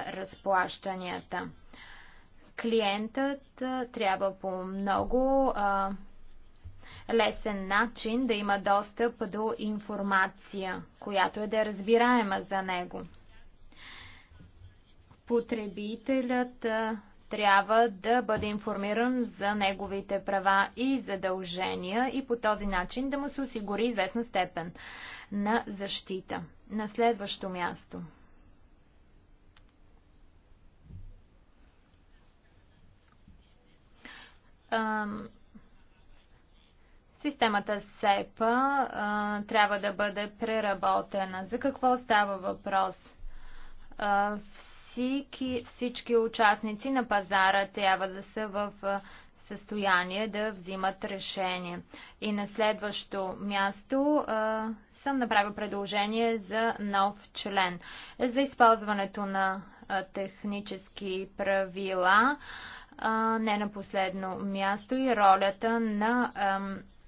разплащанията. Клиентът трябва по много лесен начин да има достъп до информация, която е да е разбираема за него. Потребителят трябва да бъде информиран за неговите права и задължения и по този начин да му се осигури известна степен на защита. На следващо място. Системата СЕПА трябва да бъде преработена. За какво става въпрос? всички, всички участници на пазара трябва да са в състояние да взимат решение. И на следващо място а, съм направил предложение за нов член за използването на а, технически правила, а, не на последно място и ролята на, а,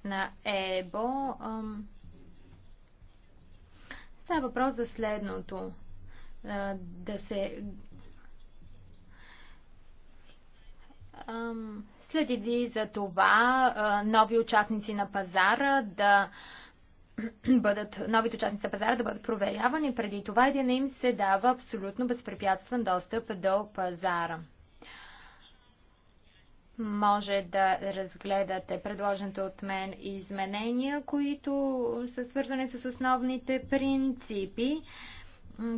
на ЕБО. А, Става въпрос за следното да се следи за това нови участници на пазара да бъдат, новите участници на пазара да бъдат проверявани преди това и да не им се дава абсолютно безпрепятствен достъп до пазара. Може да разгледате предложените от мен изменения, които са свързани с основните принципи.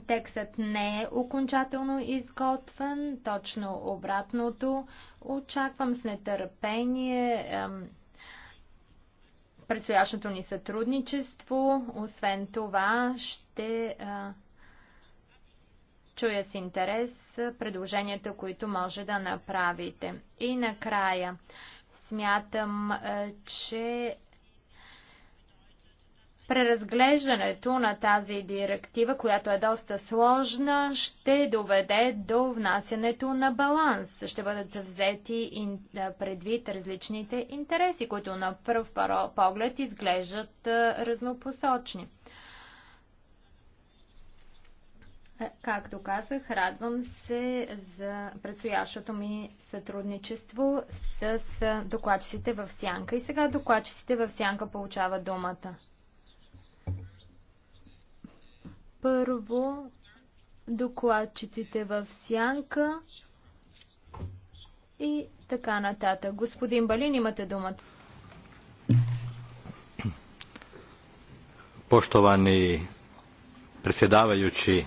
Текстът не е окончателно изготвен, точно обратното. Очаквам с нетърпение предстоящото ни сътрудничество. Освен това, ще е, чуя с интерес предложенията, които може да направите. И накрая, смятам, е, че Преразглеждането на тази директива, която е доста сложна, ще доведе до внасянето на баланс. Ще бъдат взети предвид различните интереси, които на пръв поглед изглеждат разнопосочни. Е, както казах, радвам се за предстоящото ми сътрудничество с докладчиците в Сянка. И сега докладчиците в Сянка получават думата. Първо, докладчиците в сянка и така нататък. Господин Балин, имате думата. Poštovani predsjedavajući,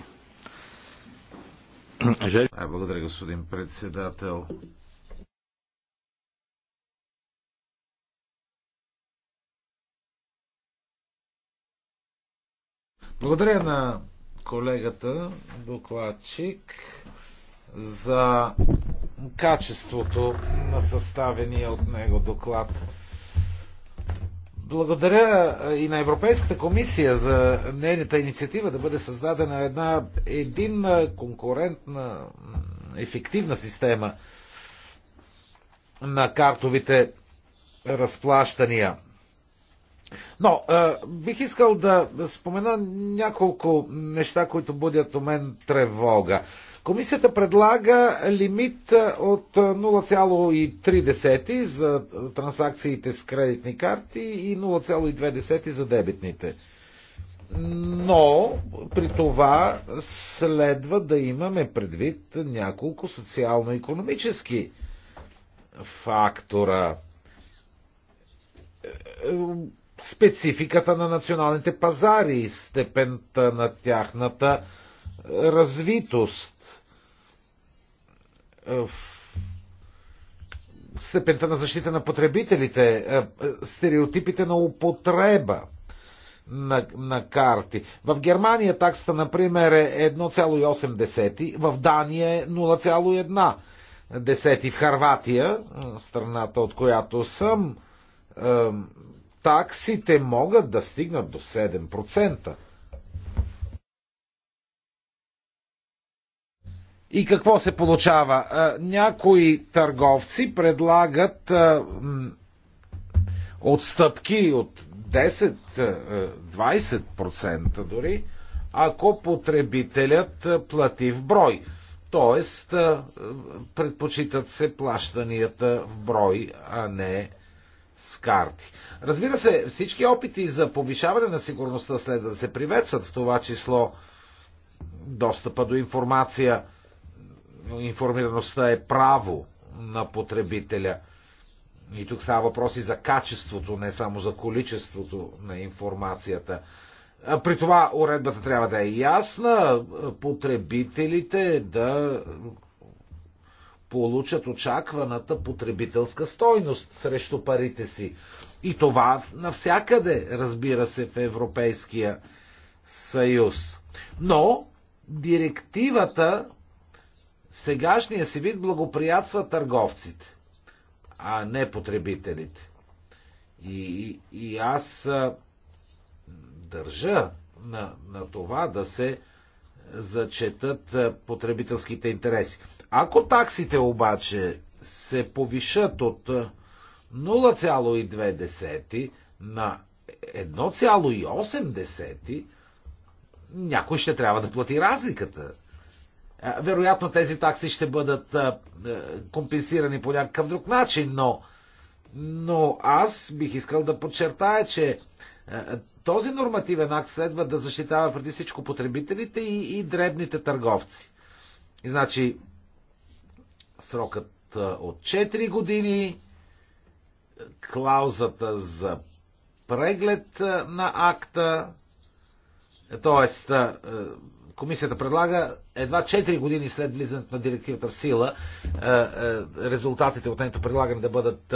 Благодаря, господин председател. Благодаря на колегата, докладчик, за качеството на съставения от него доклад. Благодаря и на Европейската комисия за нейната инициатива да бъде създадена една единна, конкурентна, ефективна система на картовите разплащания. Но е, бих искал да спомена няколко неща, които будят у мен тревога. Комисията предлага лимит е, от 0,3 е, за транзакциите с кредитни карти и 0,2 за дебитните. Но при това следва да имаме предвид няколко социално-економически фактора е, спецификата на националните пазари, степента на тяхната е, развитост, е, степента на защита на потребителите, е, стереотипите на употреба на, на карти. В Германия таксата, например, е 1,8, в Дания е 0,1 десети в Харватия, страната от която съм, таксите могат да стигнат до 7%. И какво се получава? Някои търговци предлагат отстъпки от 10-20% дори, ако потребителят плати в брой. Тоест, предпочитат се плащанията в брой, а не с карти. Разбира се, всички опити за повишаване на сигурността следва да се приветстват, в това число достъпа до информация. Информираността е право на потребителя. И тук става въпроси за качеството, не само за количеството на информацията. При това уредбата трябва да е ясна, потребителите да получат очакваната потребителска стойност срещу парите си. И това навсякъде, разбира се, в Европейския съюз. Но директивата в сегашния си вид благоприятства търговците, а не потребителите. И, и аз държа на, на това да се зачетат потребителските интереси. Ако таксите обаче се повишат от 0,2 е, на 1,8, някой ще трябва да плати разликата. Е, вероятно тези такси ще бъдат е, компенсирани по някакъв друг начин, но, но аз бих искал да подчертая, че този нормативен акт следва да защитава преди всичко потребителите и, и дребните търговци. И значи срокът от 4 години, клаузата за преглед на акта, т.е. комисията предлага едва 4 години след влизането на директивата в сила резултатите от нейното предлагане да бъдат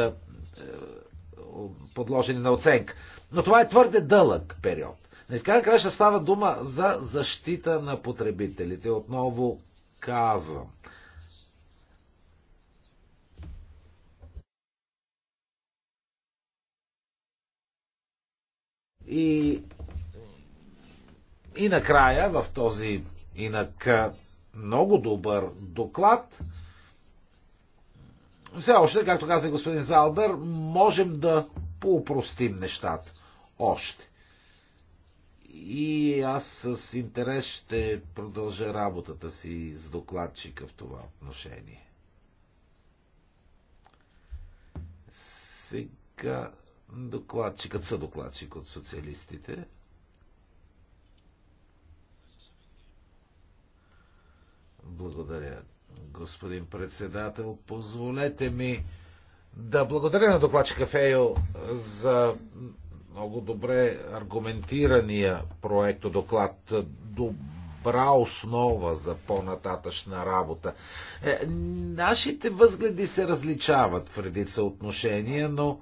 подложени на оценка. Но това е твърде дълъг период. Не така да ще става дума за защита на потребителите. Отново казвам. И, и накрая в този инак много добър доклад, все още, както каза господин Залбер, можем да поупростим нещата още. И аз с интерес ще продължа работата си с докладчика в това отношение. Сега докладчикът, са докладчик от социалистите. Благодаря, господин председател. Позволете ми да благодаря на докладчика Фейо за много добре аргументирания проекто доклад. Добра основа за по-нататъчна работа. Е, нашите възгледи се различават в редица отношения, но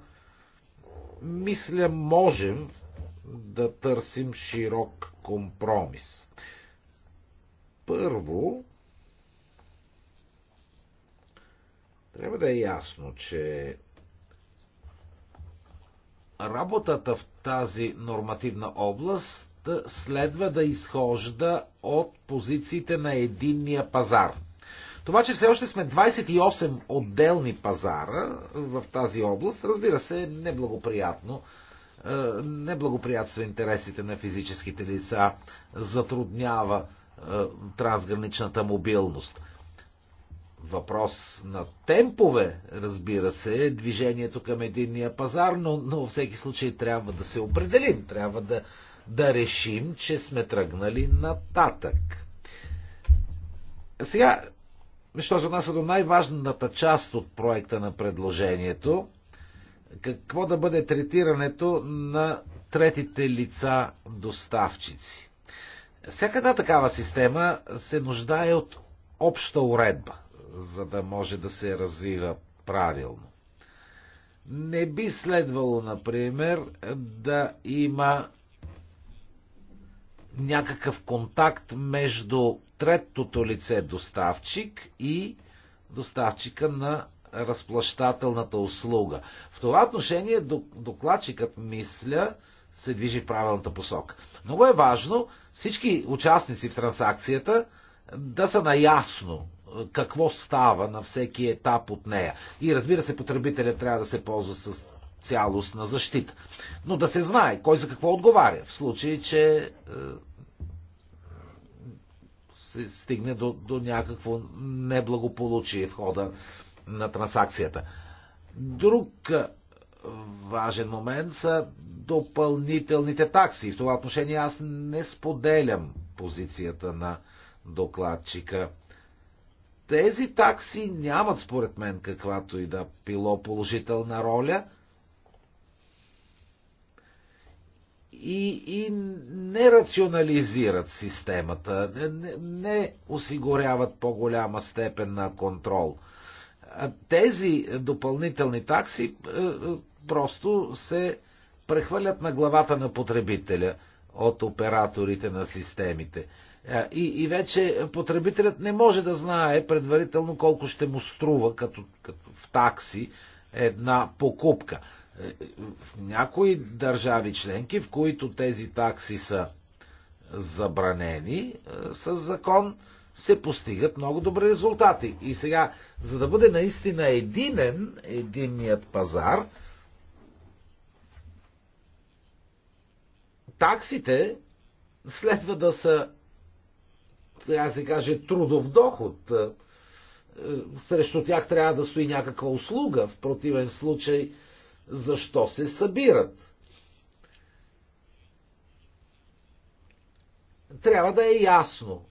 мисля, можем да търсим широк компромис. Първо, трябва да е ясно, че работата в тази нормативна област следва да изхожда от позициите на единния пазар – това, че все още сме 28 отделни пазара в тази област, разбира се, е неблагоприятно е, неблагоприятства интересите на физическите лица, затруднява е, трансграничната мобилност. Въпрос на темпове, разбира се, е движението към единния пазар, но, но във всеки случай трябва да се определим, трябва да, да решим, че сме тръгнали нататък. Сега, що се отнася до най-важната част от проекта на предложението, какво да бъде третирането на третите лица доставчици. Всяка една такава система се нуждае от обща уредба, за да може да се развива правилно. Не би следвало, например, да има някакъв контакт между третото лице доставчик и доставчика на разплащателната услуга. В това отношение докладчикът мисля се движи в правилната посока. Много е важно всички участници в транзакцията да са наясно е, какво става на всеки етап от нея. И разбира се, потребителят трябва да се ползва с цялост на защита. Но да се знае кой за какво отговаря, в случай, че е, се стигне до, до някакво неблагополучие в хода на трансакцията. Друг е, важен момент са допълнителните такси. В това отношение аз не споделям позицията на докладчика. Тези такси нямат, според мен, каквато и да било положителна роля – и, и не рационализират системата, не, не осигуряват по-голяма степен на контрол. Тези допълнителни такси е, е, просто се прехвърлят на главата на потребителя от операторите на системите. Е, и, и вече потребителят не може да знае предварително колко ще му струва като, като в такси една покупка в някои държави членки, в които тези такси са забранени е, с закон, се постигат много добри резултати. И сега, за да бъде наистина единен единният пазар, таксите следва да са, така се каже, трудов доход. Е, е, срещу тях трябва да стои някаква услуга. В противен случай, защо се събират. Трябва да е ясно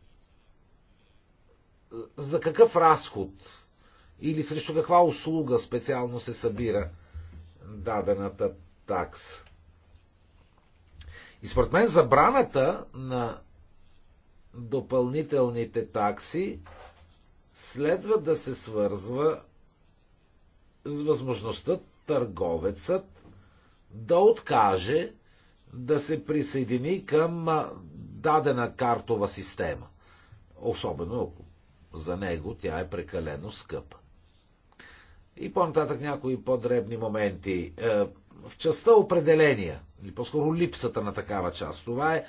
за какъв разход или срещу каква услуга специално се събира дадената такса. И според мен забраната на допълнителните такси следва да се свързва с възможността търговецът да откаже да се присъедини към дадена картова система. Особено ако за него тя е прекалено скъпа. И по-нататък някои по-дребни моменти. Е, в частта определения, или по-скоро липсата на такава част, това е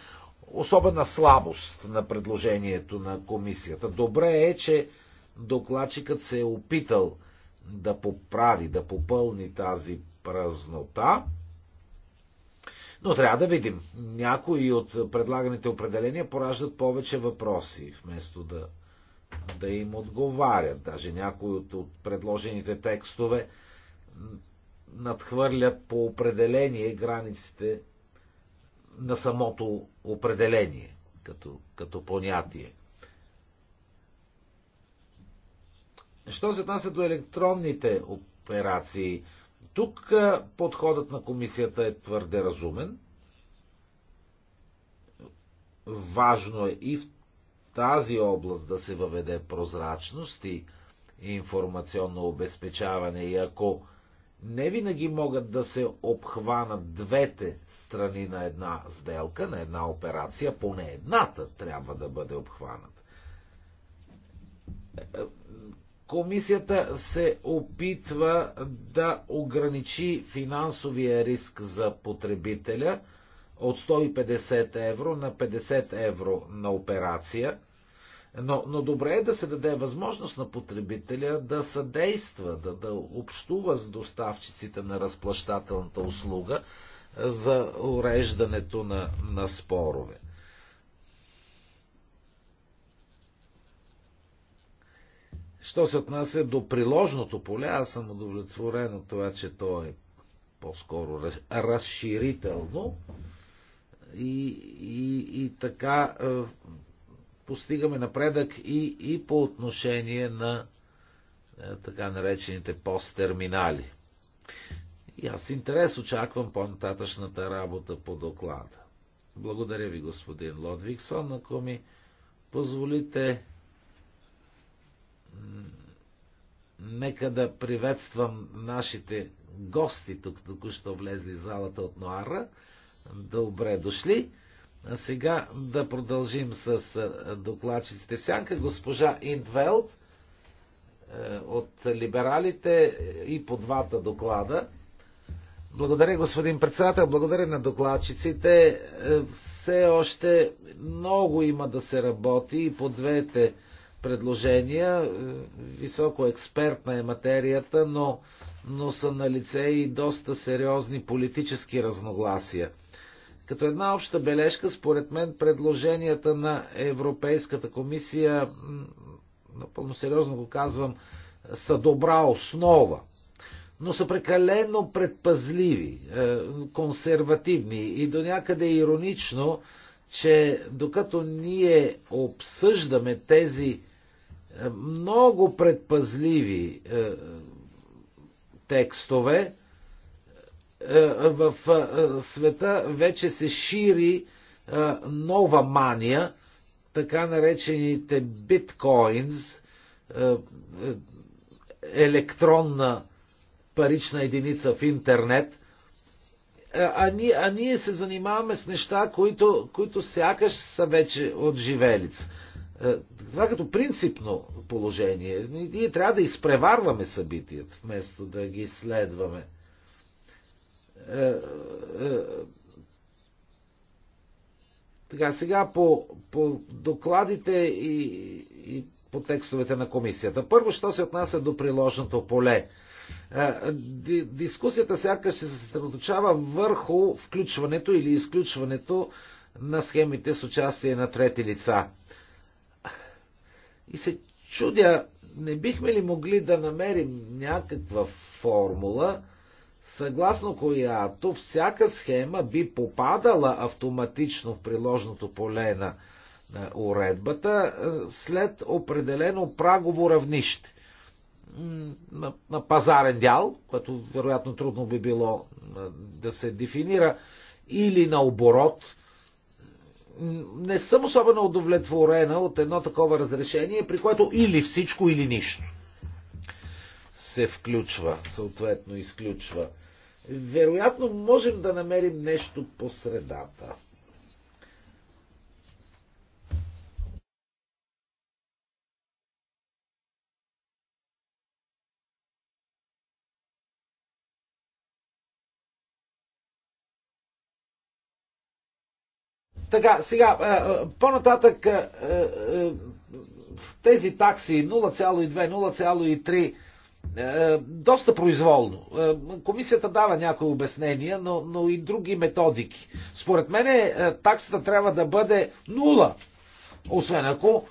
особена слабост на предложението на комисията. Добре е, че докладчикът се е опитал да поправи, да попълни тази празнота. Но трябва да видим. Някои от предлаганите определения пораждат повече въпроси, вместо да, да им отговарят. Даже някои от, от предложените текстове надхвърлят по определение границите на самото определение като, като понятие. Що се отнася до електронните операции, тук подходът на комисията е твърде разумен. Важно е и в тази област да се въведе прозрачност и информационно обезпечаване. И ако не винаги могат да се обхванат двете страни на една сделка, на една операция, поне едната трябва да бъде обхваната. Комисията се опитва да ограничи финансовия риск за потребителя от 150 евро на 50 евро на операция. Но, но добре е да се даде възможност на потребителя да съдейства, да, да общува с доставчиците на разплащателната услуга за уреждането на, на спорове. Що се отнася до приложното поле, аз съм удовлетворен от това, че то е по-скоро разширително и, и, и така е, постигаме напредък и, и по отношение на е, така наречените посттерминали. И аз с интерес очаквам по-нататъчната работа по доклада. Благодаря ви, господин Лодвиксон, ако ми позволите Нека да приветствам нашите гости, тук току-що влезли в залата от Ноара. Добре дошли. А сега да продължим с докладчиците сянка. Госпожа Индвелт, от либералите и по двата доклада. Благодаря, господин председател. Благодаря на докладчиците. Все още много има да се работи и по двете предложения. Е, високо експертна е материята, но, но са на лице и доста сериозни политически разногласия. Като една обща бележка, според мен, предложенията на Европейската комисия, напълно сериозно го казвам, са добра основа, но са прекалено предпазливи, е, консервативни и до някъде иронично че докато ние обсъждаме тези е, много предпазливи е, текстове, е, в света вече се шири нова мания, така наречените биткоинс, електронна парична единица в интернет, е, а, ние, а ние се занимаваме с неща, които, които сякаш са вече от живелиц. Е, това като принципно положение. Ние трябва да изпреварваме събитията, вместо да ги следваме. Е, така, сега по, по докладите и, и по текстовете на комисията. Първо, що се отнася до приложното поле. Е, дискусията сякаш се съсредоточава върху включването или изключването на схемите с участие на трети лица. И се чудя, не бихме ли могли да намерим някаква формула, съгласно която всяка схема би попадала автоматично в приложното поле на уредбата е, след определено прагово равнище на, на пазарен дял, което вероятно трудно би било да се дефинира, или на оборот. Не съм особено удовлетворена от едно такова разрешение, при което или всичко, или нищо се включва, съответно изключва. Вероятно можем да намерим нещо по средата. Така, сега, по-нататък тези такси 0,2, 0,3 доста произволно. Комисията дава някои обяснения, но, но и други методики. Според мен таксата трябва да бъде 0, освен ако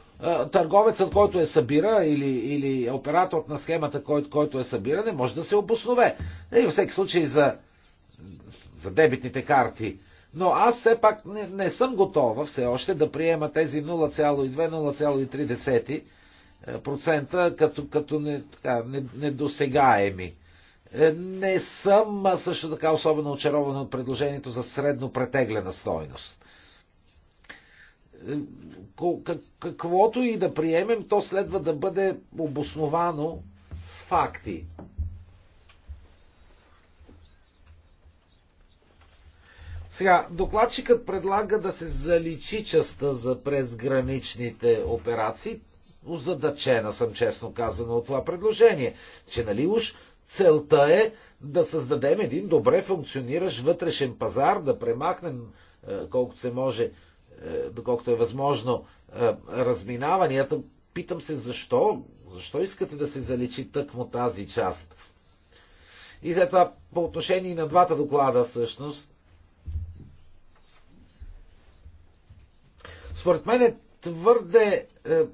търговецът, който е събира или, или оператор на схемата, който, който е събира, не може да се обоснове. И във всеки случай за, за дебитните карти но аз все пак не, не съм готова все още да приема тези 0,2-0,3% е, като, като не, така, не, недосегаеми. Е, не съм също така особено очарован от предложението за средно претеглена стойност е, каквото и да приемем, то следва да бъде обосновано с факти. Сега, докладчикът предлага да се заличи частта за презграничните операции. Озадачена съм, честно казано, от това предложение. Че, нали уж, целта е да създадем един добре функциониращ вътрешен пазар, да премахнем е, колкото се може, е, доколкото е възможно, е, разминаванията. Питам се защо, защо искате да се заличи тъкмо тази част. И след това по отношение на двата доклада всъщност, Според мен е твърде е, е,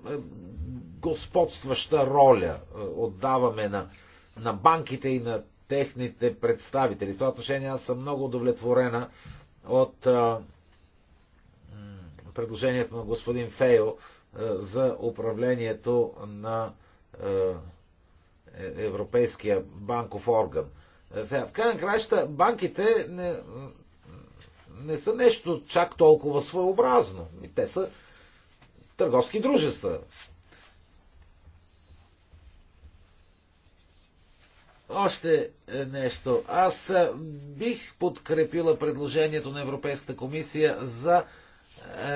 господстваща роля е, отдаваме на, на банките и на техните представители. В това отношение аз съм много удовлетворена от е, предложението на господин Фейо е, за управлението на е, Европейския банков орган. Сега, в крайна краща, банките не, не са нещо чак толкова своеобразно. Те са търговски дружества. Още е нещо. Аз е, бих подкрепила предложението на Европейската комисия за е,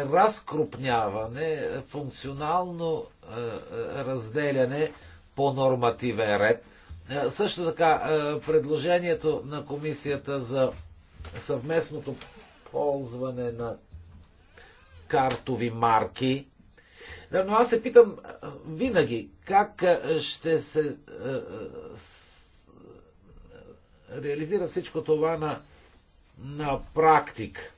разкрупняване, функционално разделяне по нормативен ред. Също така, предложението на комисията за съвместното ползване на картови марки. Но аз се питам винаги как ще се реализира всичко това на, на практик.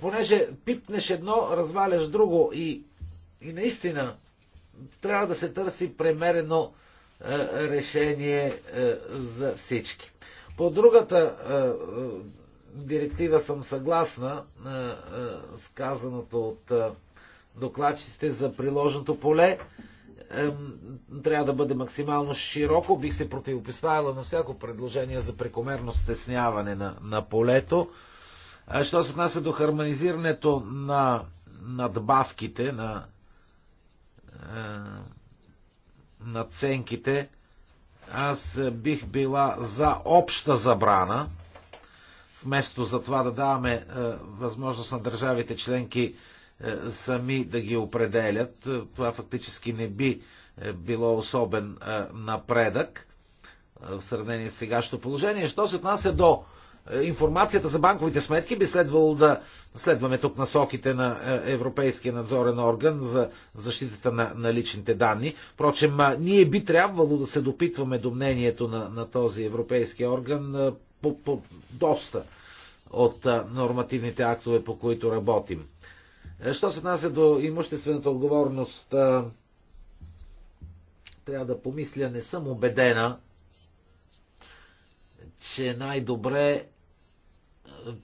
Понеже пипнеш едно, разваляш друго и, и наистина трябва да се търси премерено решение за всички. По другата директива съм съгласна е, е, с казаното от е, докладчиците за приложното поле. Трябва да бъде максимално широко. Бих се противопоставила на всяко предложение за прекомерно стесняване на, на полето. Що се отнася до хармонизирането на надбавките, на наценките, аз бих била за обща забрана – вместо за това да даваме е, възможност на държавите членки е, сами да ги определят, е, това фактически не би било особен напредък в сравнение с сегашното положение. Що се отнася до информацията за банковите сметки, би следвало да следваме тук насоките на Европейския надзорен орган за защитата на, на личните данни. Впрочем, ние би трябвало да се допитваме до мнението на, на този европейски орган по, по доста от нормативните актове, по които работим. Е, що се отнася до имуществената отговорност, трябва да помисля, не съм убедена, че най-добре е,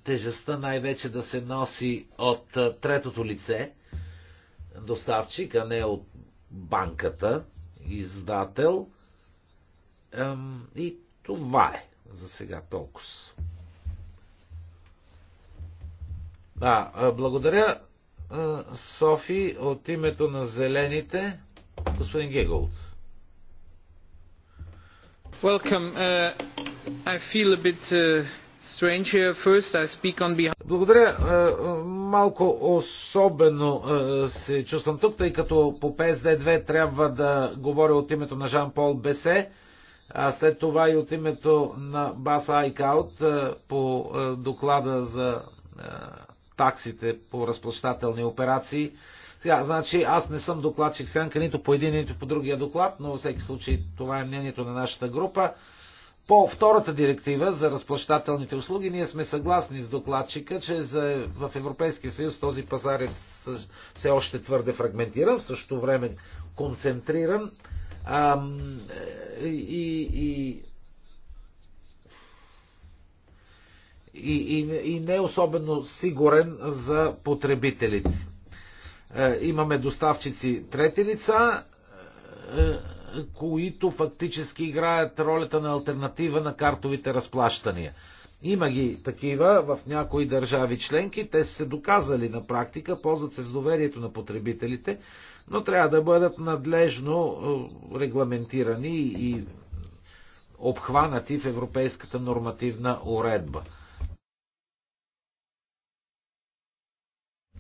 тежестта най-вече да се носи от третото лице, доставчик, а не от банката, издател. И това е за сега толкова. Да, благодаря, Софи, от името на Зелените, господин Геголд. Welcome. Uh, I feel a bit uh, strange First, I speak on behalf... Благодаря. Uh, малко особено uh, се чувствам тук, тъй като по PSD2 трябва да говоря от името на Жан-Пол Бесе, а след това и от името на Бас Айкаут uh, по uh, доклада за uh, таксите по разплащателни операции. Сега, значи, аз не съм докладчик сянка нито по един, нито по другия доклад, но във всеки случай това е мнението на нашата група. По втората директива за разплащателните услуги ние сме съгласни с докладчика, че за, в Европейския съюз този пазар е все още твърде фрагментиран, в същото време концентриран. Ам, е, и, и и, и, и не особено сигурен за потребителите. Е, имаме доставчици трети лица, е, които фактически играят ролята на альтернатива на картовите разплащания. Има ги такива в някои държави членки, те са се доказали на практика, ползват се с доверието на потребителите, но трябва да бъдат надлежно е, регламентирани и обхванати в европейската нормативна уредба.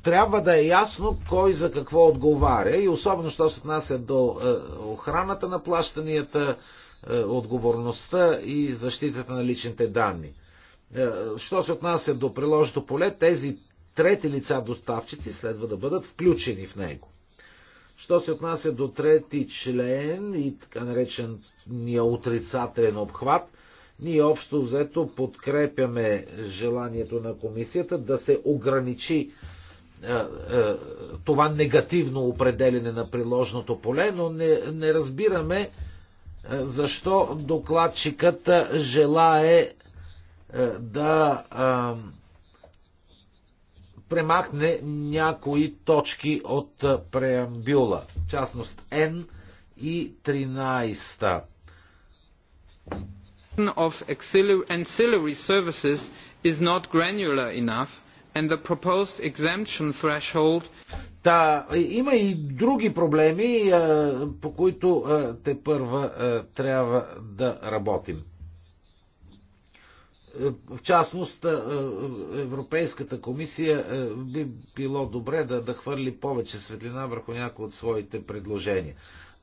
трябва да е ясно кой за какво отговаря и особено, що се отнася до е, охраната на плащанията, е, отговорността и защитата на личните данни. Е, що се отнася до приложното поле, тези трети лица доставчици следва да бъдат включени в него. Що се отнася до трети член и така наречения отрицателен обхват, ние общо взето подкрепяме желанието на комисията да се ограничи е, е, това негативно определене на приложното поле, но не, не разбираме е, защо докладчикът желае да премахне някои точки от преамбюла, в частност N и 13 of auxiliary services is not granular enough and the proposed exemption threshold. Да, има и други проблеми, по които те първа трябва да работим. Е, в частност, Европейската комисия би било добре да, да хвърли повече светлина върху някои от своите предложения.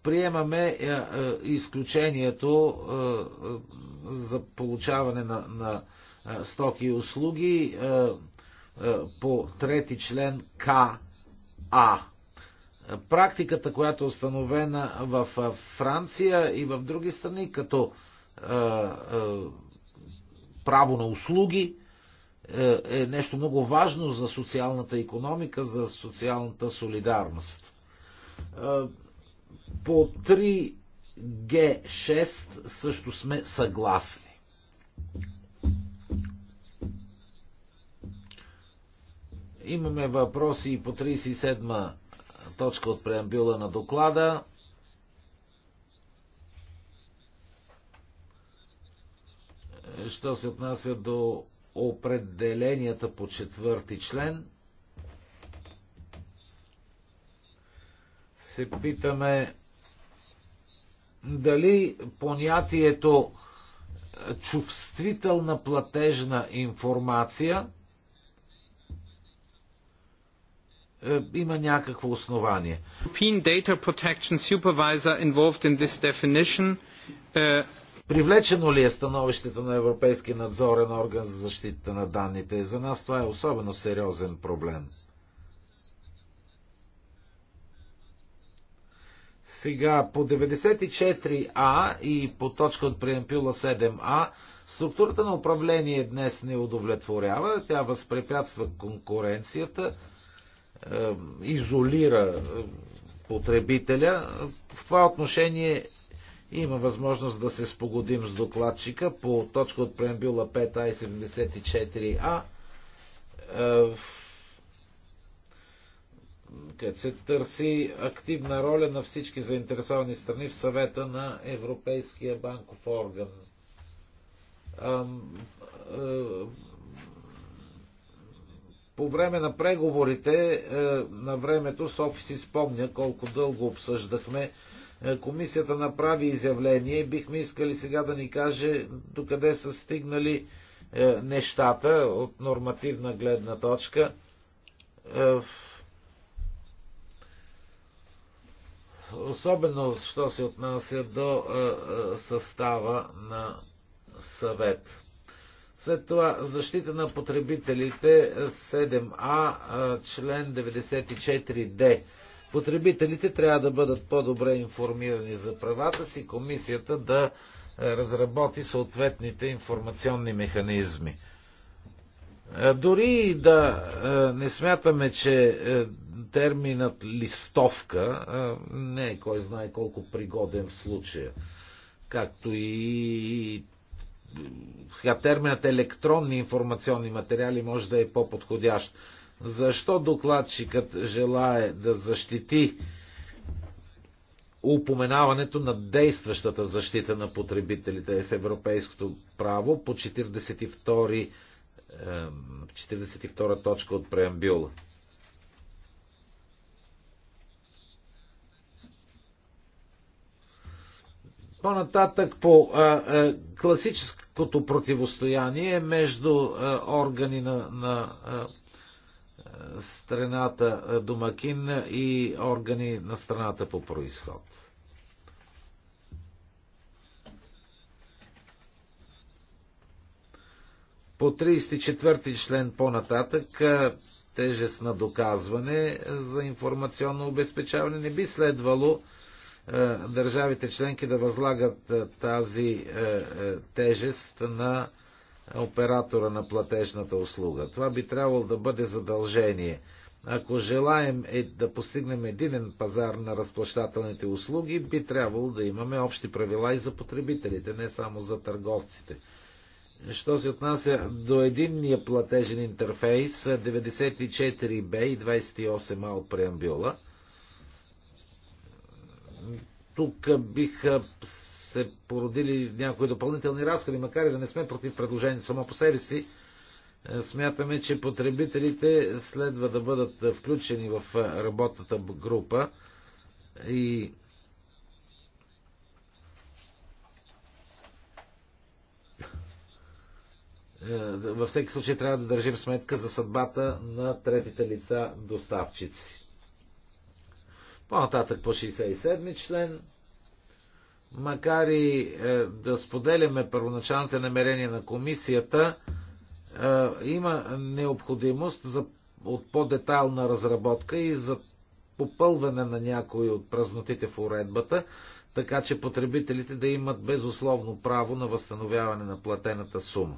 Приемаме е, е, изключението за получаване на, на стоки и услуги е, по трети член КА. Практиката, която е установена в е, Франция и в други страни, като е, право на услуги, е нещо много важно за социалната економика, за социалната солидарност. По 3G6 също сме съгласни. Имаме въпроси по 37 точка от преамбюла на доклада. Що се отнася до определенията по четвърти член, се питаме дали понятието чувствителна платежна информация Е, има някакво основание. European Data Protection Supervisor involved in this definition е, Привлечено ли е становището на Европейски надзорен орган за защита на данните? За нас това е особено сериозен проблем. Сега по 94А и по точка от преемпюла 7А структурата на управление днес не удовлетворява, тя възпрепятства конкуренцията, е, изолира е, потребителя. В това отношение има възможност да се спогодим с докладчика по точка от преамбюла 5А и 74А, е, където се търси активна роля на всички заинтересовани страни в съвета на Европейския банков орган по време на преговорите е, на времето Софи си спомня колко дълго обсъждахме. Е, комисията направи изявление. Бихме искали сега да ни каже докъде са стигнали е, нещата от нормативна гледна точка. Особено, що се отнася до състава на съвет. След това защита на потребителите 7А, член 94Д. Потребителите трябва да бъдат по-добре информирани за правата си, комисията да е, разработи съответните информационни механизми. Е, дори да е, не смятаме, че терминът листовка не е кой знае колко пригоден в случая, както и сега терминът електронни информационни материали може да е по-подходящ. Защо докладчикът желае да защити упоменаването на действащата защита на потребителите в европейското право по 42, 42 точка от преамбюла? По-нататък по а, а, класическото противостояние между а, органи на, на а, страната домакин и органи на страната по происход. По 34 член по-нататък тежест на доказване за информационно обезпечаване не би следвало е, държавите членки да възлагат е, тази е, тежест на оператора на платежната услуга. Това би трябвало да бъде задължение. Ако желаем е да постигнем единен пазар на разплащателните услуги, би трябвало да имаме общи правила и за потребителите, не само за търговците. Що се отнася до единния платежен интерфейс 94B и 28 a от преамбюла, тук биха се породили някои допълнителни разходи, макар и да не сме против предложението само по себе си. Смятаме, че потребителите следва да бъдат включени в работната група и във всеки случай трябва да държим сметка за съдбата на третите лица доставчици. По-нататък по 67 член, макар и е, да споделяме първоначалните намерения на комисията, е, има необходимост за, от по-детайлна разработка и за попълване на някои от празнотите в уредбата, така че потребителите да имат безусловно право на възстановяване на платената сума.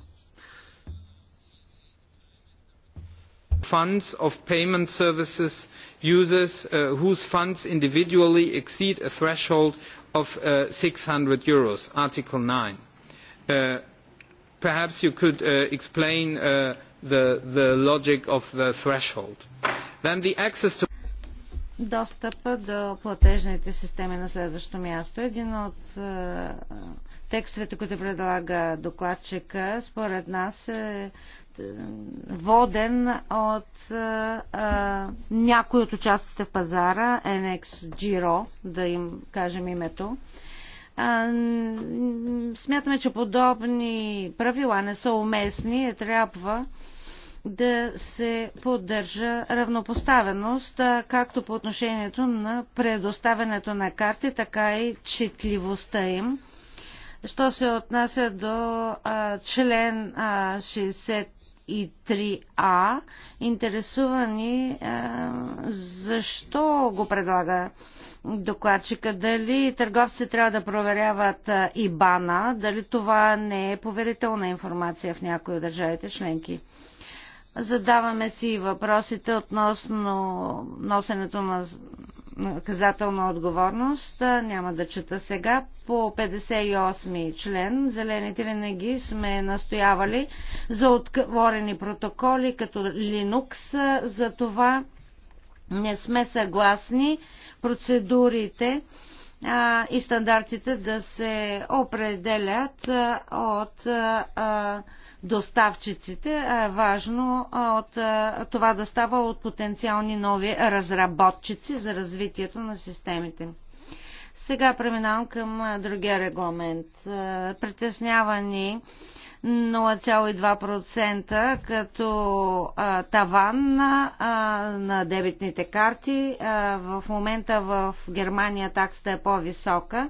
funds of payment services users whose funds individually exceed a threshold of eur six hundred article. nine perhaps you could explain the logic of the threshold. then the access достъпа до платежните системи на следващо място. Един от е, текстовете, които предлага докладчика, според нас е, е воден от е, е някой от участите в пазара, NX Giro, да им кажем името. Е, смятаме, че подобни правила не са уместни и е, трябва да се поддържа равнопоставеност, както по отношението на предоставянето на карти, така и четливостта им. Що се отнася до а, член а, 63а, интересувани а, защо го предлага докладчика, дали търговци трябва да проверяват ИБАНа, дали това не е поверителна информация в някои от държавите членки. Задаваме си въпросите относно носенето на наказателна отговорност. Няма да чета сега. По 58 член зелените винаги сме настоявали за отворени протоколи като Linux. За това не сме съгласни процедурите и стандартите да се определят от а, доставчиците, а е важно от, това да става от потенциални нови разработчици за развитието на системите. Сега преминавам към другия регламент. Притеснявани 0,2% като а, таван а, на дебитните карти. А, в момента в Германия таксата е по-висока. А,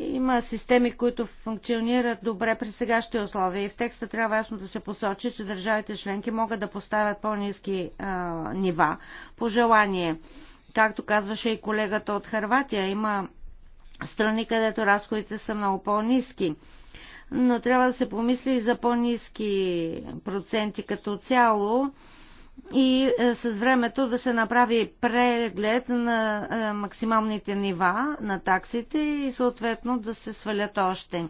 има системи, които функционират добре при сегащите условия и в текста трябва ясно да се посочи, че държавите членки могат да поставят по-низки нива по желание. Както казваше и колегата от Харватия, има страни, където разходите са много по-низки. Но трябва да се помисли и за по-низки проценти като цяло и е, с времето да се направи преглед на е, максималните нива на таксите и съответно да се свалят още.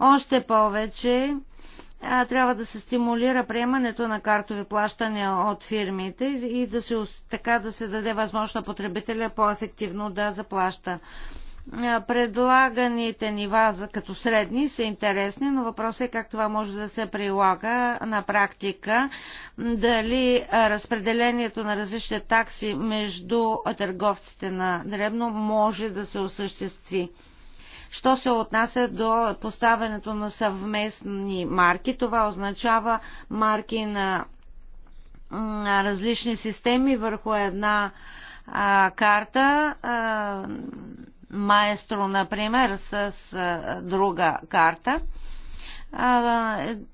Още повече е, трябва да се стимулира приемането на картови плащания от фирмите и да се, така да се даде възможност на потребителя по-ефективно да заплаща предлаганите нива за, като средни са интересни, но въпросът е как това може да се прилага на практика. Дали разпределението на различни такси между търговците на дребно може да се осъществи. Що се отнася до поставянето на съвместни марки, това означава марки на различни системи върху една а, карта. А, Маестро, например, с друга карта.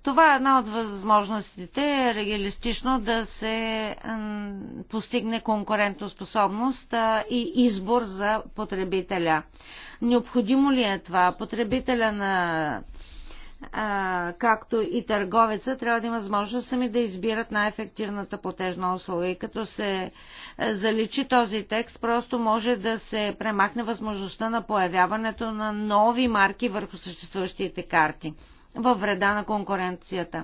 Това е една от възможностите реалистично да се постигне конкурентоспособност и избор за потребителя. Необходимо ли е това? Потребителя на а, както и търговеца, трябва да има възможност сами да избират най-ефективната платежна услуга. И като се е, заличи този текст, просто може да се премахне възможността на появяването на нови марки върху съществуващите карти във вреда на конкуренцията.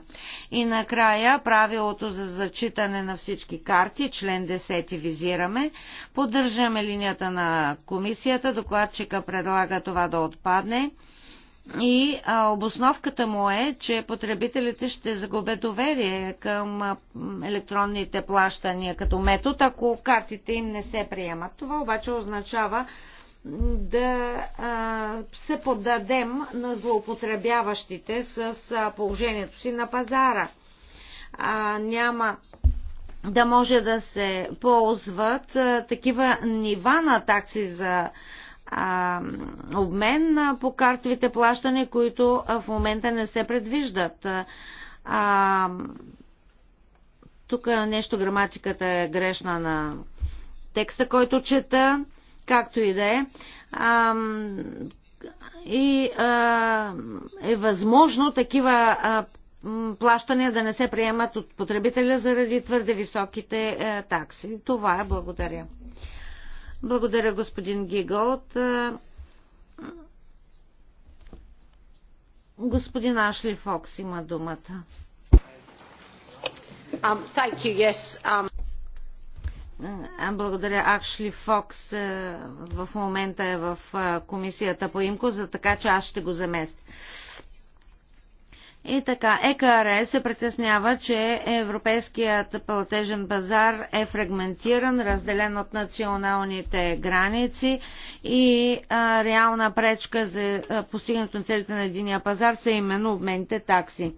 И накрая правилото за зачитане на всички карти, член 10 визираме. Поддържаме линията на комисията, докладчика предлага това да отпадне и а, обосновката му е, че потребителите ще загубят доверие към а, електронните плащания като метод, ако картите им не се приемат. Това обаче означава да а, се подадем на злоупотребяващите с а, положението си на пазара. А, няма да може да се ползват а, такива нива на такси за а, а, обмен а, по картовите плащане, които а, в момента не се предвиждат. А, тук нещо граматиката е грешна на текста, който чета, както и да е. А, и а, е възможно такива а, плащания да не се приемат от потребителя заради твърде високите а, е, такси. Това е. Благодаря. Благодаря, господин Гиголт. Е, господин Ашли Фокс има думата. Um, thank you, yes, um... Е, благодаря. Акшли Фокс е, в момента е в комисията по имко, за така че аз ще го заместя. И така, ЕКР се притеснява, че европейският платежен пазар е фрагментиран, разделен от националните граници и а, реална пречка за постигането на целите на единия пазар са именно обмените такси.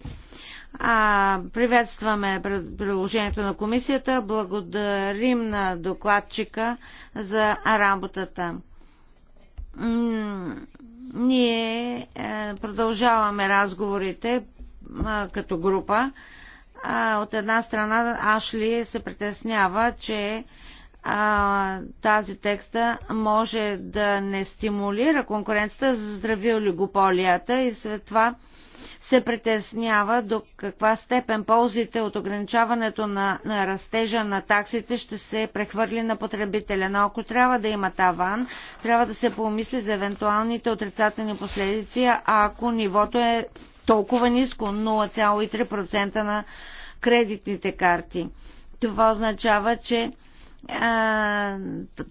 А, приветстваме приложението на комисията. Благодарим на докладчика за работата. Ние е, продължаваме разговорите а, като група. А, от една страна Ашли се притеснява, че а, тази текста може да не стимулира конкуренцията, за здрави олигополията и след това се притеснява до каква степен ползите от ограничаването на, на растежа на таксите ще се прехвърли на потребителя. Но ако трябва да има таван, трябва да се помисли за евентуалните отрицателни последици, ако нивото е толкова ниско 0,3% на кредитните карти. Това означава, че а,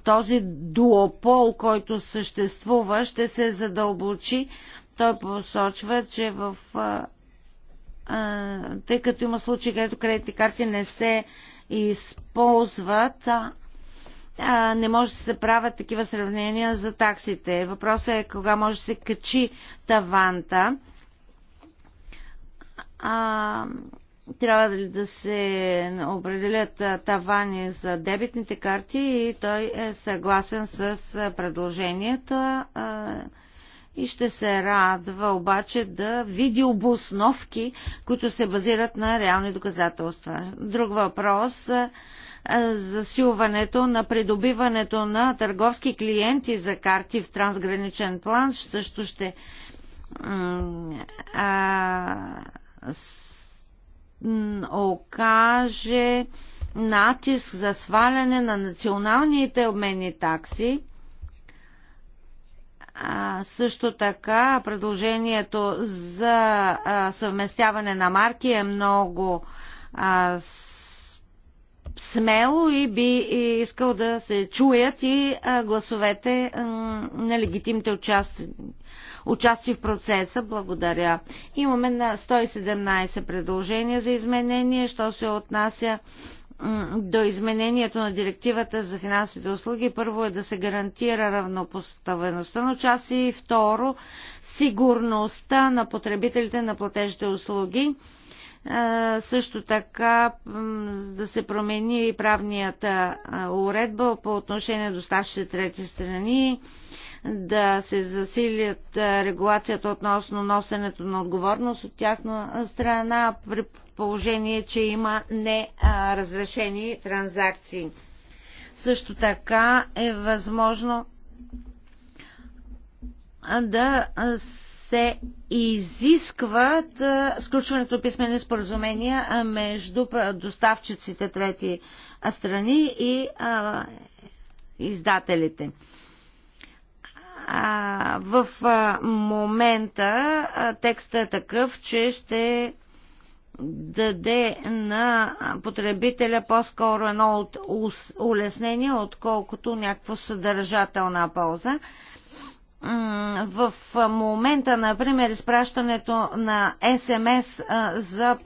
този дуопол, който съществува, ще се задълбочи. Той посочва, че в. А, а, тъй като има случаи, където кредитни карти не се използват, а, а, не може да се правят такива сравнения за таксите. Въпросът е кога може да се качи таванта а, трябва да се определят тавани за дебитните карти и той е съгласен с предложението и ще се радва обаче да види обосновки, които се базират на реални доказателства. Друг въпрос засилването на придобиването на търговски клиенти за карти в трансграничен план също ще а, окаже натиск за сваляне на националните обменни такси. А, също така предложението за а, съвместяване на марки е много а, с, смело и би и искал да се чуят и а, гласовете а, на легитимните участници участие в процеса. Благодаря. Имаме на 117 предложения за изменение, що се отнася до изменението на директивата за финансовите услуги. Първо е да се гарантира равнопоставеността на участие и второ сигурността на потребителите на платежните услуги. Също така да се промени и правнията уредба по отношение до доставчите трети страни да се засилят регулацията относно носенето на отговорност от тяхна страна при положение, че има неразрешени транзакции. Също така е възможно да се изискват сключването писмени споразумения между доставчиците трети страни и издателите. А, в а, момента а, текстът е такъв, че ще даде на потребителя по-скоро едно от улеснение, отколкото някаква съдържателна полза. В момента, например, изпращането на СМС за,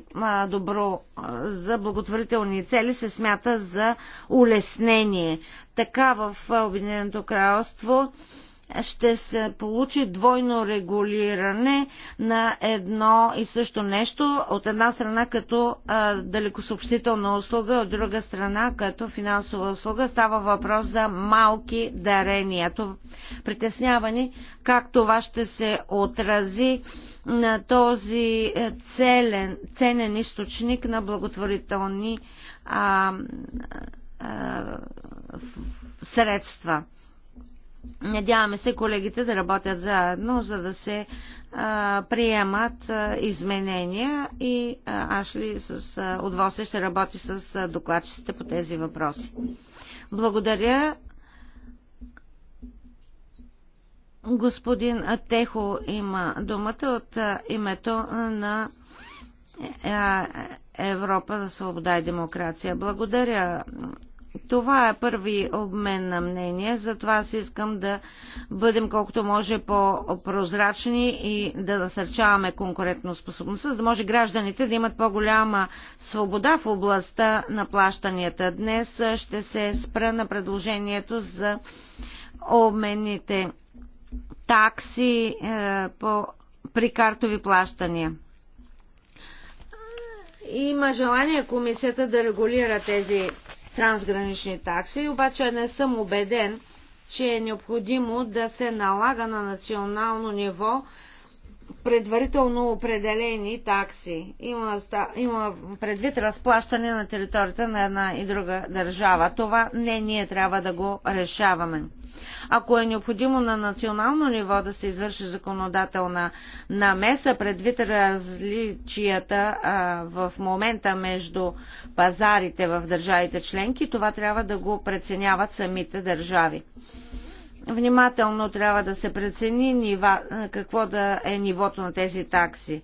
добро, за благотворителни цели се смята за улеснение. Така в Обединеното кралство ще се получи двойно регулиране на едно и също нещо, от една страна като далекосъобщителна услуга, от друга страна като финансова услуга. Става въпрос за малки дарения. Притеснявани как това ще се отрази на този е, целен, ценен източник на благотворителни а, а, средства. Надяваме се колегите да работят заедно, за да се а, приемат а, изменения и а, Ашли с а, ще работи с а, докладчиците по тези въпроси. Благодаря. Господин Техо има думата от а, името на а, Европа за свобода и демокрация. Благодаря, това е първи обмен на мнение, затова аз искам да бъдем колкото може по-прозрачни и да насърчаваме конкурентно способността, за да може гражданите да имат по-голяма свобода в областта на плащанията. Днес ще се спра на предложението за обменните такси е, по, при картови плащания. Има желание комисията да регулира тези трансгранични такси, обаче не съм убеден, че е необходимо да се налага на национално ниво предварително определени такси. Има, има предвид разплащане на територията на една и друга държава. Това не ние трябва да го решаваме. Ако е необходимо на национално ниво да се извърши законодателна намеса, предвид различията в момента между пазарите в държавите членки, това трябва да го преценяват самите държави. Внимателно трябва да се прецени нива, какво да е нивото на тези такси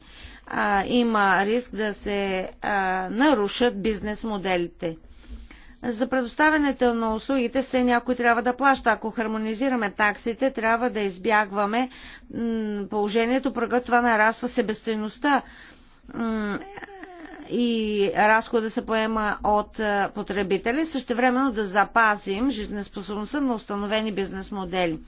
а, има риск да се а, нарушат бизнес моделите. За предоставянето на услугите все някой трябва да плаща. Ако хармонизираме таксите, трябва да избягваме положението, прага това нараства себестойността и разхода се поема от е, потребители, времено да запазим жизнеспособността на установени бизнес модели.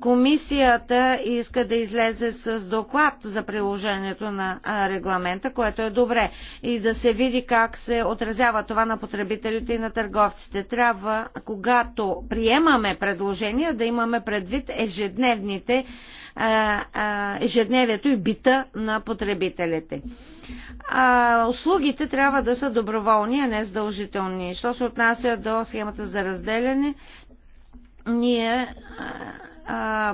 Комисията иска да излезе с доклад за приложението на регламента, което е добре, и да се види как се отразява това на потребителите и на търговците. Трябва, когато приемаме предложения, да имаме предвид ежедневните, ежедневието и бита на потребителите. А, услугите трябва да са доброволни, а не задължителни. Що се отнася до схемата за разделяне, ние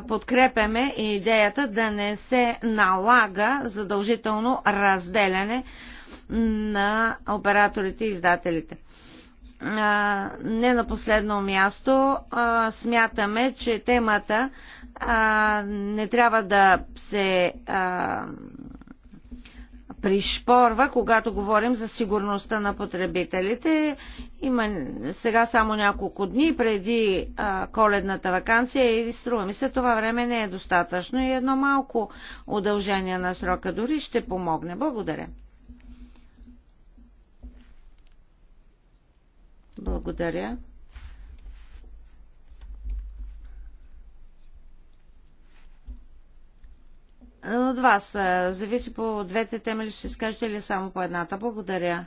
подкрепяме идеята да не се налага задължително разделяне на операторите и издателите. Не на последно място смятаме, че темата не трябва да се пришпорва, когато говорим за сигурността на потребителите. Има сега само няколко дни преди а, коледната вакансия и струва ми се това време не е достатъчно и едно малко удължение на срока дори ще помогне. Благодаря. Благодаря. от вас. Е, зависи по двете теми ли ще изкажете или само по едната. Благодаря.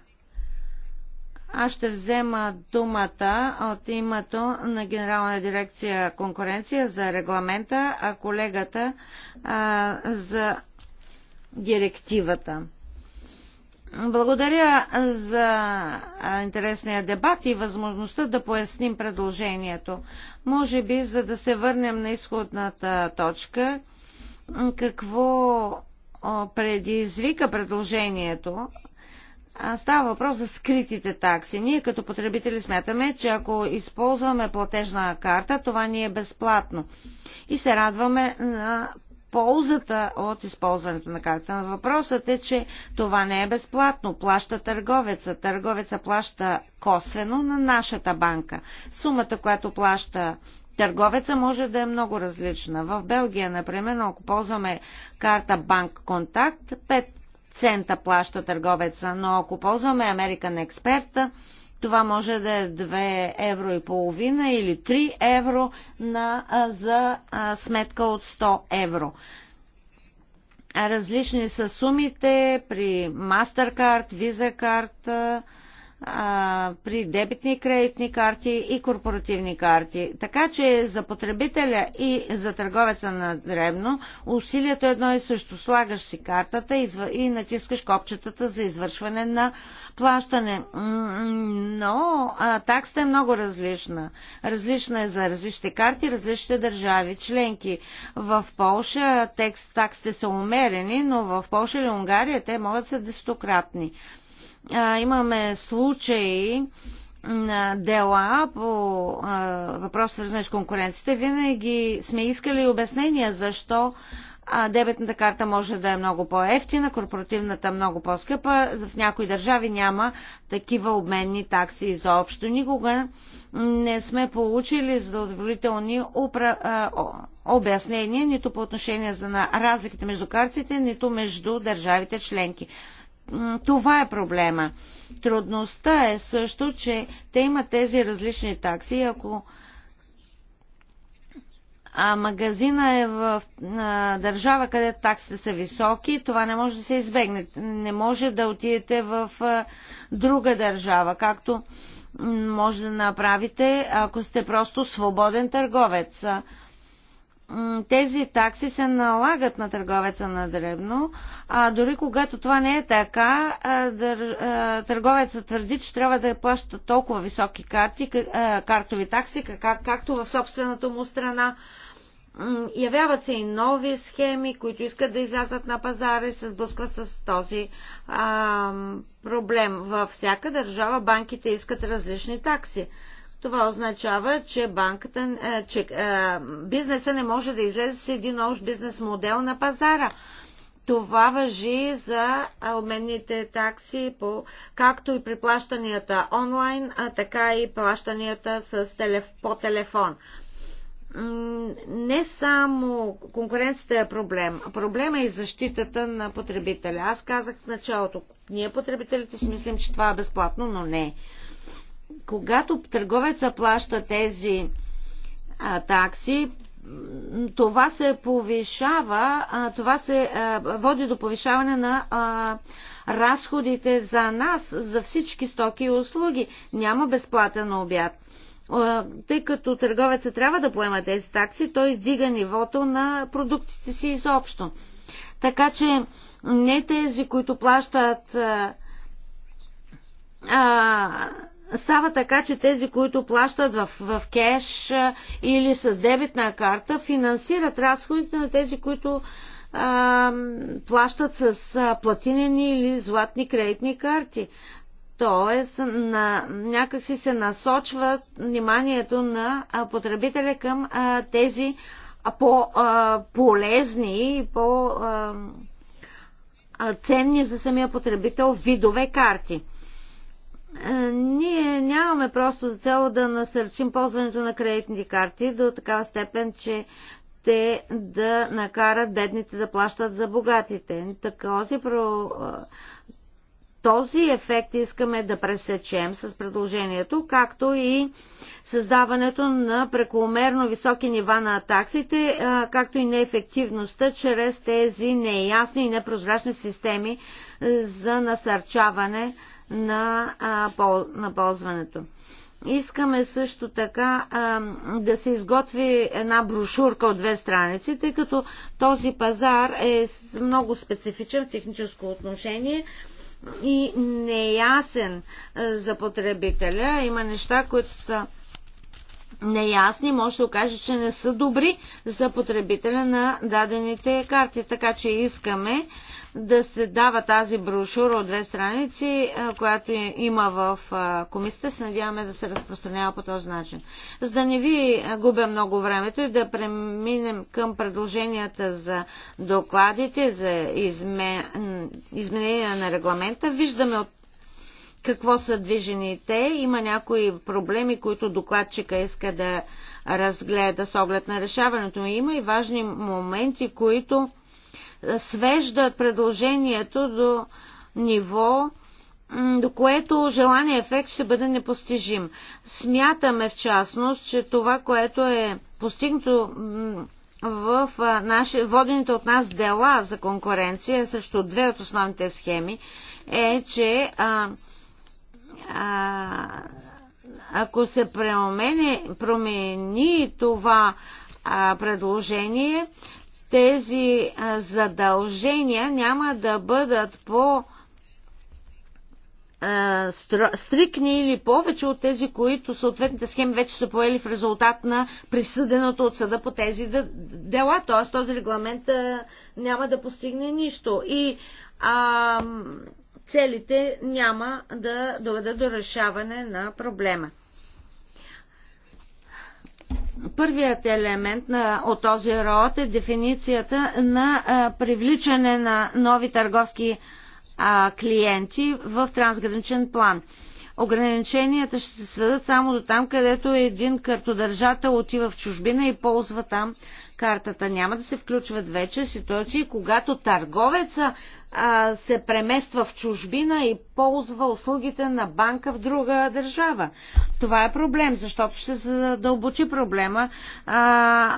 Аз ще взема думата от името на Генерална дирекция конкуренция за регламента, а колегата а, за директивата. Благодаря за интересния дебат и възможността да поясним предложението. Може би, за да се върнем на изходната точка, какво предизвика предложението. Става въпрос за скритите такси. Ние като потребители смятаме, че ако използваме платежна карта, това ни е безплатно. И се радваме на ползата от използването на карта. На въпросът е, че това не е безплатно. Плаща търговеца. Търговеца плаща косвено на нашата банка. Сумата, която плаща търговеца може да е много различна. В Белгия, например, ако ползваме карта Банк Контакт, 5 цента плаща търговеца, но ако ползваме American Expert, това може да е 2 евро и половина или 3 евро на, за а, сметка от 100 евро. Различни са сумите при MasterCard, VisaCard, а, при дебитни и кредитни карти и корпоративни карти. Така че за потребителя и за търговеца на дребно усилието е едно и също. Слагаш си картата и натискаш копчетата за извършване на плащане. Но а, таксата е много различна. Различна е за различните карти, различните държави, членки. В Полша текст, таксите са умерени, но в Полша или Унгария те могат да са десетократни имаме случаи на дела по въпрос, свързани с конкуренцията, винаги сме искали обяснения защо а дебетната карта може да е много по-ефтина, корпоративната много по-скъпа. В някои държави няма такива обменни такси изобщо. Никога не сме получили задоволителни опра... обяснения нито по отношение за на разликите между картите, нито между държавите членки това е проблема. Трудността е също, че те имат тези различни такси. Ако а магазина е в а, държава, където таксите са високи, това не може да се избегне. Не може да отидете в а, друга държава, както може да направите, ако сте просто свободен търговец тези такси се налагат на търговеца на дребно, а дори когато това не е така, търговецът твърди, че трябва да плаща толкова високи карти, картови такси, както в собствената му страна. Явяват се и нови схеми, които искат да излязат на пазара и се сблъскват с този а, проблем. Във всяка държава банките искат различни такси. Това означава, че, банката, е, че е, бизнеса не може да излезе с един общ бизнес модел на пазара. Това въжи за обменните такси, по, както и при плащанията онлайн, а така и плащанията с телеф, по телефон. Не само конкуренцията е проблем, проблема е и защитата на потребителя. Аз казах в началото, ние потребителите си мислим, че това е безплатно, но не е когато търговеца плаща тези а, такси, това се повишава, а, това се а, води до повишаване на а, разходите за нас, за всички стоки и услуги. Няма безплатен обяд. Тъй като търговецът трябва да поема тези такси, той издига нивото на продуктите си изобщо. Така че не тези, които плащат а, става така, че тези, които плащат в, в кеш или с дебитна карта, финансират разходите на тези, които а, плащат с а, платинени или златни кредитни карти. Тоест, на, някакси се насочва вниманието на потребителя към а, тези по-полезни и по-ценни за самия потребител видове карти. Е, ние нямаме просто за цел да насърчим ползването на кредитните карти до такава степен, че те да накарат бедните да плащат за богатите. Този, про... Е, този ефект искаме да пресечем с предложението, както и създаването на прекомерно високи нива на таксите, е, както и неефективността чрез тези неясни и непрозрачни системи за насърчаване на, а, пол, на ползването. Искаме също така а, да се изготви една брошурка от две страници, тъй като този пазар е много специфичен в техническо отношение и неясен а, за потребителя. Има неща, които са неясни, може да окаже, че не са добри за потребителя на дадените карти. Така че искаме да се дава тази брошура от две страници, която има в комисията. Се надяваме да се разпространява по този начин. За да не ви губя много времето и да преминем към предложенията за докладите, за изменение на регламента, виждаме от какво са движени те. Има някои проблеми, които докладчика иска да разгледа с оглед на решаването. Има и важни моменти, които свеждат предложението до ниво, до което желания ефект ще бъде непостижим. Смятаме в частност, че това, което е постигнато в наши, водените от нас дела за конкуренция срещу две от основните схеми е, че а, а, ако се промени, промени това а, предложение, тези задължения няма да бъдат по стрикни или повече от тези, които съответните схеми вече са поели в резултат на присъденото от съда по тези дела. Т.е. този регламент няма да постигне нищо. И а, целите няма да доведат до решаване на проблема. Първият елемент на, от този род е дефиницията на а, привличане на нови търговски а, клиенти в трансграничен план. Ограниченията ще се сведат само до там, където един картодържател отива в чужбина и ползва там картата. Няма да се включват вече ситуации, когато търговеца а, се премества в чужбина и ползва услугите на банка в друга държава. Това е проблем, защото ще се задълбочи проблема, а,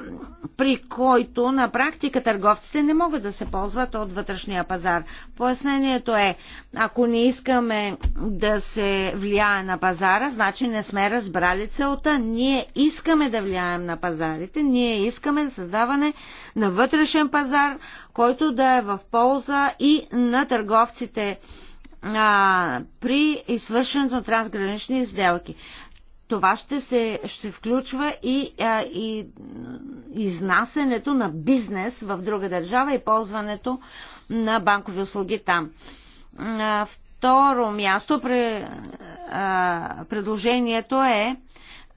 при който на практика търговците не могат да се ползват от вътрешния пазар. Пояснението е, ако не искаме да се влияе на пазара, значи не сме разбрали целта. Ние искаме да влияем на пазарите, ние искаме да създаване на вътрешен пазар, който да е в полза и на търговците а, при извършването на трансгранични сделки. Това ще, се, ще включва и, а, и изнасянето на бизнес в друга държава и ползването на банкови услуги там. На второ място при, а, предложението е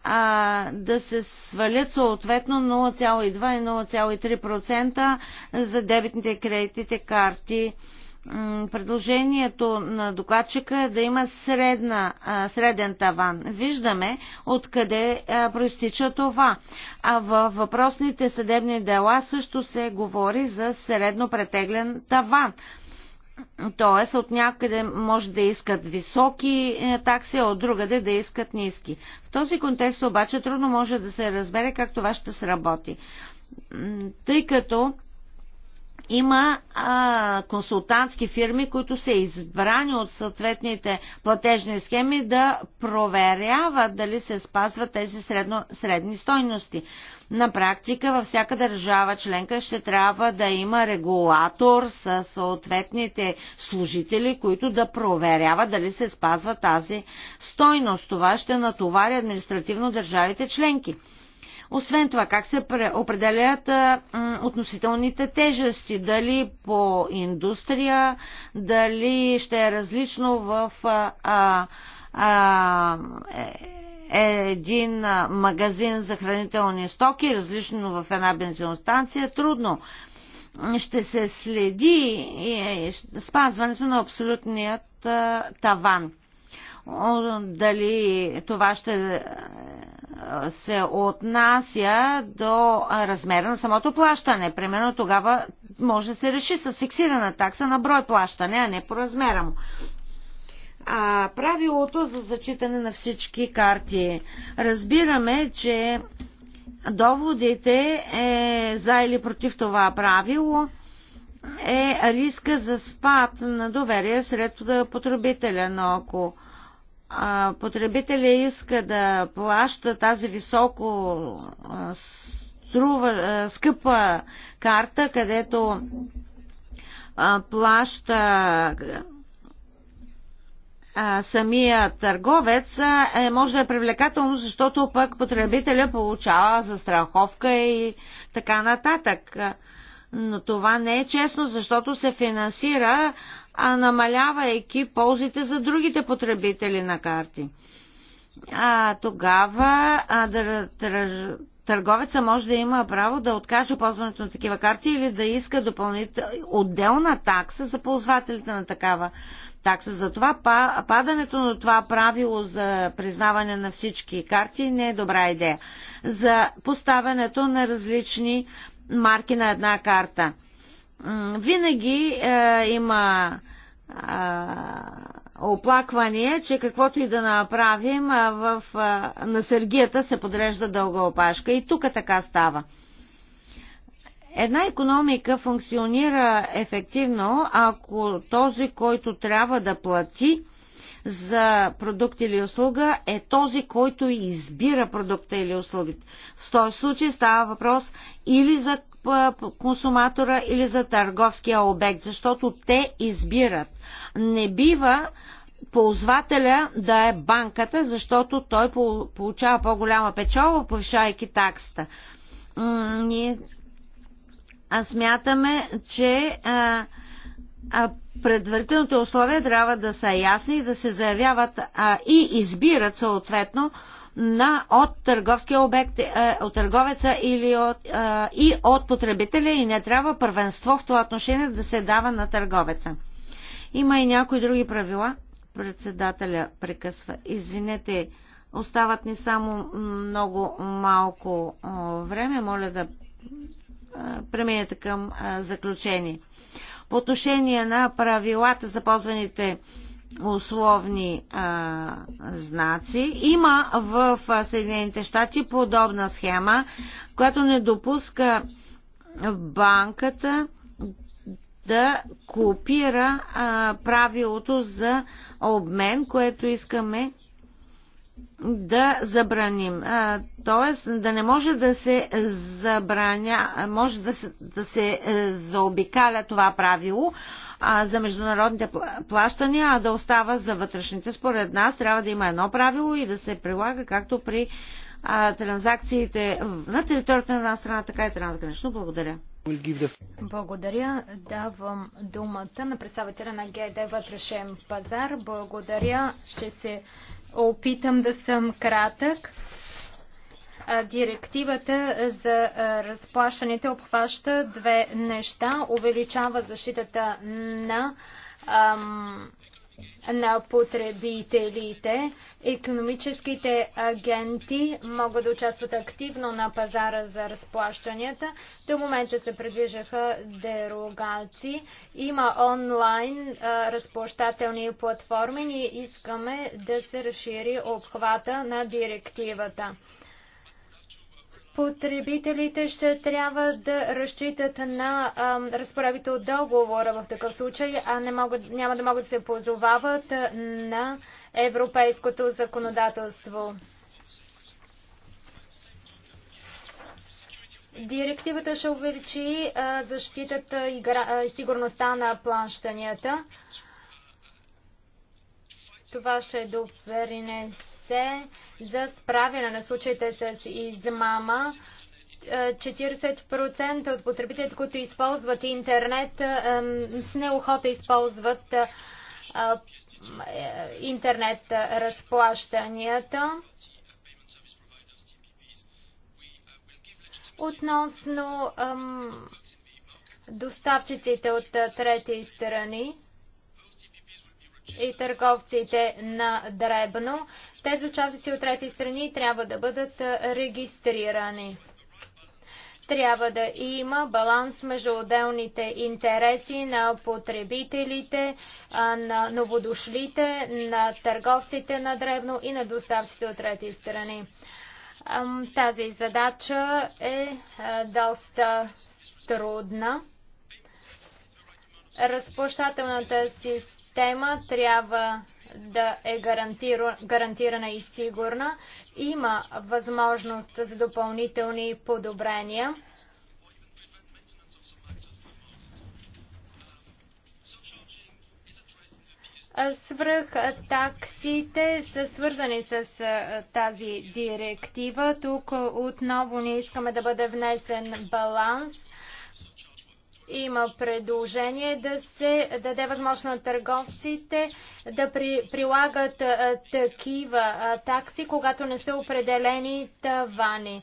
а, да се свалят съответно 0,2 и 0,3% за дебитните и кредитните карти. Предложението на докладчика е да има средна, среден таван. Виждаме откъде проистича това. А във въпросните съдебни дела също се говори за средно претеглен таван. Тоест от някъде може да искат високи е, такси, а от другаде да искат ниски. В този контекст обаче трудно може да се разбере как това ще сработи. Тъй като има а, консултантски фирми, които са избрани от съответните платежни схеми да проверяват дали се спазват тези средно, средни стойности. На практика във всяка държава членка ще трябва да има регулатор с съответните служители, които да проверяват дали се спазва тази стойност. Това ще натовари административно държавите членки. Освен това, как се определят относителните тежести? Дали по индустрия, дали ще е различно в а, а, е, един магазин за хранителни стоки, различно в една бензиностанция, трудно. Ще се следи спазването на абсолютният таван дали това ще е, се отнася до размера на самото плащане. Примерно тогава може да се реши с фиксирана такса на брой плащане, а не по размера му. А правилото за зачитане на всички карти. Разбираме, че доводите е за или против това правило е риска за спад на доверие сред потребителя, но ако потребителя иска да плаща тази високо струва, скъпа карта, където плаща самия търговец, е, може да е привлекателно, защото пък потребителя получава застраховка и така нататък. Но това не е честно, защото се финансира а намалявайки ползите за другите потребители на карти. А, тогава а, дър, дър, търговеца може да има право да откаже ползването на такива карти или да иска допълнител... отделна такса за ползвателите на такава такса. Затова падането на това правило за признаване на всички карти не е добра идея. За поставянето на различни марки на една карта. Винаги е, има е, оплаквания, че каквото и да направим, е, в, е, на сергията се подрежда дълга опашка. И тук така става. Една економика функционира ефективно, ако този, който трябва да плати, за продукт или услуга е този, който избира продукта или услугите. В този случай става въпрос или за консуматора, или за търговския обект, защото те избират. Не бива ползвателя да е банката, защото той получава по-голяма печалба, повишайки таксата. Ние смятаме, че а, а предварителните условия трябва да са ясни и да се заявяват а, и избират съответно на, от търговския обект, е, от търговеца или от, а, и от потребителя и не трябва първенство в това отношение да се дава на търговеца. Има и някои други правила. Председателя прекъсва. Извинете, остават ни само много малко време. Моля да преминете към заключение. По отношение на правилата за ползваните условни а, знаци. Има в Съединените щати подобна схема, която не допуска банката да копира а, правилото за обмен, което искаме да забраним. А, тоест, да не може да се забраня, може да се, да се е, заобикаля това правило а, за международните плащания, а да остава за вътрешните. Според нас трябва да има едно правило и да се прилага както при а, транзакциите на територията на една страна, така и трансгранично. Благодаря. Благодаря. Давам думата на представителя на ГД Вътрешен пазар. Благодаря. Ще се опитам да съм кратък. Директивата за разплащаните обхваща две неща. Увеличава защитата на ам, на потребителите. Економическите агенти могат да участват активно на пазара за разплащанията. До момента се предвижаха дерогации. Има онлайн а, разплащателни платформи. Ние искаме да се разшири обхвата на директивата. Потребителите ще трябва да разчитат на разправите от договора в такъв случай, а не могат, няма да могат да се позовават на европейското законодателство. Директивата ще увеличи защитата и сигурността на плащанията. Това ще е допринесе лице за справяне на случаите с измама. 40% е, от потребителите, които използват интернет, е, с неохота използват е, интернет разплащанията. Относно доставчиците от трети страни, и търговците на дребно. Тези участници от трети страни трябва да бъдат регистрирани. Трябва да има баланс между отделните интереси на потребителите, на новодошлите, на търговците на дребно и на доставчите от трети страни. Тази задача е доста трудна. Разплащателната система система трябва да е гарантирана и сигурна. Има възможност за допълнителни подобрения. Свръх таксите са свързани с тази директива. Тук отново не искаме да бъде внесен баланс има предложение да се даде възможност на търговците да прилагат такива такси, когато не са определени тавани.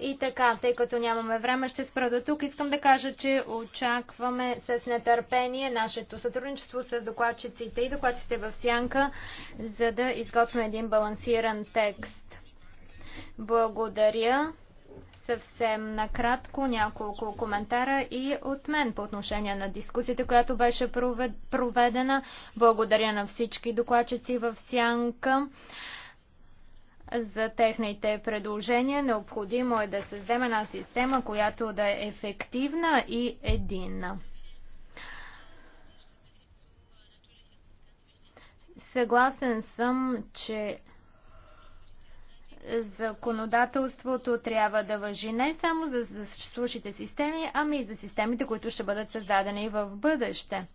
и така, тъй като нямаме време, ще спра до тук. Искам да кажа, че очакваме с нетърпение нашето сътрудничество с докладчиците и докладчиците в Сянка, за да изготвим един балансиран текст. Благодаря. Съвсем накратко няколко коментара и от мен по отношение на дискусията, която беше проведена. Благодаря на всички докладчици в Сянка за техните предложения. Необходимо е да създадем една система, която да е ефективна и единна. Съгласен съм, че законодателството трябва да въжи не само за, за съществуващите системи, ами и за системите, които ще бъдат създадени в бъдеще.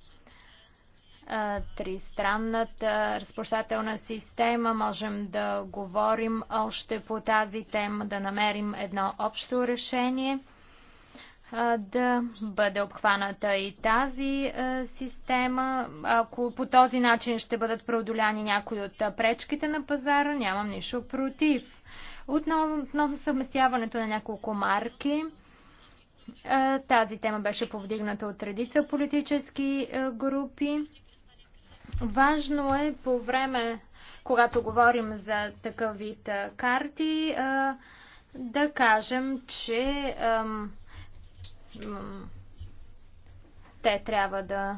Тристранната разплащателна система, можем да говорим още по тази тема, да намерим едно общо решение – да бъде обхваната и тази система. Ако по този начин ще бъдат преодоляни някои от пречките на пазара, нямам нищо против. Отново, отново съвместяването на няколко марки. Тази тема беше повдигната от редица политически групи. Важно е по време, когато говорим за такъв вид карти, да кажем, че те трябва да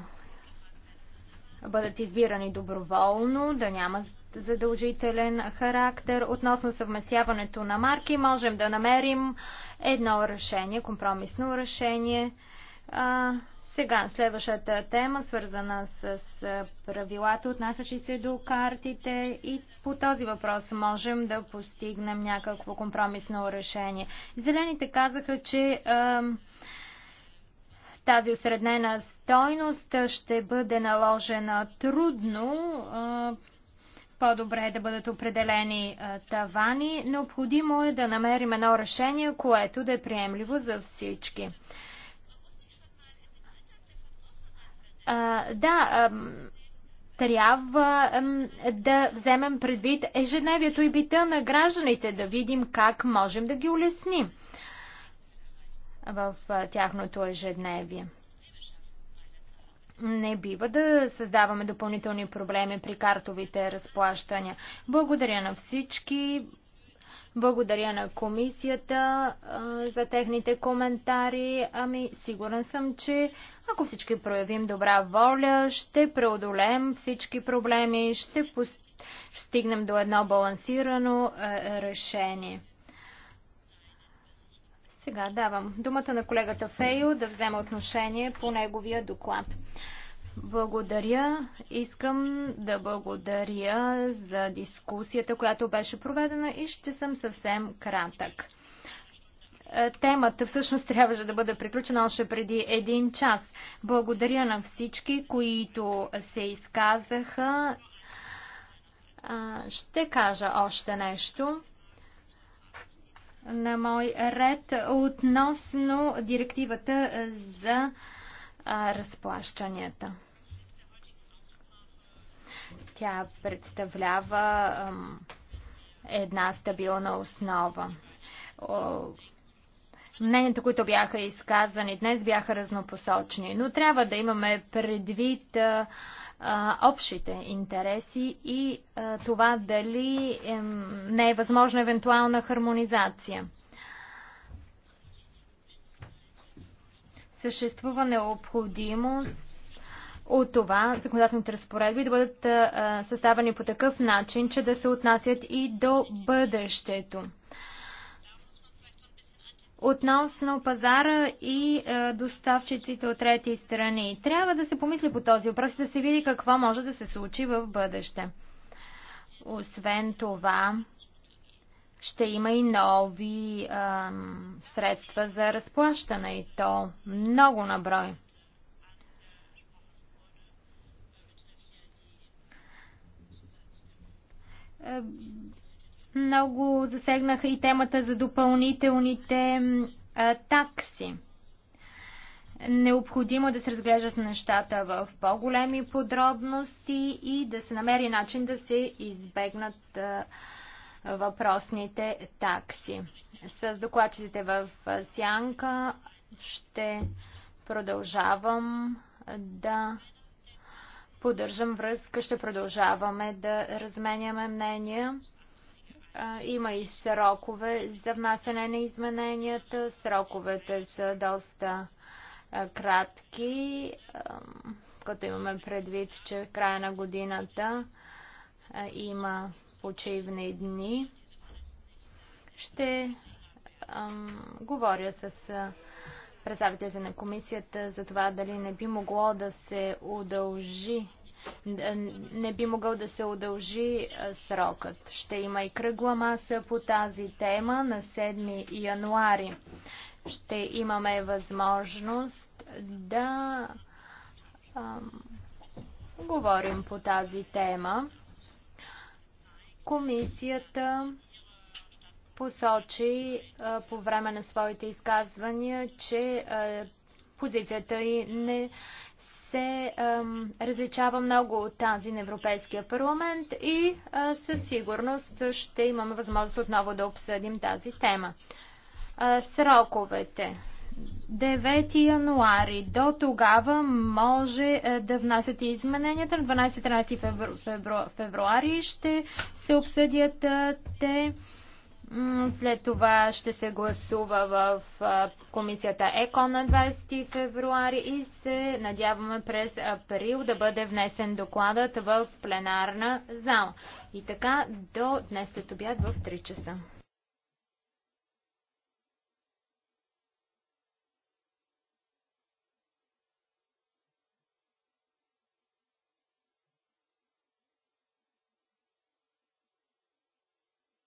бъдат избирани доброволно, да няма задължителен характер. Относно съвместяването на марки можем да намерим едно решение, компромисно решение. А, сега, следващата тема, свързана с правилата, отнасящи се до картите и по този въпрос можем да постигнем някакво компромисно решение. Зелените казаха, че а, тази осреднена стойност ще бъде наложена трудно. По-добре е да бъдат определени тавани. Необходимо е да намерим едно решение, което да е приемливо за всички. Да, трябва да вземем предвид ежедневието и бита на гражданите, да видим как можем да ги улесним в тяхното ежедневие. Не бива да създаваме допълнителни проблеми при картовите разплащания. Благодаря на всички. Благодаря на комисията а, за техните коментари. Ами, сигурен съм, че ако всички проявим добра воля, ще преодолем всички проблеми, ще по стигнем до едно балансирано а, решение. Сега давам думата на колегата Фейо да взема отношение по неговия доклад. Благодаря. Искам да благодаря за дискусията, която беше проведена и ще съм съвсем кратък. Е, темата всъщност трябваше да бъде приключена още преди един час. Благодаря на всички, които се изказаха. Ще кажа още нещо на мой ред относно директивата за а, разплащанията. Тя представлява една стабилна основа. мненията, които бяха изказани днес, бяха разнопосочни, но трябва да имаме предвид а, а, общите интереси и а, това дали е, не е възможна евентуална хармонизация. Съществува необходимост от това законодателните разпоредби да бъдат а, съставени по такъв начин, че да се отнасят и до бъдещето относно пазара и е, доставчиците от трети страни. Трябва да се помисли по този въпрос и да се види какво може да се случи в бъдеще. Освен това, ще има и нови ам, средства за разплащане и то много наброй. Е, много засегнаха и темата за допълнителните а, такси. Необходимо да се разглеждат нещата в по-големи подробности и да се намери начин да се избегнат а, въпросните такси. С докладчите в Сянка ще продължавам да поддържам връзка, ще продължаваме да разменяме мнения. Има и срокове за внасяне на измененията. Сроковете са доста кратки, като имаме предвид, че в края на годината има почивни дни. Ще говоря с представителите на комисията за това дали не би могло да се удължи не би могъл да се удължи срокът. Ще има и кръгла маса по тази тема на 7 януари. Ще имаме възможност да а, говорим по тази тема. Комисията посочи а, по време на своите изказвания, че а, позицията и не се ам, различава много от тази на Европейския парламент и а, със сигурност ще имаме възможност отново да обсъдим тази тема. А, сроковете. 9 януари. До тогава може да внасяте измененията. На 12-13 февруари ще се обсъдят те. След това ще се гласува в комисията ЕКО на 20 февруари и се надяваме през април да бъде внесен докладът в пленарна зала. И така до днес след обяд в 3 часа.